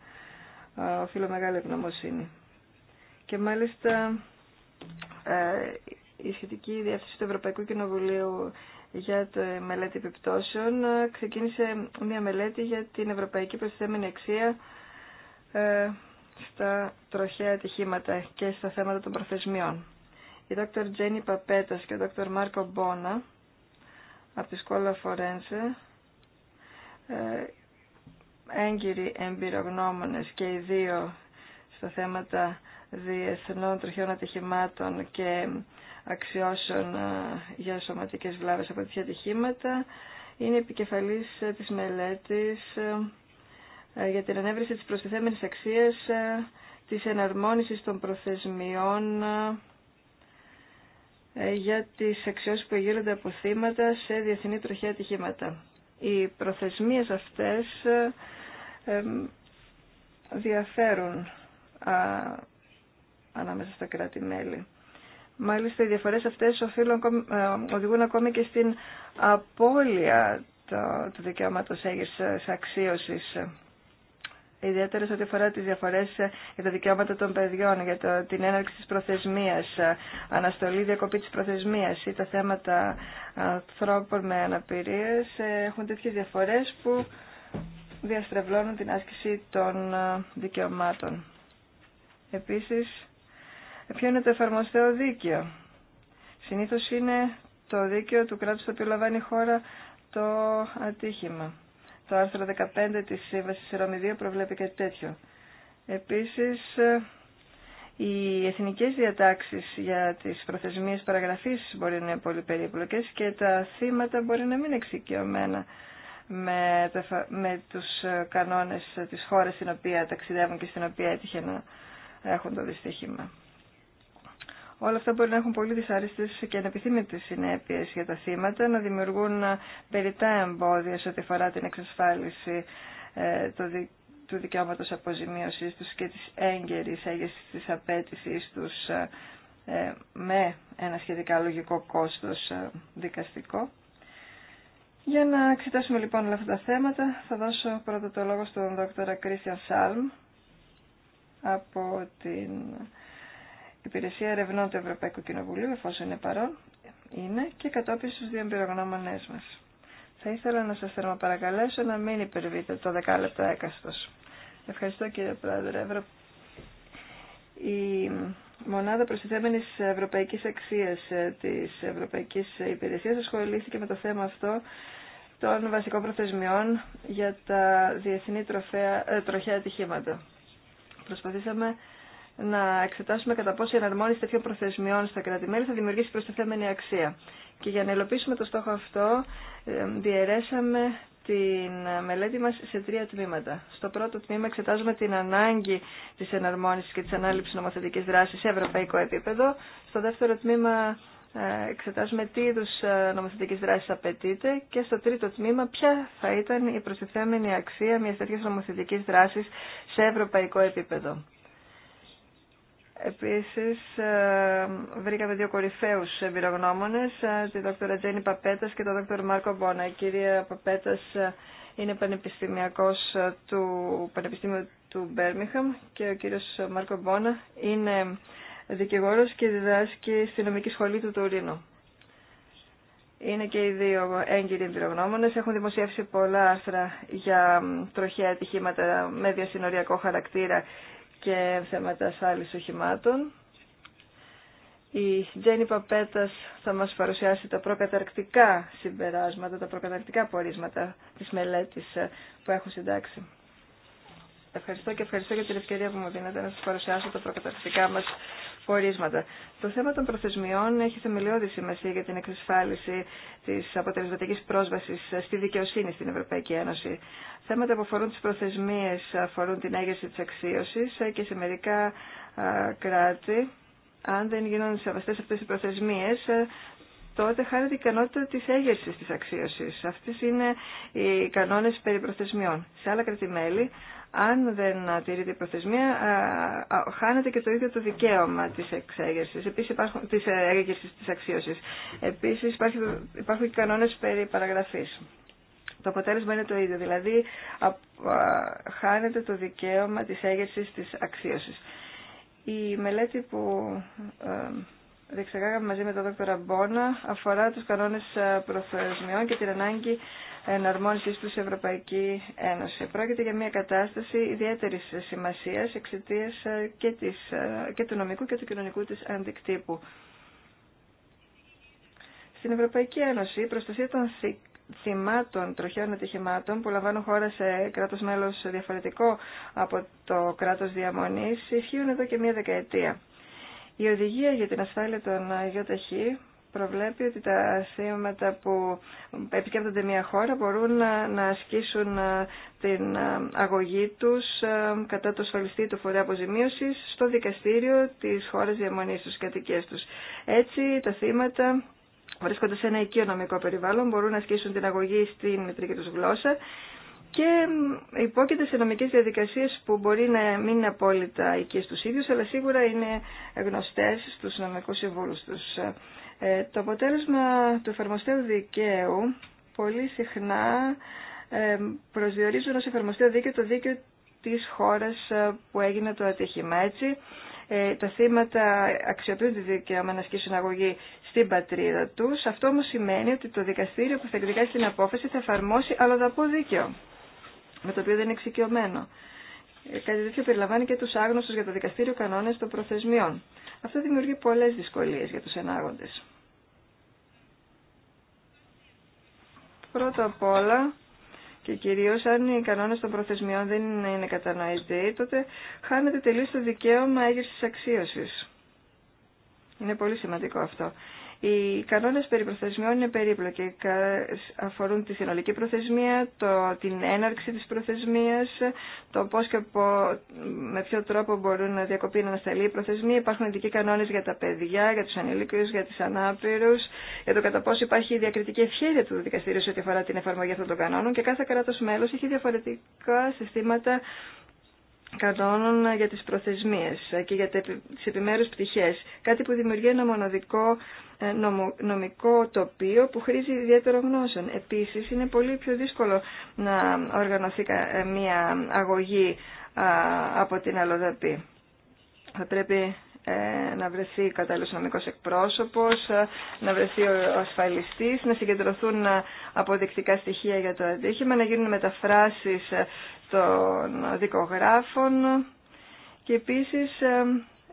ε, οφείλω μεγάλη ευγνωμοσύνη. Και μάλιστα ε, η σχετική διεύθυνση του Ευρωπαϊκού Κοινοβουλίου για τη μελέτη επιπτώσεων ξεκίνησε μια μελέτη για την ευρωπαϊκή προσθέμενη αξία στα τροχαία ατυχήματα και στα θέματα των προθεσμιών. Η Dr. Τζένι Παπέτας και ο Dr. Μάρκο Μπόνα από τη Σκόλα Φορένσε, έγκυροι εμπειρογνώμονες και οι δύο στα θέματα διεθνών τροχαίων ατυχημάτων και αξιώσεων ε, για σωματικές βλάβες από τέτοια ατυχήματα, είναι επικεφαλής ε, της μελέτης ε, ε, για την ανέβριση της προστιθέμενης αξίας ε, της εναρμόνισης των προθεσμιών ε, για τις αξιώσεις που γίνονται από θύματα σε διεθνή τροχιά ατυχήματα. Οι προθεσμίες αυτές διαφέρουν ανάμεσα στα κράτη-μέλη. Μάλιστα οι διαφορές αυτές οφείλουν, οδηγούν ακόμη και στην απώλεια του δικαιώματος έγερσης αξίωσης ιδιαίτερα σε ό,τι αφορά τις διαφορές για τα δικαιώματα των παιδιών, για την έναρξη της προθεσμίας, αναστολή, διακοπή της προθεσμίας ή τα θέματα ανθρώπων με αναπηρίες ε, έχουν τέτοιες διαφορές που διαστρεβλώνουν την άσκηση των ε, δικαιωμάτων. Επίσης, ποιο είναι το εφαρμοστέο δίκαιο. Συνήθως είναι το δίκαιο του κράτους το οποίο λαμβάνει η χώρα το ατύχημα. Το άρθρο 15 της Σύμβασης Ρωμιδίου προβλέπει κάτι τέτοιο. Επίσης, οι εθνικές διατάξεις για τις προθεσμίες παραγραφής μπορεί να είναι πολύ περίπλοκες και τα θύματα μπορεί να μην είναι εξοικειωμένα με, με τους ε, κανόνες της χώρας στην οποία ταξιδεύουν και στην οποία έτυχε να έχουν το δυστύχημα. Όλα αυτά μπορεί να έχουν πολύ δυσάρεστε και ανεπιθύμητε συνέπειε για τα θύματα, να δημιουργούν ε, περιτά εμπόδια σε ό,τι αφορά την εξασφάλιση ε, του δικαιώματο αποζημίωσή του και της έγκαιρης τη της απέτησης τους ε, με ένα σχετικά λογικό κόστος δικαστικό. Για να εξετάσουμε λοιπόν όλα αυτά τα θέματα, θα δώσω πρώτα το λόγο στον δόκτωρα Κρίστιαν Σάλμ από την Υπηρεσία Ερευνών του Ευρωπαϊκού Κοινοβουλίου, εφόσον είναι παρόν, είναι και κατόπιν στους δύο εμπειρογνώμονές μας. Θα ήθελα να σας θερμοπαρακαλέσω να μην υπερβείτε το δεκάλεπτο έκαστος. Ευχαριστώ κύριε Πρόεδρε. Η μονάδα προστιθέμενης ευρωπαϊκής αξίας ε, της Ευρωπαϊκής Υπηρεσίας ασχολήθηκε με το θέμα αυτό των βασικών προθεσμιών για τα διεθνή τροφέα, ε, τροχαία ατυχήματα. Προσπαθήσαμε να εξετάσουμε κατά πόσο η εναρμόνιση τέτοιων προθεσμιών στα κράτη-μέλη θα δημιουργήσει προστιθέμενη αξία. Και για να υλοποιήσουμε το στόχο αυτό, ε, διαιρέσαμε την μελέτη μας σε τρία τμήματα. Στο πρώτο τμήμα εξετάζουμε την ανάγκη της εναρμόνισης και της ανάληψης νομοθετικής δράσης σε ευρωπαϊκό επίπεδο. Στο δεύτερο τμήμα ε, εξετάζουμε τι είδου ε, νομοθετική δράση απαιτείται και στο τρίτο τμήμα ποια θα ήταν η προστιθέμενη αξία μιας τέτοιας νομοθετική δράσης σε ευρωπαϊκό επίπεδο. Επίσης, ε, βρήκαμε δύο κορυφαίους εμπειρογνώμονες, ε, τη δόκτωρα Τζένι Παπέτας και τον δόκτωρο Μάρκο Μπόνα. Η κυρία Παπέτας ε, είναι πανεπιστημιακός του Πανεπιστήμιου του Μπέρμιχαμ και ο κύριος Μάρκο Μπόνα είναι δικηγόρος και διδάσκει στη νομική σχολή του Τουρίνου. Είναι και οι δύο έγκυροι εμπειρογνώμονες. Έχουν δημοσιεύσει πολλά άρθρα για τροχαία ατυχήματα με διασυνοριακό χαρακτήρα και θέματα ασφάλισης οχημάτων. Η Τζένι Παπέτας θα μας παρουσιάσει τα προκαταρκτικά συμπεράσματα, τα προκαταρκτικά πορίσματα της μελέτης που έχω συντάξει. Ευχαριστώ και ευχαριστώ για την ευκαιρία που μου δίνετε να σας παρουσιάσω τα προκαταρκτικά μας πορίσματα. Το θέμα των προθεσμιών έχει θεμελιώδη σημασία για την εξασφάλιση τη αποτελεσματική πρόσβαση στη δικαιοσύνη στην Ευρωπαϊκή Ένωση. Θέματα που αφορούν τι προθεσμίε αφορούν την έγερση τη αξίωση και σε μερικά κράτη, αν δεν γίνουν σεβαστέ αυτέ οι προθεσμίε, τότε χάνεται η ικανότητα τη έγερση τη αξίωση. Αυτέ είναι οι κανόνε περί προθεσμιών. Σε άλλα κράτη-μέλη αν δεν τηρείται η προθεσμία, χάνεται και το ίδιο το δικαίωμα της εξέγερσης, επίσης υπάρχουν, της έγερσης της αξίωσης. Επίσης υπάρχουν και κανόνες περί παραγραφής. Το αποτέλεσμα είναι το ίδιο, δηλαδή χάνεται το δικαίωμα της έγερσης της αξίωσης. Η μελέτη που ε, διεξεγάγαμε μαζί με τον Δ. Μπόνα αφορά τους κανόνες ε, προθεσμιών και την ανάγκη εναρμόνιση του Ευρωπαϊκή Ένωση. Πρόκειται για μια κατάσταση ιδιαίτερη σημασίας εξαιτία ε, και, ε, και του νομικού και του κοινωνικού της αντικτύπου. Στην Ευρωπαϊκή Ένωση η προστασία των θυμάτων τροχαίων ατυχημάτων που λαμβάνουν χώρα σε κράτος μέλο διαφορετικό από το κράτο διαμονή, ισχύουν εδώ και μία δεκαετία. Η οδηγία για την ασφάλεια των ΙΟΤΑΧΗ ε, προβλέπει ότι τα θύματα που επισκέπτονται μια χώρα μπορούν να, ασκήσουν ε, την ε, αγωγή τους ε, κατά το ασφαλιστή του φορέα αποζημίωσης στο δικαστήριο της χώρας διαμονής τους, κατοικίας τους. Έτσι τα θύματα βρίσκονται σε ένα οικείο νομικό περιβάλλον, μπορούν να ασκήσουν την αγωγή στην μητρική τους γλώσσα και υπόκειται σε νομικές διαδικασίες που μπορεί να μην είναι απόλυτα εκεί τους ίδιους, αλλά σίγουρα είναι γνωστές στους νομικούς συμβούλους τους. Ε, το αποτέλεσμα του εφαρμοστέου δικαίου πολύ συχνά ε, προσδιορίζουν ως εφαρμοστέο δίκαιο το δίκαιο της χώρας ε, που έγινε το ατύχημα. Έτσι, τα θύματα αξιοποιούν τη δικαίωμα να ασκήσουν αγωγή στην πατρίδα τους. Αυτό όμως σημαίνει ότι το δικαστήριο που θα εκδικάσει την απόφαση θα εφαρμόσει αλλοδαπό δίκαιο, με το οποίο δεν είναι εξοικειωμένο. Κάτι τέτοιο περιλαμβάνει και τους άγνωστους για το δικαστήριο κανόνες των προθεσμιών. Αυτό δημιουργεί πολλές δυσκολίες για τους ενάγοντες. Πρώτα απ' όλα και κυρίως αν οι κανόνε των προθεσμιών δεν είναι κατανοητοί, τότε χάνεται τελείως το δικαίωμα έγκριση αξίωση. Είναι πολύ σημαντικό αυτό. Οι κανόνες περί προθεσμιών είναι περίπλοκοι. Αφορούν τη συνολική προθεσμία, το, την έναρξη τη προθεσμία, το πώς και με ποιο τρόπο μπορούν να διακοπεί να ανασταλεί η προθεσμία. Υπάρχουν ειδικοί κανόνες για τα παιδιά, για τους ανηλίκους, για τις ανάπηρους, για το κατά πόσο υπάρχει διακριτική ευχέρεια του δικαστήριου σε ό,τι αφορά την εφαρμογή αυτών των κανόνων και κάθε κράτο μέλο έχει διαφορετικά συστήματα κανόνων για τις προθεσμίες και για τις επιμέρους πτυχές. Κάτι που δημιουργεί ένα μοναδικό ε, νομικό τοπίο που χρήζει ιδιαίτερο γνώσεων. Επίσης είναι πολύ πιο δύσκολο να οργανωθεί μια ε, αγωγή από την αλλοδαπή. Θα πρέπει ε, να βρεθεί κατάλληλος νομικός εκπρόσωπος, ε, να βρεθεί ο ασφαλιστής, να συγκεντρωθούν ε, αποδεικτικά στοιχεία για το αντίχημα, να γίνουν μεταφράσεις των δικογράφων και επίσης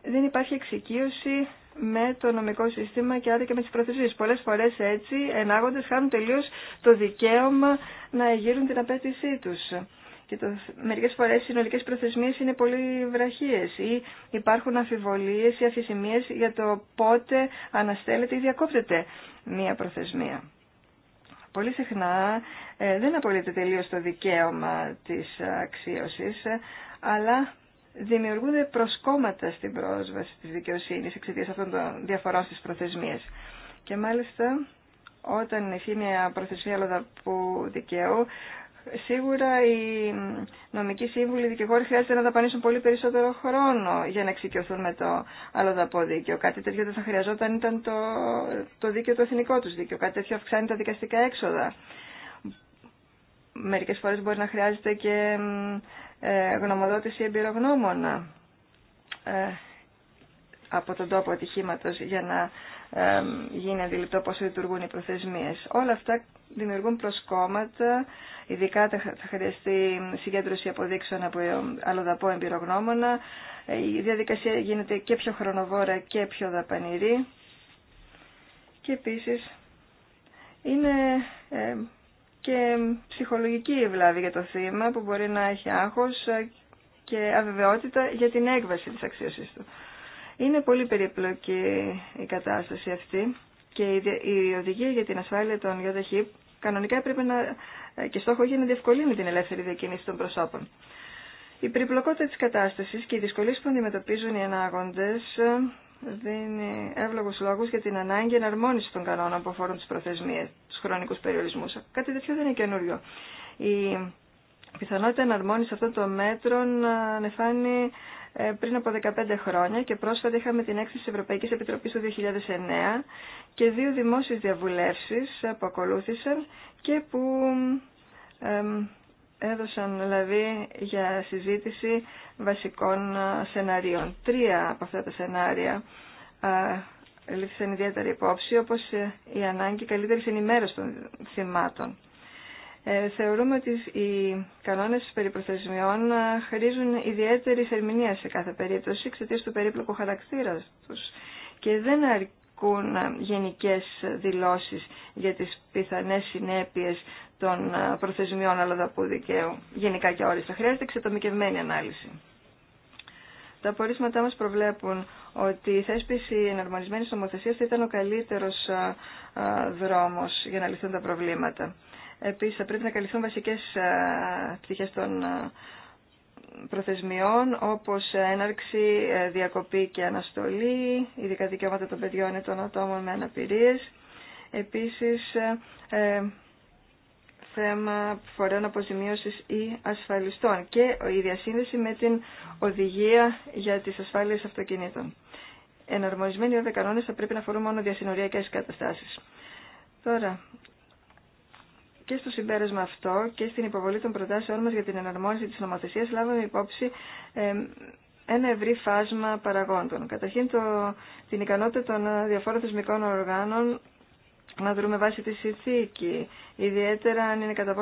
δεν υπάρχει εξοικείωση με το νομικό σύστημα και άρα και με τις προθεσίες. Πολλές φορές έτσι ενάγοντες χάνουν τελείως το δικαίωμα να εγείρουν την απέτησή τους και το, μερικές φορές οι συνολικές προθεσμίες είναι πολύ βραχίες ή υπάρχουν αμφιβολίες ή αφησιμίες για το πότε αναστέλλεται ή διακόπτεται μία προθεσμία. Πολύ συχνά ε, δεν απολυεται τελείως το δικαίωμα της αξίωσης, ε, αλλά δημιουργούνται προσκόμματα στην πρόσβαση της δικαιοσύνης εξαιτίας αυτών των διαφορών στις προθεσμίες. Και μάλιστα όταν ισχύει μια προθεσμία λοδαπού δικαίου, Σίγουρα οι νομικοί σύμβουλοι, οι δικηγόροι χρειάζεται να δαπανίσουν πολύ περισσότερο χρόνο για να εξοικειωθούν με το δαπό δίκαιο. Κάτι τέτοιο δεν θα χρειαζόταν ήταν το, το δίκαιο του εθνικό του δίκαιο. Κάτι τέτοιο αυξάνει τα δικαστικά έξοδα. Μερικές φορές μπορεί να χρειάζεται και ε, γνωμοδότηση εμπειρογνώμονα ε, από τον τόπο ατυχήματο για να ε, γίνει αντιληπτό πώς λειτουργούν οι προθεσμίες. Όλα αυτά δημιουργούν προσκόμματα, ειδικά θα χρειαστεί συγκέντρωση αποδείξεων από αλλοδαπό εμπειρογνώμονα. Η διαδικασία γίνεται και πιο χρονοβόρα και πιο δαπανηρή. Και επίσης είναι ε, και ψυχολογική η βλάβη για το θύμα που μπορεί να έχει άγχος και αβεβαιότητα για την έκβαση της αξίωσης του. Είναι πολύ περιπλοκή η κατάσταση αυτή και η οδηγία για την ασφάλεια των ΙΟΔΕΧΗ κανονικά έπρεπε να, ε, και στόχο είχε να διευκολύνει την ελεύθερη διακίνηση των προσώπων. Η περιπλοκότητα της κατάστασης και οι δυσκολίες που αντιμετωπίζουν οι ανάγοντες ε, δίνει εύλογους λόγους για την ανάγκη εναρμόνιση των κανόνων που αφορούν τις προθεσμίες, τους χρονικούς περιορισμούς. Κάτι τέτοιο δεν είναι καινούριο. Η πιθανότητα εναρμόνιση αυτών των μέτρων ε, ανεφάνει ε, πριν από 15 χρόνια και πρόσφατα είχαμε την έκθεση της Ευρωπαϊκής Επιτροπής του 2009 και δύο δημόσιες διαβουλεύσεις ε, που ακολούθησαν και που έδωσαν δηλαδή για συζήτηση βασικών ε, σενάριων. Τρία από αυτά τα σενάρια λήφθησαν ιδιαίτερη υπόψη, όπως η ανάγκη καλύτερης ενημέρωσης των θυμάτων. Ε, θεωρούμε ότι οι κανόνες περί προθεσμιών ε, χρήζουν ιδιαίτερη ερμηνεία σε κάθε περίπτωση εξαιτία του περίπλοκου χαρακτήρα τους και δεν αρκούν ε, γενικές δηλώσεις για τις πιθανές συνέπειες των προθεσμιών αλλοδαπού δικαίου γενικά και όριστα. Χρειάζεται εξατομικευμένη ανάλυση. Τα απορίσματα μας προβλέπουν ότι η θέσπιση εναρμονισμένης νομοθεσίας θα ήταν ο καλύτερος δρόμος για να λυθούν τα προβλήματα. Επίσης θα πρέπει να καλυφθούν βασικές ε, πτυχές των ε, προθεσμιών όπως έναρξη, ε, διακοπή και αναστολή, ειδικά δικαιώματα των παιδιών ή των ατόμων με αναπηρίες. Επίσης θέμα φορέων αποζημίωσης ή ασφαλιστών και η διασύνδεση με την οδηγία για τις ασφάλειες αυτοκινήτων. Εναρμοσμένοι όρδε κανόνες θα πρέπει να αφορούν μόνο διασυνοριακές καταστάσεις. Τώρα, και στο συμπέρασμα αυτό και στην υποβολή των προτάσεών μας για την εναρμόνιση της νομοθεσίας λάβαμε υπόψη ένα ευρύ φάσμα παραγόντων. Καταρχήν το, την ικανότητα των διαφόρων θεσμικών οργάνων να δούμε βάσει τη συνθήκη, ιδιαίτερα αν είναι κατά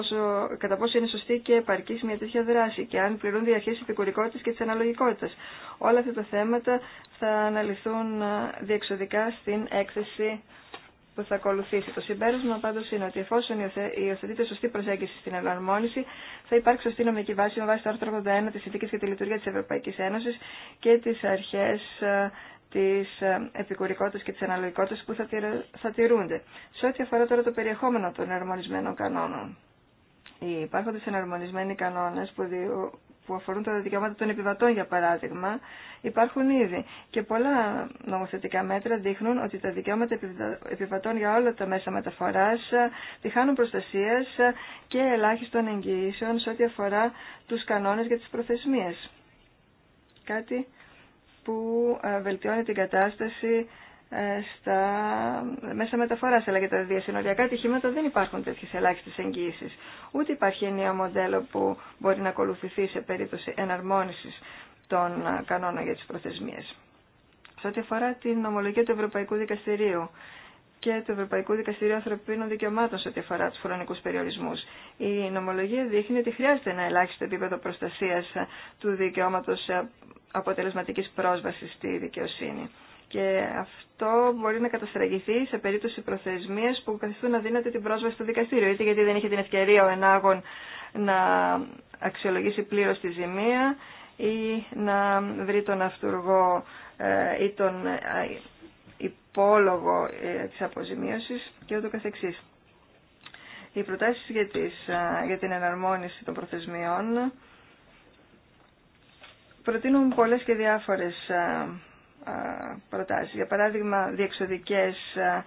πόσο, είναι σωστή και επαρκή μια τέτοια δράση και αν πληρούν διαρχέ επικουρικότητα και τη αναλογικότητα. Όλα αυτά τα θέματα θα αναλυθούν διεξοδικά στην έκθεση που θα ακολουθήσει. Το συμπέρασμα πάντω είναι ότι εφόσον υιοθετείται σωστή προσέγγιση στην εναρμόνιση, θα υπάρξει σωστή νομική βάση με βάση το άρθρο 81 τη Συνθήκη για τη Λειτουργία τη Ευρωπαϊκή Ένωση και τι αρχέ ε, τη ε, επικουρικότητα και τη αναλογικότητα που θα τηρούνται. Σε ό,τι αφορά τώρα το περιεχόμενο των εναρμονισμένων κανόνων. Οι υπάρχοντες εναρμονισμένοι κανόνες που που αφορούν τα δικαιώματα των επιβατών, για παράδειγμα, υπάρχουν ήδη. Και πολλά νομοθετικά μέτρα δείχνουν ότι τα δικαιώματα επιβατών για όλα τα μέσα μεταφορά ε, τυχάνουν προστασία ε, και ελάχιστων εγγυήσεων σε ό,τι αφορά του κανόνε για τι προθεσμίε. Κάτι που ε, βελτιώνει την κατάσταση ε, στα μέσα μεταφορά, αλλά και τα διασυνοριακά ατυχήματα δεν υπάρχουν τέτοιε ελάχιστε εγγύησεις. Ούτε υπάρχει ενιαίο μοντέλο που μπορεί να ακολουθηθεί σε περίπτωση εναρμόνιση των ε, κανόνων για τι προθεσμίε. Σε ό,τι αφορά την ομολογία του Ευρωπαϊκού Δικαστηρίου και του Ευρωπαϊκού Δικαστηρίου Ανθρωπίνων Δικαιωμάτων σε ό,τι αφορά του χρονικού περιορισμού. Η νομολογία δείχνει ότι χρειάζεται ένα ελάχιστο επίπεδο προστασία του δικαιώματο ε, αποτελεσματική πρόσβαση στη δικαιοσύνη. Και αυτό μπορεί να καταστραγηθεί σε περίπτωση προθεσμίες που καθιστούν αδύνατη την πρόσβαση στο δικαστήριο, είτε γιατί δεν είχε την ευκαιρία ο ενάγων να αξιολογήσει πλήρως τη ζημία ή να βρει τον αυτούργο ε, ή τον ε, υπόλογο ε, της αποζημίωσης και ούτω καθεξής. Οι προτάσεις για, για την εναρμόνιση των προθεσμιών προτείνουν πολλές και διάφορες ε, προτάσεις. Για παράδειγμα, διεξοδικές, ε,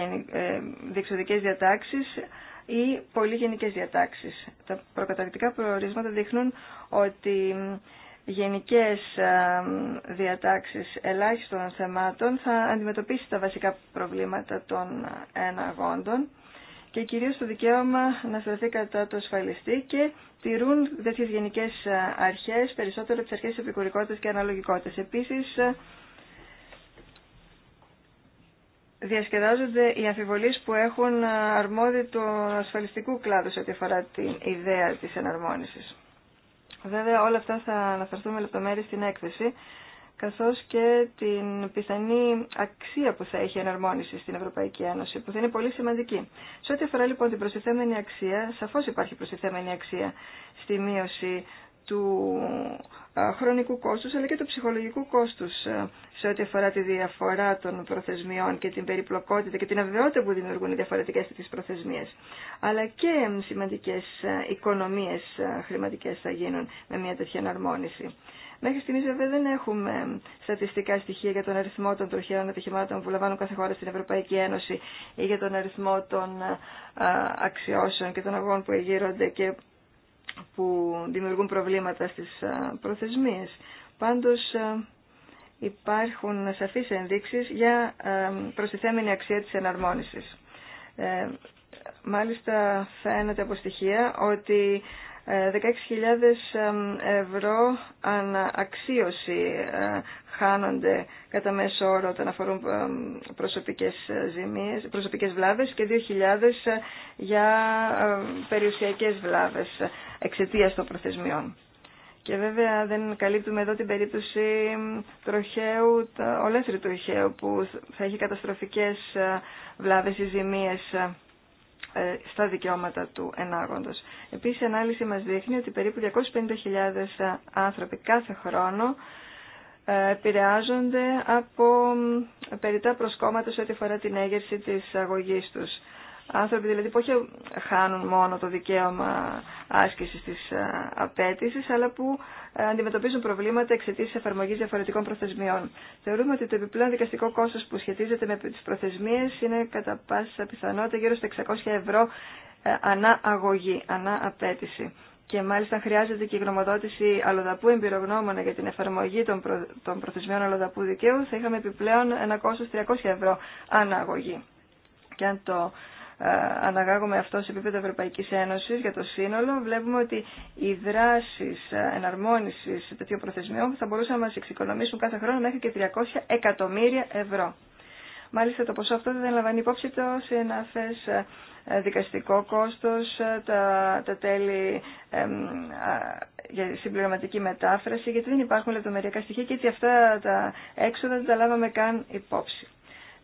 ε, διεξοδικές διατάξεις ή πολύ γενικές διατάξεις. Τα προκαταρκτικά προορίσματα δείχνουν ότι γενικές διατάξεις ελάχιστων θεμάτων θα αντιμετωπίσει τα βασικά προβλήματα των εναγόντων και κυρίως το δικαίωμα να σταθεί κατά το ασφαλιστή και τηρούν τέτοιε γενικές ε, αρχές περισσότερο τι τις αρχές και αναλογικότητας. Επίσης, ε, διασκεδάζονται οι αμφιβολίες που έχουν ε, αρμόδιο του ασφαλιστικού κλάδου σε ό,τι αφορά την ιδέα της εναρμόνισης. Βέβαια όλα αυτά θα αναφερθούμε λεπτομέρειες στην έκθεση, καθώς και την πιθανή αξία που θα έχει η εναρμόνιση στην Ευρωπαϊκή Ένωση, που θα είναι πολύ σημαντική. Σε ό,τι αφορά λοιπόν την προστιθέμενη αξία, σαφώς υπάρχει προστιθέμενη αξία στη μείωση του χρονικού κόστους αλλά και του ψυχολογικού κόστους σε ό,τι αφορά τη διαφορά των προθεσμιών και την περιπλοκότητα και την αβεβαιότητα που δημιουργούν οι διαφορετικές τις προθεσμίες. Αλλά και σημαντικές οικονομίες χρηματικές θα γίνουν με μια τέτοια εναρμόνιση. Μέχρι στιγμής βέβαια δεν έχουμε στατιστικά στοιχεία για τον αριθμό των τροχαίων ατυχημάτων που λαμβάνουν κάθε χώρα στην Ευρωπαϊκή Ένωση ή για τον αριθμό των αξιώσεων και των αγών που εγείρονται και που δημιουργούν προβλήματα στις προθεσμίες. Πάντως υπάρχουν σαφείς ενδείξεις για προστιθέμενη αξία της εναρμόνισης. Ε, μάλιστα φαίνεται από στοιχεία ότι 16.000 ευρώ αναξίωση ε, χάνονται κατά μέσο όρο όταν αφορούν προσωπικές, ε, ζημίες, προσωπικές βλάβες και 2.000 ε, για περιουσιακές βλάβες εξαιτία των προθεσμιών. Και βέβαια δεν καλύπτουμε εδώ την περίπτωση τροχαίου, ολέθρη τροχαίου που θα έχει καταστροφικές βλάβες ή ζημίες ε, στα δικαιώματα του ενάγοντος. Επίσης η ανάλυση μας δείχνει ότι περίπου 250.000 ε, άνθρωποι κάθε χρόνο ε, επηρεάζονται από περιτά προσκόμματα σε ό,τι αφορά την έγερση της αγωγής τους. Άνθρωποι δηλαδή που όχι χάνουν μόνο το δικαίωμα άσκησης της ε, απέτησης, αλλά που ε, αντιμετωπίζουν προβλήματα εξαιτία τη εφαρμογή διαφορετικών προθεσμιών. Θεωρούμε ότι το επιπλέον δικαστικό κόστο που σχετίζεται με τι προθεσμίε είναι κατά πάσα πιθανότητα γύρω στα 600 ευρώ ε, ανά αγωγή, ανά απέτηση. Και μάλιστα χρειάζεται και η γνωμοδότηση αλλοδαπού εμπειρογνώμονα για την εφαρμογή των, των προθεσμιών αλλοδαπού δικαίου θα είχαμε επιπλέον ένα 300 ευρώ ανά αγωγή. Και το ε, αναγάγουμε αυτό σε επίπεδο Ευρωπαϊκής Ένωσης για το σύνολο, βλέπουμε ότι οι δράσεις εναρμόνισης τέτοιων προθεσμιών θα μπορούσαν να μας εξοικονομήσουν κάθε χρόνο μέχρι και 300 εκατομμύρια ευρώ. Μάλιστα το ποσό αυτό δεν λαμβάνει υπόψη το σε συναφές ε, ε, δικαστικό κόστος, τα, τα τέλη εμ, για συμπληρωματική μετάφραση, γιατί δεν υπάρχουν λεπτομεριακά στοιχεία και έτσι αυτά τα έξοδα δεν τα λάβαμε καν υπόψη.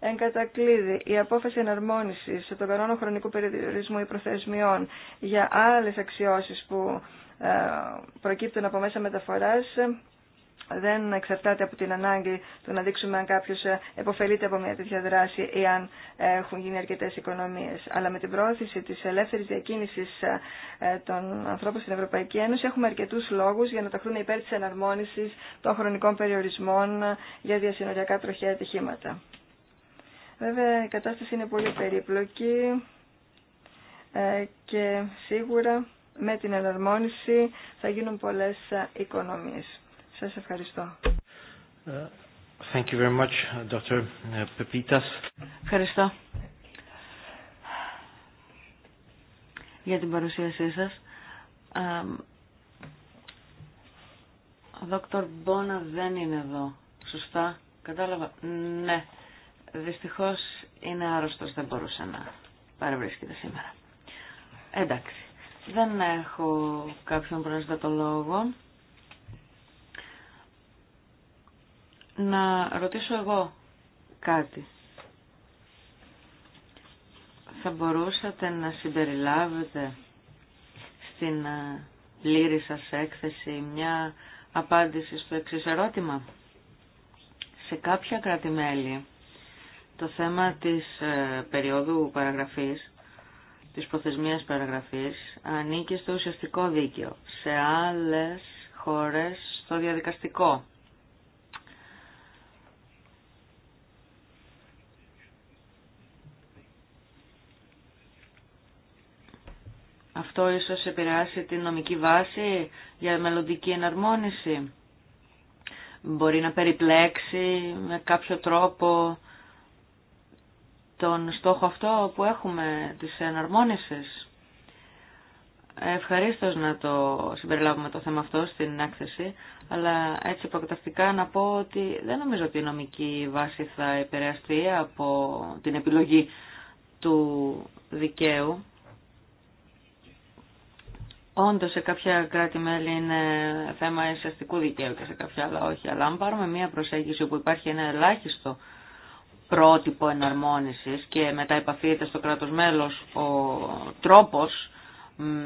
Εν κατακλείδη, η απόφαση εναρμόνισης των κανόνων χρονικού περιορισμού ή προθεσμιών για άλλες αξιώσεις που ε, προκύπτουν από μέσα μεταφοράς ε, δεν εξαρτάται από την ανάγκη του να δείξουμε αν κάποιο ε, επωφελείται από μια τέτοια δράση ή αν έχουν γίνει αρκετέ οικονομίε. Αλλά με την πρόθεση τη ελεύθερη διακίνηση των ανθρώπων στην Ευρωπαϊκή Ένωση έχουμε αρκετού λόγου για να ταχθούν υπέρ τη εναρμόνιση των χρονικών περιορισμών για διασυνοριακά τροχαία ατυχήματα. Βέβαια η κατάσταση είναι πολύ περίπλοκη ε, και σίγουρα με την εναρμόνιση θα γίνουν πολλές ε, οικονομίες. Σας ευχαριστώ. Ε, thank you very much, Dr. Pepitas. Ευχαριστώ για την παρουσίασή σας. Ο Δόκτωρ Μπόνα δεν είναι εδώ. Σωστά. Κατάλαβα. Ναι δυστυχώς είναι άρρωστος, δεν μπορούσε να παρευρίσκεται σήμερα. Εντάξει, δεν έχω κάποιον το λόγο. Να ρωτήσω εγώ κάτι. Θα μπορούσατε να συμπεριλάβετε στην ε, πλήρη σας έκθεση μια απάντηση στο εξής ερώτημα. Σε κάποια κράτη-μέλη το θέμα της ε, περίοδου παραγραφής, της προθεσμίας παραγραφής, ανήκει στο ουσιαστικό δίκαιο. Σε άλλες χώρες στο διαδικαστικό. Αυτό ίσως επηρεάσει την νομική βάση για μελλοντική εναρμόνιση. Μπορεί να περιπλέξει με κάποιο τρόπο τον στόχο αυτό που έχουμε τις εναρμόνισης. Ευχαρίστως να το συμπεριλάβουμε το θέμα αυτό στην έκθεση, αλλά έτσι προκαταστικά να πω ότι δεν νομίζω ότι η νομική βάση θα επηρεαστεί από την επιλογή του δικαίου. Όντως σε κάποια κράτη-μέλη είναι θέμα εισαστικού δικαίου και σε κάποια άλλα όχι. Αλλά αν πάρουμε μια προσέγγιση όπου υπάρχει ένα ελάχιστο πρότυπο εναρμόνισης και μετά επαφείται στο κράτος μέλος ο τρόπος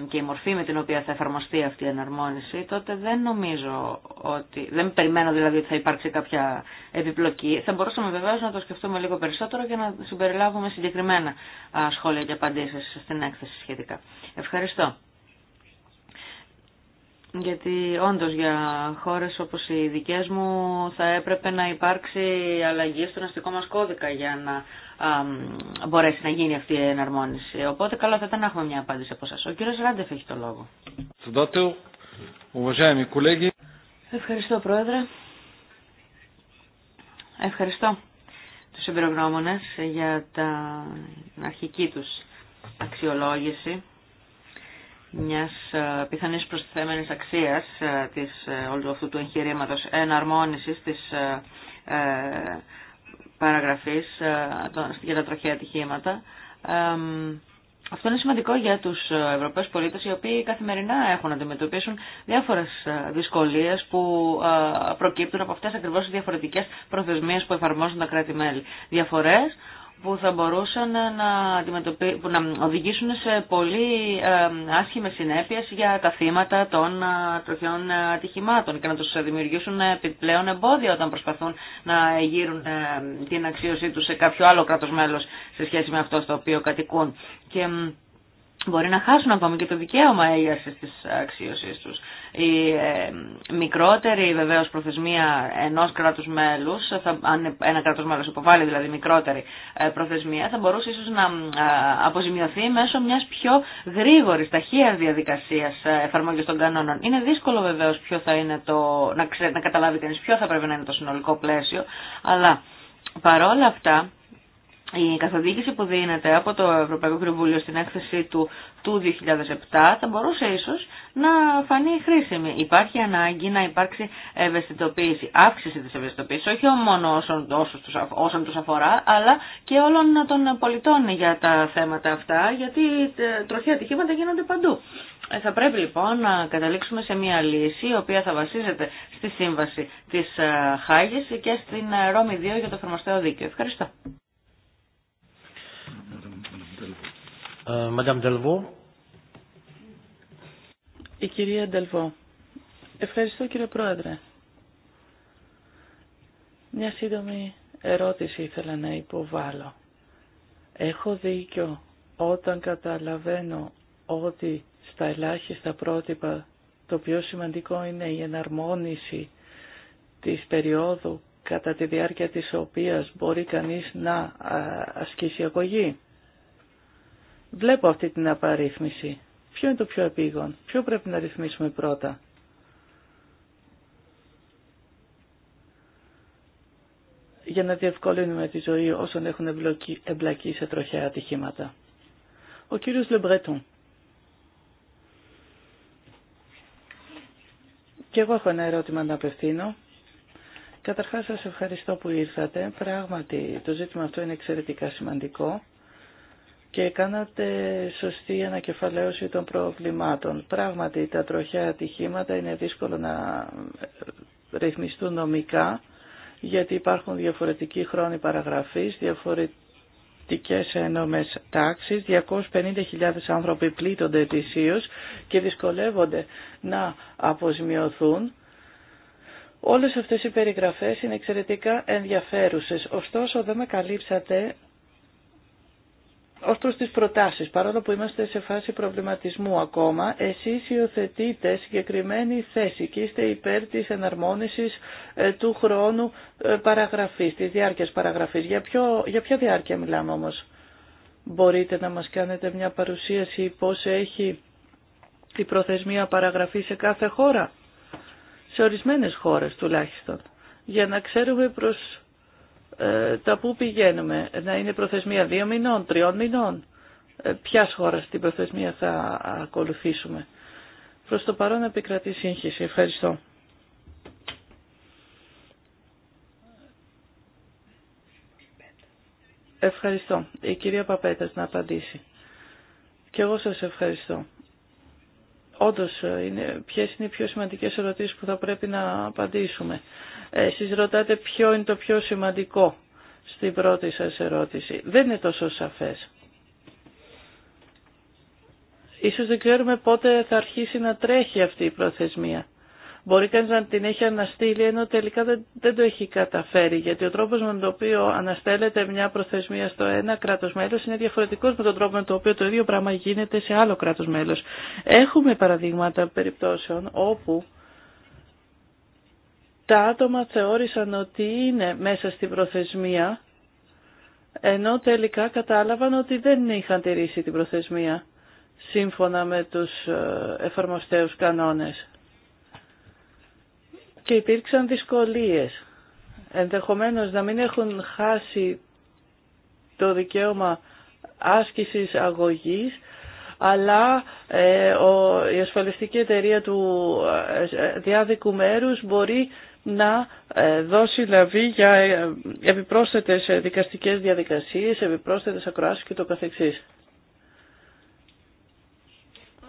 και η μορφή με την οποία θα εφαρμοστεί αυτή η εναρμόνιση, τότε δεν νομίζω ότι, δεν περιμένω δηλαδή ότι θα υπάρξει κάποια επιπλοκή. Θα μπορούσαμε βεβαίω να το σκεφτούμε λίγο περισσότερο και να συμπεριλάβουμε συγκεκριμένα σχόλια και απαντήσεις στην έκθεση σχετικά. Ευχαριστώ γιατί όντως για χώρες όπως οι δικέ μου θα έπρεπε να υπάρξει αλλαγή στον αστικό μας κώδικα για να μπορέσει να γίνει αυτή η εναρμόνιση. Οπότε καλό θα ήταν να έχουμε μια απάντηση από εσά. Ο κύριο Ράντεφ έχει το λόγο. Ευχαριστώ Πρόεδρε. Ευχαριστώ τους εμπειρογνώμονες για την αρχική τους αξιολόγηση μιας ε, πιθανής προσθέμενης αξίας ε, της, ε, όλου αυτού του εγχειρήματος εναρμόνισης της παραγραφής για τα τροχαία ατυχήματα. Αυτό είναι σημαντικό για τους Ευρωπαίους πολίτες οι οποίοι καθημερινά έχουν να αντιμετωπίσουν διάφορες δυσκολίες που προκύπτουν από αυτές ακριβώς τις διαφορετικές προθεσμίες που εφαρμόζουν τα κράτη-μέλη. Διαφορές που θα μπορούσαν να, να οδηγήσουν σε πολύ άσχημες συνέπειες για τα θύματα των τροχιών ατυχημάτων και να τους δημιουργήσουν επιπλέον εμπόδια όταν προσπαθούν να γύρουν την αξίωσή τους σε κάποιο άλλο κράτος μέλος σε σχέση με αυτό στο οποίο κατοικούν. Και μπορεί να χάσουν ακόμη και το δικαίωμα έγερσης τη αξίωσή του. Η ε, μικρότερη βεβαίω προθεσμία ενό κρατου μέλου, αν ένα κράτο μέλο υποβάλλει δηλαδή μικρότερη ε, προθεσμία, θα μπορούσε ίσω να ε, αποζημιωθεί μέσω μια πιο γρήγορη ταχεία διαδικασία εφαρμογής των κανόνων. Είναι δύσκολο βεβαίω ποιο να, καταλάβει κανεί ποιο θα πρέπει να είναι το συνολικό πλαίσιο, αλλά παρόλα αυτά η καθοδήγηση που δίνεται από το Ευρωπαϊκό Κοινοβούλιο στην έκθεση του 2007 θα μπορούσε ίσως να φανεί χρήσιμη. Υπάρχει ανάγκη να υπάρξει ευαισθητοποίηση, αύξηση της ευαισθητοποίησης, όχι μόνο όσων, όσον, τους, αφορά, αλλά και όλων των πολιτών για τα θέματα αυτά, γιατί ε, τροχιά ατυχήματα γίνονται παντού. Ε, θα πρέπει λοιπόν να καταλήξουμε σε μια λύση η οποία θα βασίζεται στη σύμβαση της ε, Χάγης και στην Ρώμη 2 για το Εφαρμοστείο δίκαιο. Ευχαριστώ. Ε, Delvaux. Η κυρία Ντελβό. Ευχαριστώ κύριε Πρόεδρε. Μια σύντομη ερώτηση ήθελα να υποβάλω. Έχω δίκιο όταν καταλαβαίνω ότι στα ελάχιστα πρότυπα το πιο σημαντικό είναι η εναρμόνιση της περίοδου κατά τη διάρκεια της οποίας μπορεί κανείς να ασκήσει αγωγή. Βλέπω αυτή την απαρίθμηση. Ποιο είναι το πιο επίγον, ποιο πρέπει να ρυθμίσουμε πρώτα. για να διευκολύνουμε τη ζωή όσων έχουν εμπλακεί σε τροχαία ατυχήματα. Ο κύριος Λεμπρέτον. Και εγώ έχω ένα ερώτημα να απευθύνω. Καταρχάς σας ευχαριστώ που ήρθατε. Πράγματι το ζήτημα αυτό είναι εξαιρετικά σημαντικό και κάνατε σωστή ανακεφαλαίωση των προβλημάτων. Πράγματι τα τροχιά ατυχήματα είναι δύσκολο να ε, ρυθμιστούν νομικά γιατί υπάρχουν διαφορετικοί χρόνοι παραγραφής, διαφορετικές ένομες τάξεις, 250.000 άνθρωποι πλήττονται ετησίως και δυσκολεύονται να αποζημιωθούν. Όλες αυτές οι περιγραφές είναι εξαιρετικά ενδιαφέρουσες, ωστόσο δεν με καλύψατε ως προς τις προτάσεις, παρόλο που είμαστε σε φάση προβληματισμού ακόμα, εσείς υιοθετείτε συγκεκριμένη θέση και είστε υπέρ της εναρμόνισης ε, του χρόνου ε, παραγραφής, της διάρκειας παραγραφής. Για, ποιο, για ποια διάρκεια μιλάμε όμως. Μπορείτε να μας κάνετε μια παρουσίαση πώς έχει η προθεσμία παραγραφή σε κάθε χώρα, σε ορισμένες χώρες τουλάχιστον, για να ξέρουμε προς ε, τα που πηγαίνουμε, να είναι προθεσμία δύο μηνών, τριών μηνών, ε, ποια χώρα την προθεσμία θα ακολουθήσουμε. Προς το παρόν επικρατεί σύγχυση. Ευχαριστώ. Ευχαριστώ. Η κυρία Παπέτας να απαντήσει. Και εγώ σας ευχαριστώ όντως ε, είναι, ποιες είναι οι πιο σημαντικές ερωτήσεις που θα πρέπει να απαντήσουμε. Ε, εσείς ρωτάτε ποιο είναι το πιο σημαντικό στην πρώτη σας ερώτηση. Δεν είναι τόσο σαφές. Ίσως δεν ξέρουμε πότε θα αρχίσει να τρέχει αυτή η προθεσμία μπορεί κανεί να την έχει αναστείλει ενώ τελικά δεν, το έχει καταφέρει γιατί ο τρόπο με τον οποίο αναστέλλεται μια προθεσμία στο ένα κράτο μέλο είναι διαφορετικό με τον τρόπο με τον οποίο το ίδιο πράγμα γίνεται σε άλλο κράτο μέλο. Έχουμε παραδείγματα περιπτώσεων όπου τα άτομα θεώρησαν ότι είναι μέσα στην προθεσμία ενώ τελικά κατάλαβαν ότι δεν είχαν τηρήσει την προθεσμία σύμφωνα με τους ε, εφαρμοστέους κανόνες και υπήρξαν δυσκολίες. Ενδεχομένως να μην έχουν χάσει το δικαίωμα άσκησης αγωγής, αλλά ε, ο, η ασφαλιστική εταιρεία του ε, διάδικου μέρους μπορεί να ε, δώσει λαβή για επιπρόσθετες δικαστικές διαδικασίες, επιπρόσθετες ακροάσεις και το καθεξής.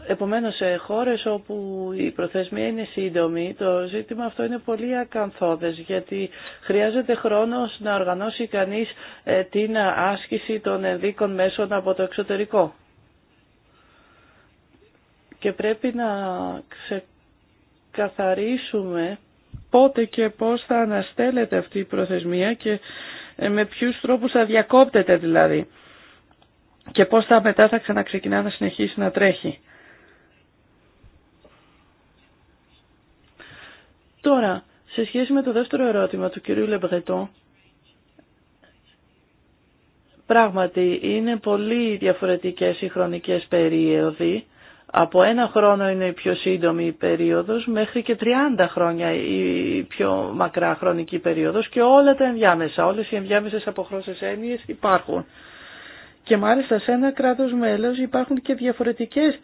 Επομένως, σε χώρες όπου η προθεσμία είναι σύντομη, το ζήτημα αυτό είναι πολύ ακαθόδες, γιατί χρειάζεται χρόνος να οργανώσει κανείς ε, την άσκηση των ενδίκων μέσων από το εξωτερικό. Και πρέπει να ξεκαθαρίσουμε πότε και πώς θα αναστέλλεται αυτή η προθεσμία και ε, με ποιους τρόπους θα διακόπτεται δηλαδή και πώς θα μετά θα ξαναξεκινά να συνεχίσει να τρέχει. Τώρα, σε σχέση με το δεύτερο ερώτημα του κυρίου Λεμπρετό, πράγματι είναι πολύ διαφορετικές οι χρονικές περίοδοι. Από ένα χρόνο είναι η πιο σύντομη περίοδος, μέχρι και 30 χρόνια η πιο μακρά χρονική περίοδος και όλα τα ενδιάμεσα, όλες οι ενδιάμεσες αποχρώσεις έννοιες υπάρχουν. Και μάλιστα σε ένα κράτος μέλος υπάρχουν και διαφορετικές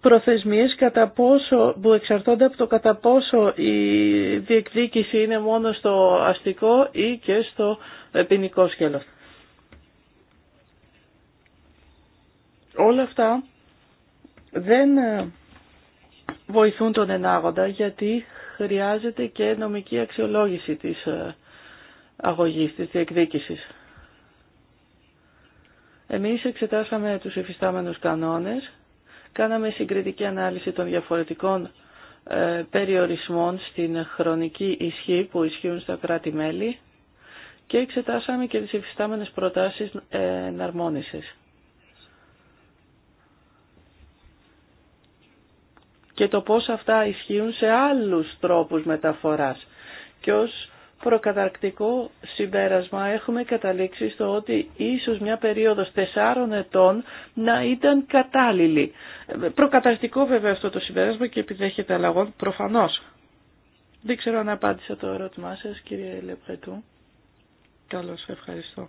προθεσμίες κατά που εξαρτώνται από το κατά πόσο η διεκδίκηση είναι μόνο στο αστικό ή και στο ποινικό σκέλος. Όλα αυτά δεν ε, βοηθούν τον ενάγοντα γιατί χρειάζεται και νομική αξιολόγηση της ε, αγωγής, της διεκδίκησης. Εμείς εξετάσαμε τους εφιστάμενους κανόνες Κάναμε συγκριτική ανάλυση των διαφορετικών ε, περιορισμών στην χρονική ισχύ που ισχύουν στα κράτη-μέλη και εξετάσαμε και τις υφιστάμενες προτάσεις ε, εναρμόνισης. Και το πώς αυτά ισχύουν σε άλλους τρόπους μεταφοράς. Και ως προκαταρκτικό συμπέρασμα έχουμε καταλήξει στο ότι ίσως μια περίοδος τεσσάρων ετών να ήταν κατάλληλη. Προκαταρκτικό βέβαια αυτό το συμπέρασμα και επιδέχεται αλλαγών προφανώς. Δεν ξέρω αν απάντησα το ερώτημά σας κύριε Λεπρετού. Καλώς, ευχαριστώ.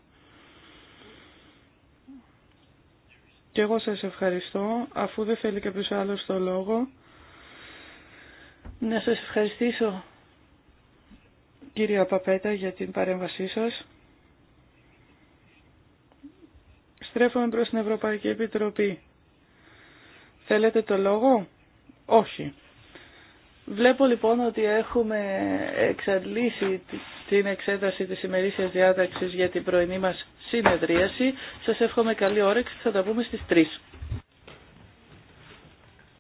Και εγώ σας ευχαριστώ, αφού δεν θέλει κάποιος άλλο το λόγο, να σας ευχαριστήσω Κύριε Παπέτα για την παρέμβασή σας. Στρέφομαι προς την Ευρωπαϊκή Επιτροπή. Θέλετε το λόγο? Όχι. Βλέπω λοιπόν ότι έχουμε εξαντλήσει την εξέταση της ημερήσιας διάταξης για την πρωινή μας συνεδρίαση. Σας εύχομαι καλή όρεξη. Θα τα πούμε στις 3.